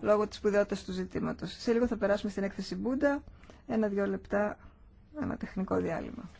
Speaker 1: λόγω της σπουδαιότητας του ζητήματος. Σε λίγο θα περάσουμε στην έκθεση Μπούντα, ένα-δυο λεπτά, ένα τεχνικό διάλειμμα.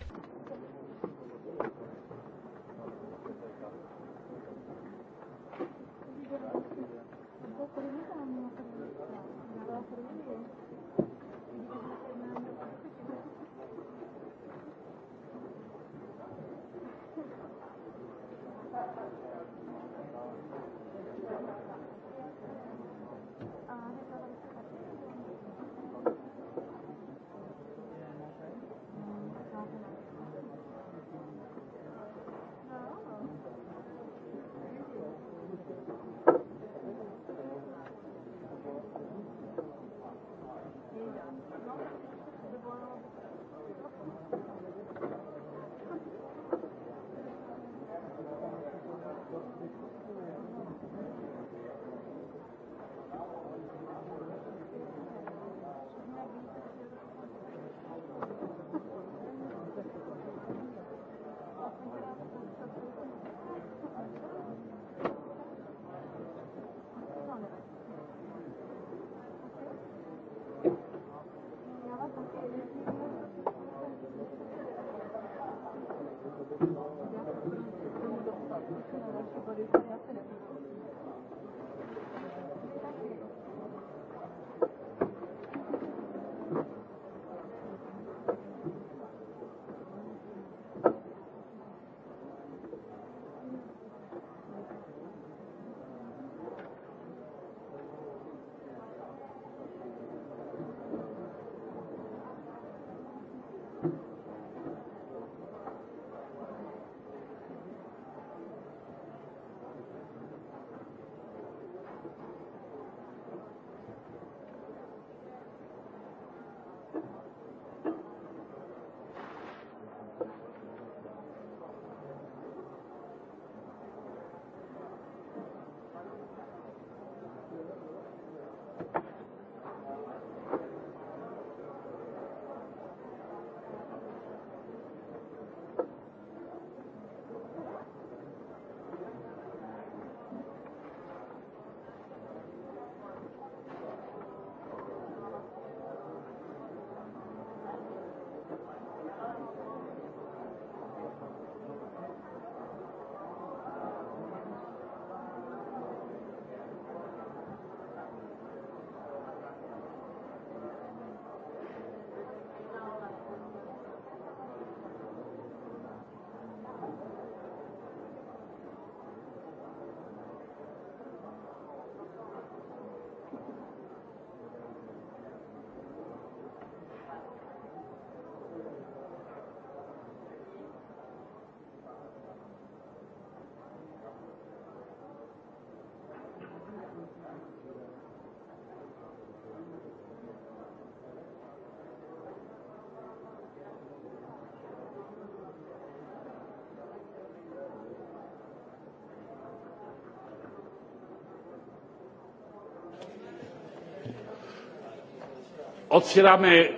Speaker 4: Otwieramy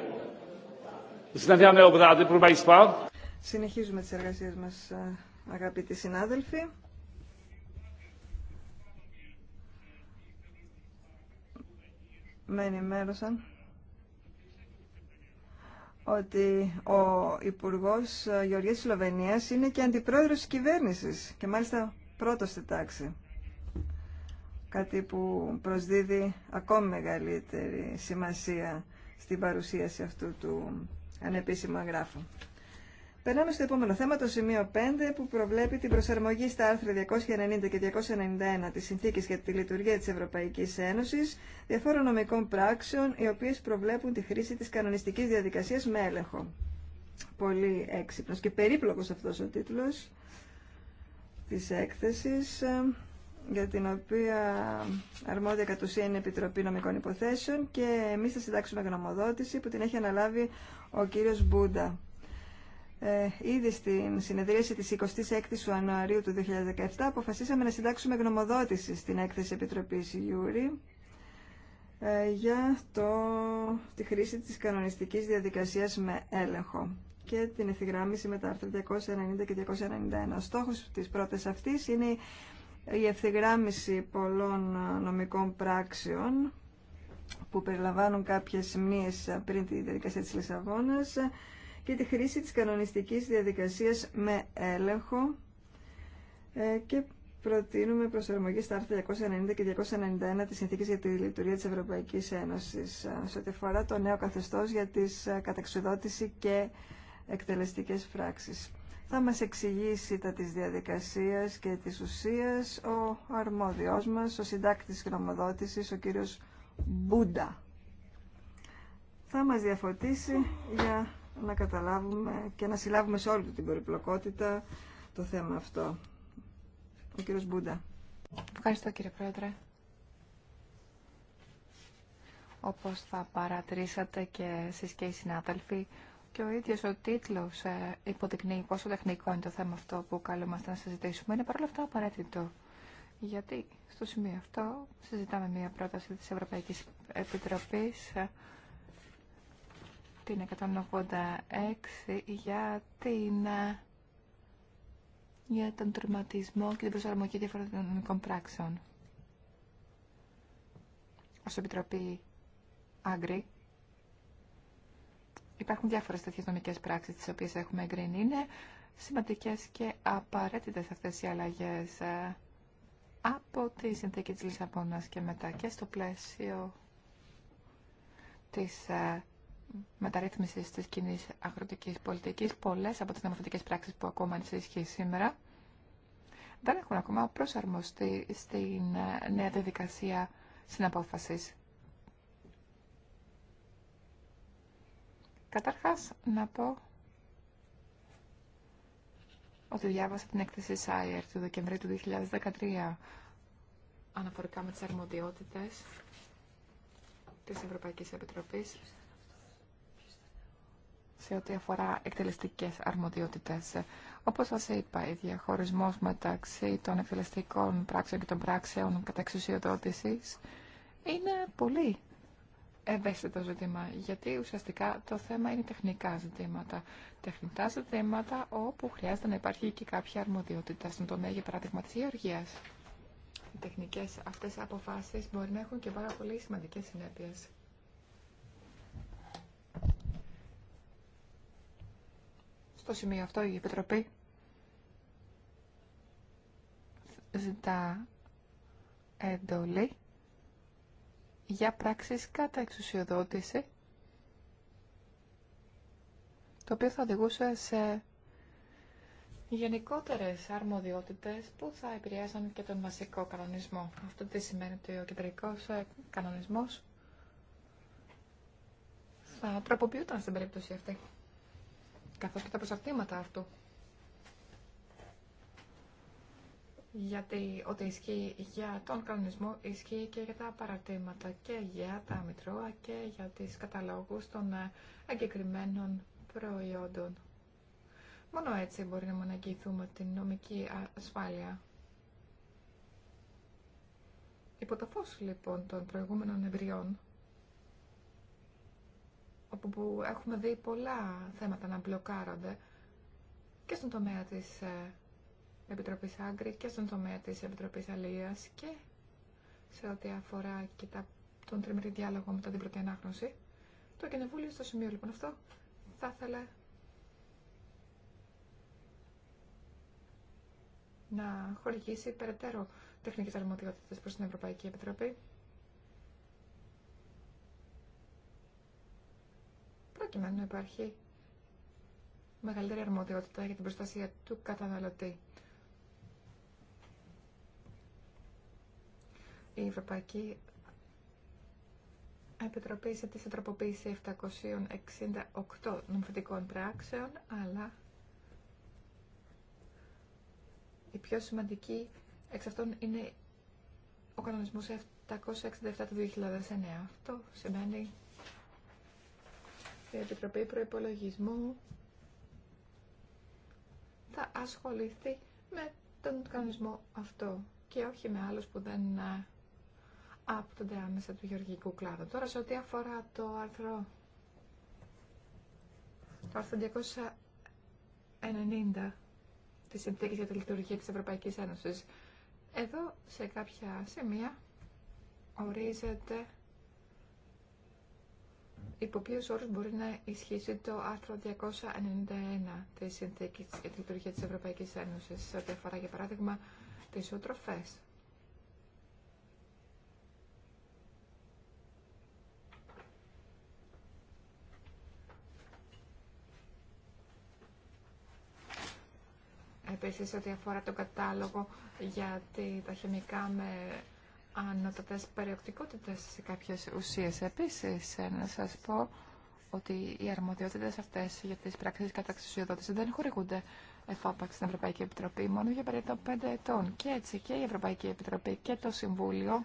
Speaker 4: wznawiamy obrady, proszę Państwa.
Speaker 1: Συνεχίζουμε τις εργασίες μας, ε, αγαπητοί συνάδελφοι. Με ενημέρωσαν ότι ο Υπουργός ε, Γεωργίας Σλοβενίας είναι και αντιπρόεδρος της κυβέρνησης και μάλιστα πρώτος στη τάξη κάτι που προσδίδει ακόμη μεγαλύτερη σημασία στην παρουσίαση αυτού του ανεπίσημου εγγράφου. Περνάμε στο επόμενο θέμα, το σημείο 5, που προβλέπει την προσαρμογή στα άρθρα 290 και 291 της Συνθήκης για τη Λειτουργία της Ευρωπαϊκής Ένωσης διαφόρων νομικών πράξεων, οι οποίες προβλέπουν τη χρήση της κανονιστικής διαδικασίας με έλεγχο. Πολύ έξυπνος και περίπλοκος αυτός ο τίτλος της έκθεσης για την οποία αρμόδια κατ' ουσία είναι η Επιτροπή Νομικών Υποθέσεων και εμείς θα συντάξουμε γνωμοδότηση που την έχει αναλάβει ο κύριος Μπούντα. Ε, ήδη στην συνεδρίαση της 26ης Ιανουαρίου του 2017 αποφασίσαμε να συντάξουμε γνωμοδότηση στην έκθεση Επιτροπής Ιούρη ε, για το, τη χρήση της κανονιστικής διαδικασίας με έλεγχο και την ευθυγράμμιση με τα άρθρα 290 και 291. Ο στόχος της πρώτης αυτής είναι η ευθυγράμμιση πολλών νομικών πράξεων που περιλαμβάνουν κάποιες σημείες πριν τη διαδικασία της Λισαβόνας και τη χρήση της κανονιστικής διαδικασίας με έλεγχο ε, και προτείνουμε προσαρμογή στα άρθρα 290 και 291 της Συνθήκης για τη Λειτουργία της Ευρωπαϊκής Ένωσης ε, σε ό,τι αφορά το νέο καθεστώς για τις ε, καταξιδότηση και εκτελεστικές πράξεις. Θα μας εξηγήσει τα της διαδικασίας και της ουσίας ο αρμόδιός μας, ο συντάκτης γνωμοδότησης, ο κύριος Μπούντα. Θα μας διαφωτίσει για να καταλάβουμε και να συλλάβουμε σε όλη την περιπλοκότητα το θέμα αυτό. Ο κύριος Μπούντα.
Speaker 3: Ευχαριστώ κύριε Πρόεδρε.
Speaker 1: Όπως θα
Speaker 3: παρατηρήσατε και εσείς και οι συνάδελφοι, και ο ίδιο ο τίτλος ε, υποδεικνύει πόσο τεχνικό είναι το θέμα αυτό που καλούμαστε να συζητήσουμε. Είναι παρόλα αυτά απαραίτητο. Γιατί στο σημείο αυτό συζητάμε μια πρόταση της Ευρωπαϊκής Επιτροπής ε, την 186 για, την, ε, για τον τερματισμό και την προσαρμογή διαφορετικών πράξεων. ω Επιτροπή Άγκρη Υπάρχουν διάφορε τέτοιε νομικέ πράξει τι οποίε έχουμε εγκρίνει. Είναι σημαντικέ και απαραίτητε αυτέ οι αλλαγέ ε, από τη συνθήκη τη Λισαβόνα και μετά και στο πλαίσιο τη ε, μεταρρύθμιση τη κοινή αγροτική πολιτική, πολλέ από τι νομοθετικέ πράξει που ακόμα είναι σε ισχύ σήμερα δεν έχουν ακόμα προσαρμοστεί στην ε, νέα διαδικασία συναπόφασης. Καταρχάς, να πω ότι διάβασα την έκθεση Σάιερ του Δεκεμβρίου του 2013 αναφορικά με τις αρμοδιότητες της Ευρωπαϊκής Επιτροπής σε ό,τι αφορά εκτελεστικές αρμοδιότητες. Όπως σας είπα, η διαχωρισμός μεταξύ των εκτελεστικών πράξεων και των πράξεων κατά εξουσιοδότησης είναι πολύ ευαίσθητο ζήτημα, γιατί ουσιαστικά το θέμα είναι τεχνικά ζητήματα. Τεχνικά ζητήματα όπου χρειάζεται να υπάρχει και κάποια αρμοδιότητα στον τομέα, για παράδειγμα, τη Οι τεχνικές αυτές αποφάσεις μπορεί να έχουν και πάρα πολύ σημαντικές συνέπειες. Στο σημείο αυτό η Επιτροπή ζητά εντολή για πράξεις κατά εξουσιοδότηση, το οποίο θα οδηγούσε σε γενικότερες αρμοδιότητες που θα επηρεάσαν και τον βασικό κανονισμό. Αυτό τι σημαίνει ότι ο κεντρικός ε, κανονισμός θα τροποποιούταν στην περίπτωση αυτή, καθώς και τα προσαρτήματα αυτού. γιατί ό,τι ισχύει για τον κανονισμό ισχύει και για τα παρατήματα και για τα μητρώα και για τις καταλόγους των ε, εγκεκριμένων προϊόντων. Μόνο έτσι μπορεί να μοναγγηθούμε την νομική ασφάλεια. Υπό το φως λοιπόν των προηγούμενων εμπειριών, όπου έχουμε δει πολλά θέματα να μπλοκάρονται και στον τομέα της ε, Επιτροπή Άγκρη και στον τομέα της Επιτροπή Αλία και σε ό,τι αφορά και τα, τον τριμερή διάλογο μετά την πρώτη ανάγνωση. Το Κοινοβούλιο στο σημείο λοιπόν αυτό θα ήθελε να χορηγήσει περαιτέρω τεχνικές αρμοδιότητες προ την Ευρωπαϊκή Επιτροπή. Προκειμένου να υπάρχει μεγαλύτερη αρμοδιότητα για την προστασία του καταναλωτή. η Ευρωπαϊκή Επιτροπή σε τη συντροποποίηση 768 νομοθετικών πράξεων, αλλά η πιο σημαντική εξ αυτών είναι ο κανονισμός 767 του 2009. Αυτό σημαίνει η Επιτροπή Προϋπολογισμού θα ασχοληθεί με τον κανονισμό αυτό και όχι με άλλους που δεν ε, από τον άμεσα του γεωργικού κλάδου. Τώρα, σε ό,τι αφορά το άρθρο, το άρθρο 290 τη Συνθήκη για τη Λειτουργία τη Ευρωπαϊκή Ένωση, εδώ σε κάποια σημεία ορίζεται υπό ποιους όρους μπορεί να ισχύσει το άρθρο 291 της Συνθήκης για τη Λειτουργία της Ευρωπαϊκής Ένωσης σε ό,τι αφορά για παράδειγμα τις οτροφές. Επίσης, ό,τι αφορά τον κατάλογο για τα χημικά με ανώτατες περιοκτικότητες σε κάποιες ουσίες. Επίσης, ε, να σας πω ότι οι αρμοδιότητες αυτές για τις πράξεις κατά δεν χορηγούνται εφάπαξ στην Ευρωπαϊκή Επιτροπή μόνο για περίπου 5 ετών. Και έτσι και η Ευρωπαϊκή Επιτροπή και το Συμβούλιο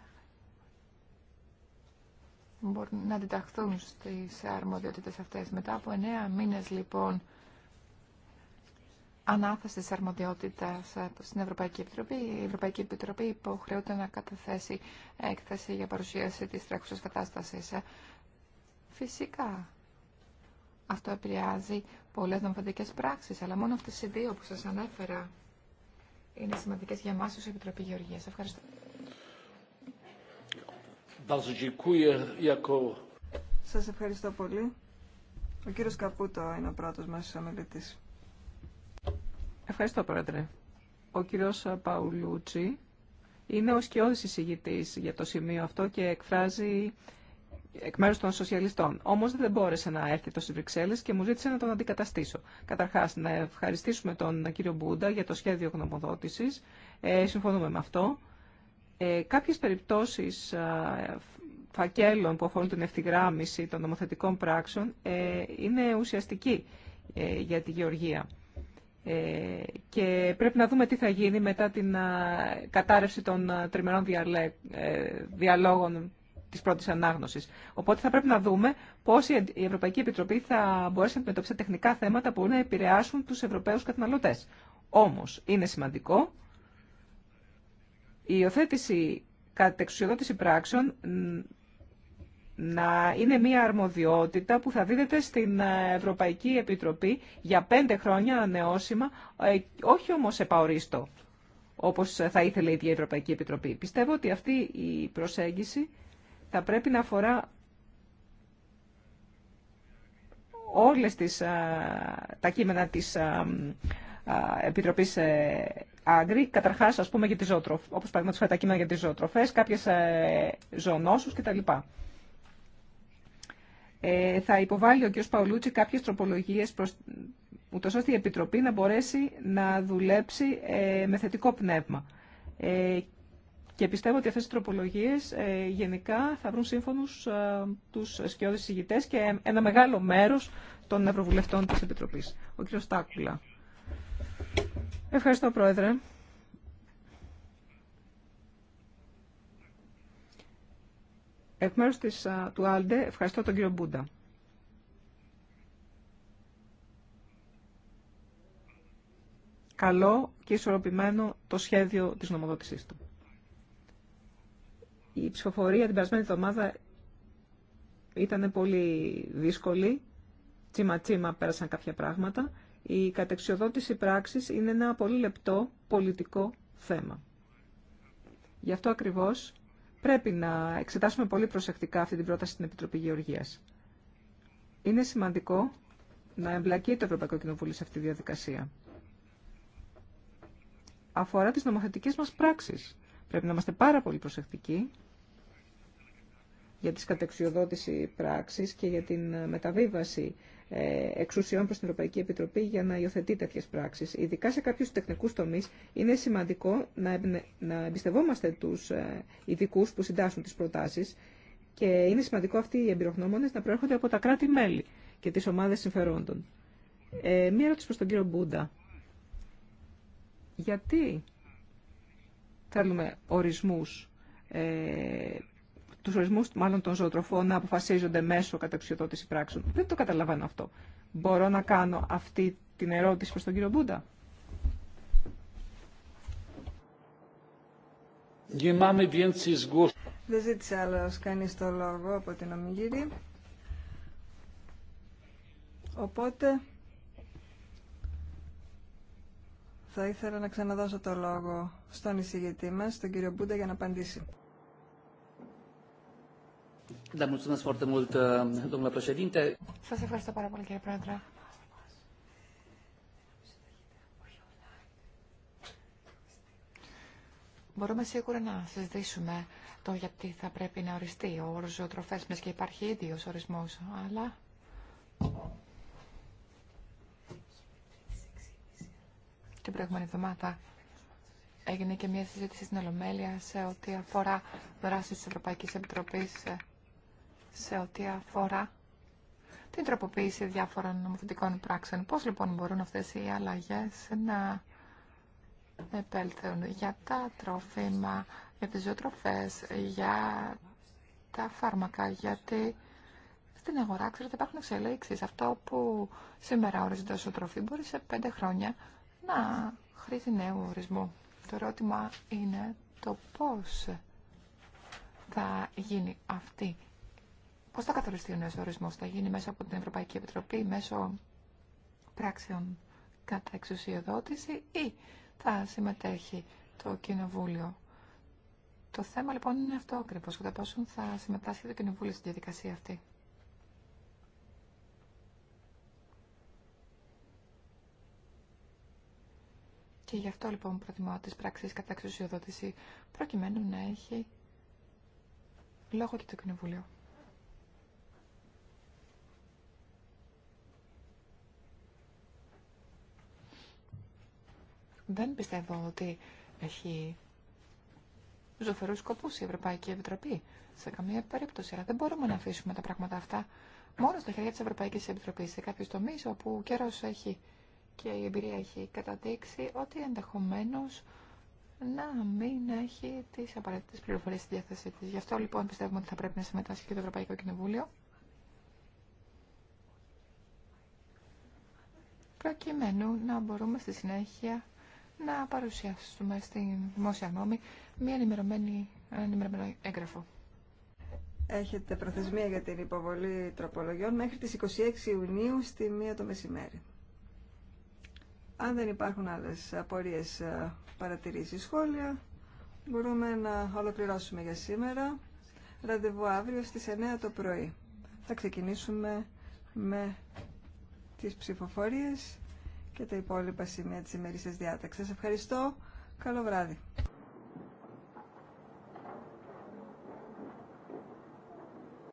Speaker 3: μπορούν να αντιταχθούν στις αρμοδιότητες αυτές. Μετά από 9 μήνες λοιπόν ανάθεση της αρμοδιότητας ε, στην Ευρωπαϊκή Επιτροπή. Η Ευρωπαϊκή Επιτροπή υποχρεούται να καταθέσει έκθεση για παρουσίαση της τρέχουσας κατάστασης. Ε, φυσικά, αυτό επηρεάζει πολλές νομοθετικές πράξεις, αλλά μόνο αυτές οι δύο που σας ανέφερα είναι σημαντικές για εμάς ως Επιτροπή Γεωργίας. Ευχαριστώ.
Speaker 1: Σας ευχαριστώ πολύ. Ο κύριος Καπούτο είναι ο πρώτος μας ομιλητής.
Speaker 2: Ευχαριστώ, Πρόεδρε.
Speaker 1: Ο κύριος Παουλούτσι είναι ο
Speaker 2: σκιώδης εισηγητής για το σημείο αυτό και εκφράζει εκ μέρους των σοσιαλιστών. Όμως δεν μπόρεσε να έρθει το Βρυξέλλες και μου ζήτησε να τον αντικαταστήσω. Καταρχάς, να ευχαριστήσουμε τον κύριο Μπούντα για το σχέδιο γνωμοδότησης. Ε, συμφωνούμε με αυτό. Ε, κάποιες περιπτώσεις φακέλων που αφορούν την ευθυγράμμιση των νομοθετικών πράξεων ε, είναι ουσιαστική ε, για τη γεωργία. Ε, και πρέπει να δούμε τι θα γίνει μετά την κατάρρευση των τριμερών ε, διαλόγων της πρώτης ανάγνωσης. Οπότε θα πρέπει να δούμε πώς η Ευρωπαϊκή Επιτροπή θα μπορέσει να αντιμετωπίσει τα τεχνικά θέματα που να επηρεάσουν τους Ευρωπαίους καταναλωτές. Όμως, είναι σημαντικό η υιοθέτηση κατεξουσιοδότηση πράξεων να είναι μια αρμοδιότητα που θα δίδεται στην Ευρωπαϊκή Επιτροπή για πέντε χρόνια ανεώσιμα, ε, όχι όμως επαορίστο, όπως θα ήθελε η Ευρωπαϊκή Επιτροπή. Πιστεύω ότι αυτή η προσέγγιση θα πρέπει να αφορά όλες τις, ε, τα κείμενα της ε, Επιτροπής Άγκρη, καταρχάς ας πούμε για τις ζώοτροφές, όπως παραδείγματος τα κείμενα για τις ζωοτροφές, κάποιες ζωονόσους κτλ. Ε, θα υποβάλει ο κ. Παουλούτσι κάποιες τροπολογίες προς, ούτως ώστε η Επιτροπή να μπορέσει να δουλέψει ε, με θετικό πνεύμα. Ε, και πιστεύω ότι αυτές οι τροπολογίες ε, γενικά θα βρουν σύμφωνους ε, τους σκιώδες και ένα μεγάλο μέρος των Ευρωβουλευτών της Επιτροπής. Ο κ. Στάκουλα. Ευχαριστώ, Πρόεδρε. Εκ μέρους της, του Άλντε, ευχαριστώ τον κύριο Μπούντα. Καλό και ισορροπημένο το σχέδιο της νομοδότησής του. Η ψηφοφορία την περασμένη εβδομάδα ήταν πολύ δύσκολη. Τσίμα-τσίμα πέρασαν κάποια πράγματα. Η κατεξιοδότηση πράξης είναι ένα πολύ λεπτό πολιτικό θέμα. Γι' αυτό ακριβώς Πρέπει να εξετάσουμε πολύ προσεκτικά αυτή την πρόταση στην Επιτροπή Γεωργίας. Είναι σημαντικό να εμπλακεί το Ευρωπαϊκό Κοινοβούλιο σε αυτή τη διαδικασία. Αφορά τις νομοθετικές μας πράξεις. Πρέπει να είμαστε πάρα πολύ προσεκτικοί για τις κατεξιοδότηση πράξης και για την μεταβίβαση ε, εξουσιών προς την Ευρωπαϊκή Επιτροπή για να υιοθετεί τέτοιε πράξεις. Ειδικά σε κάποιους τεχνικούς τομείς είναι σημαντικό να εμπιστευόμαστε τους ε, ειδικού που συντάσσουν τις προτάσεις και είναι σημαντικό αυτοί οι εμπειρογνώμονε να προέρχονται από τα κράτη-μέλη και τι ομάδες συμφερόντων. Ε, μία ερώτηση προ τον κύριο Μπούντα. Γιατί θέλουμε ορισμούς ε, τους ορισμού μάλλον των ζωοτροφών να αποφασίζονται μέσω καταξιωτότηση πράξεων. Δεν το καταλαβαίνω αυτό. Μπορώ να κάνω αυτή την ερώτηση προ τον κύριο Μπούντα.
Speaker 1: Δεν ζήτησε άλλο κανεί το λόγο από την Ομιγύρη. Οπότε θα ήθελα να ξαναδώσω το λόγο στον εισηγητή μας, τον κύριο Μπούντα, για να απαντήσει.
Speaker 4: Da, mulțumesc foarte mult, domnule
Speaker 1: președinte.
Speaker 3: Σας ευχαριστώ πάρα πολύ, κύριε Πρόεδρε. Μπορούμε σίγουρα να συζητήσουμε το γιατί θα πρέπει να οριστεί ο όρος ζωοτροφές, μιας και υπάρχει ίδιο ορισμός, αλλά... Την προηγούμενη εβδομάδα έγινε και μια συζήτηση στην Ολομέλεια σε ό,τι αφορά δράσεις της Ευρωπαϊκής Επιτροπής σε ό,τι αφορά την τροποποίηση διάφορων νομοθετικών πράξεων. Πώς λοιπόν μπορούν αυτές οι αλλαγές να επέλθουν για τα τροφήμα για τις ζωοτροφές, για τα φάρμακα, γιατί στην αγορά, ξέρετε, υπάρχουν εξελίξεις. Αυτό που σήμερα ορίζεται ως τροφή μπορεί σε πέντε χρόνια να χρήσει νέου ορισμού. Το ερώτημα είναι το πώς θα γίνει αυτή Πώς θα καθοριστεί ο νέος ορισμός, θα γίνει μέσα από την Ευρωπαϊκή Επιτροπή, μέσω πράξεων κατά εξουσιοδότηση ή θα συμμετέχει το Κοινοβούλιο. Το θέμα λοιπόν είναι αυτό ακριβώς, κατά πόσο θα συμμετάσχει το Κοινοβούλιο στη διαδικασία αυτή. Και γι' αυτό λοιπόν προτιμώ τις πράξεις κατά εξουσιοδότηση, προκειμένου να έχει λόγο και το Κοινοβούλιο. δεν πιστεύω ότι έχει ζωφερούς σκοπούς η Ευρωπαϊκή Επιτροπή σε καμία περίπτωση. Αλλά δεν μπορούμε να αφήσουμε τα πράγματα αυτά μόνο στα χέρια της Ευρωπαϊκής Επιτροπής σε κάποιους τομείς όπου ο καιρός έχει και η εμπειρία έχει καταδείξει ότι ενδεχομένως να μην έχει τις απαραίτητες πληροφορίες στη διάθεσή της. Γι' αυτό λοιπόν πιστεύουμε ότι θα πρέπει να συμμετάσχει και το Ευρωπαϊκό Κοινοβούλιο. προκειμένου να μπορούμε στη συνέχεια να παρουσιάσουμε στη δημόσια γνώμη μια ενημερωμένη, ενημερωμένο έγγραφο.
Speaker 1: Έχετε προθεσμία για την υποβολή τροπολογιών μέχρι τις 26 Ιουνίου στη 1 το μεσημέρι. Αν δεν υπάρχουν άλλες απορίες, ε, παρατηρήσεις, σχόλια, μπορούμε να ολοκληρώσουμε για σήμερα. Ραντεβού αύριο στις 9 το πρωί. Θα ξεκινήσουμε με τις ψηφοφορίες και τα υπόλοιπα σημεία της ημερήσιας διάταξης. ευχαριστώ. Καλό βράδυ.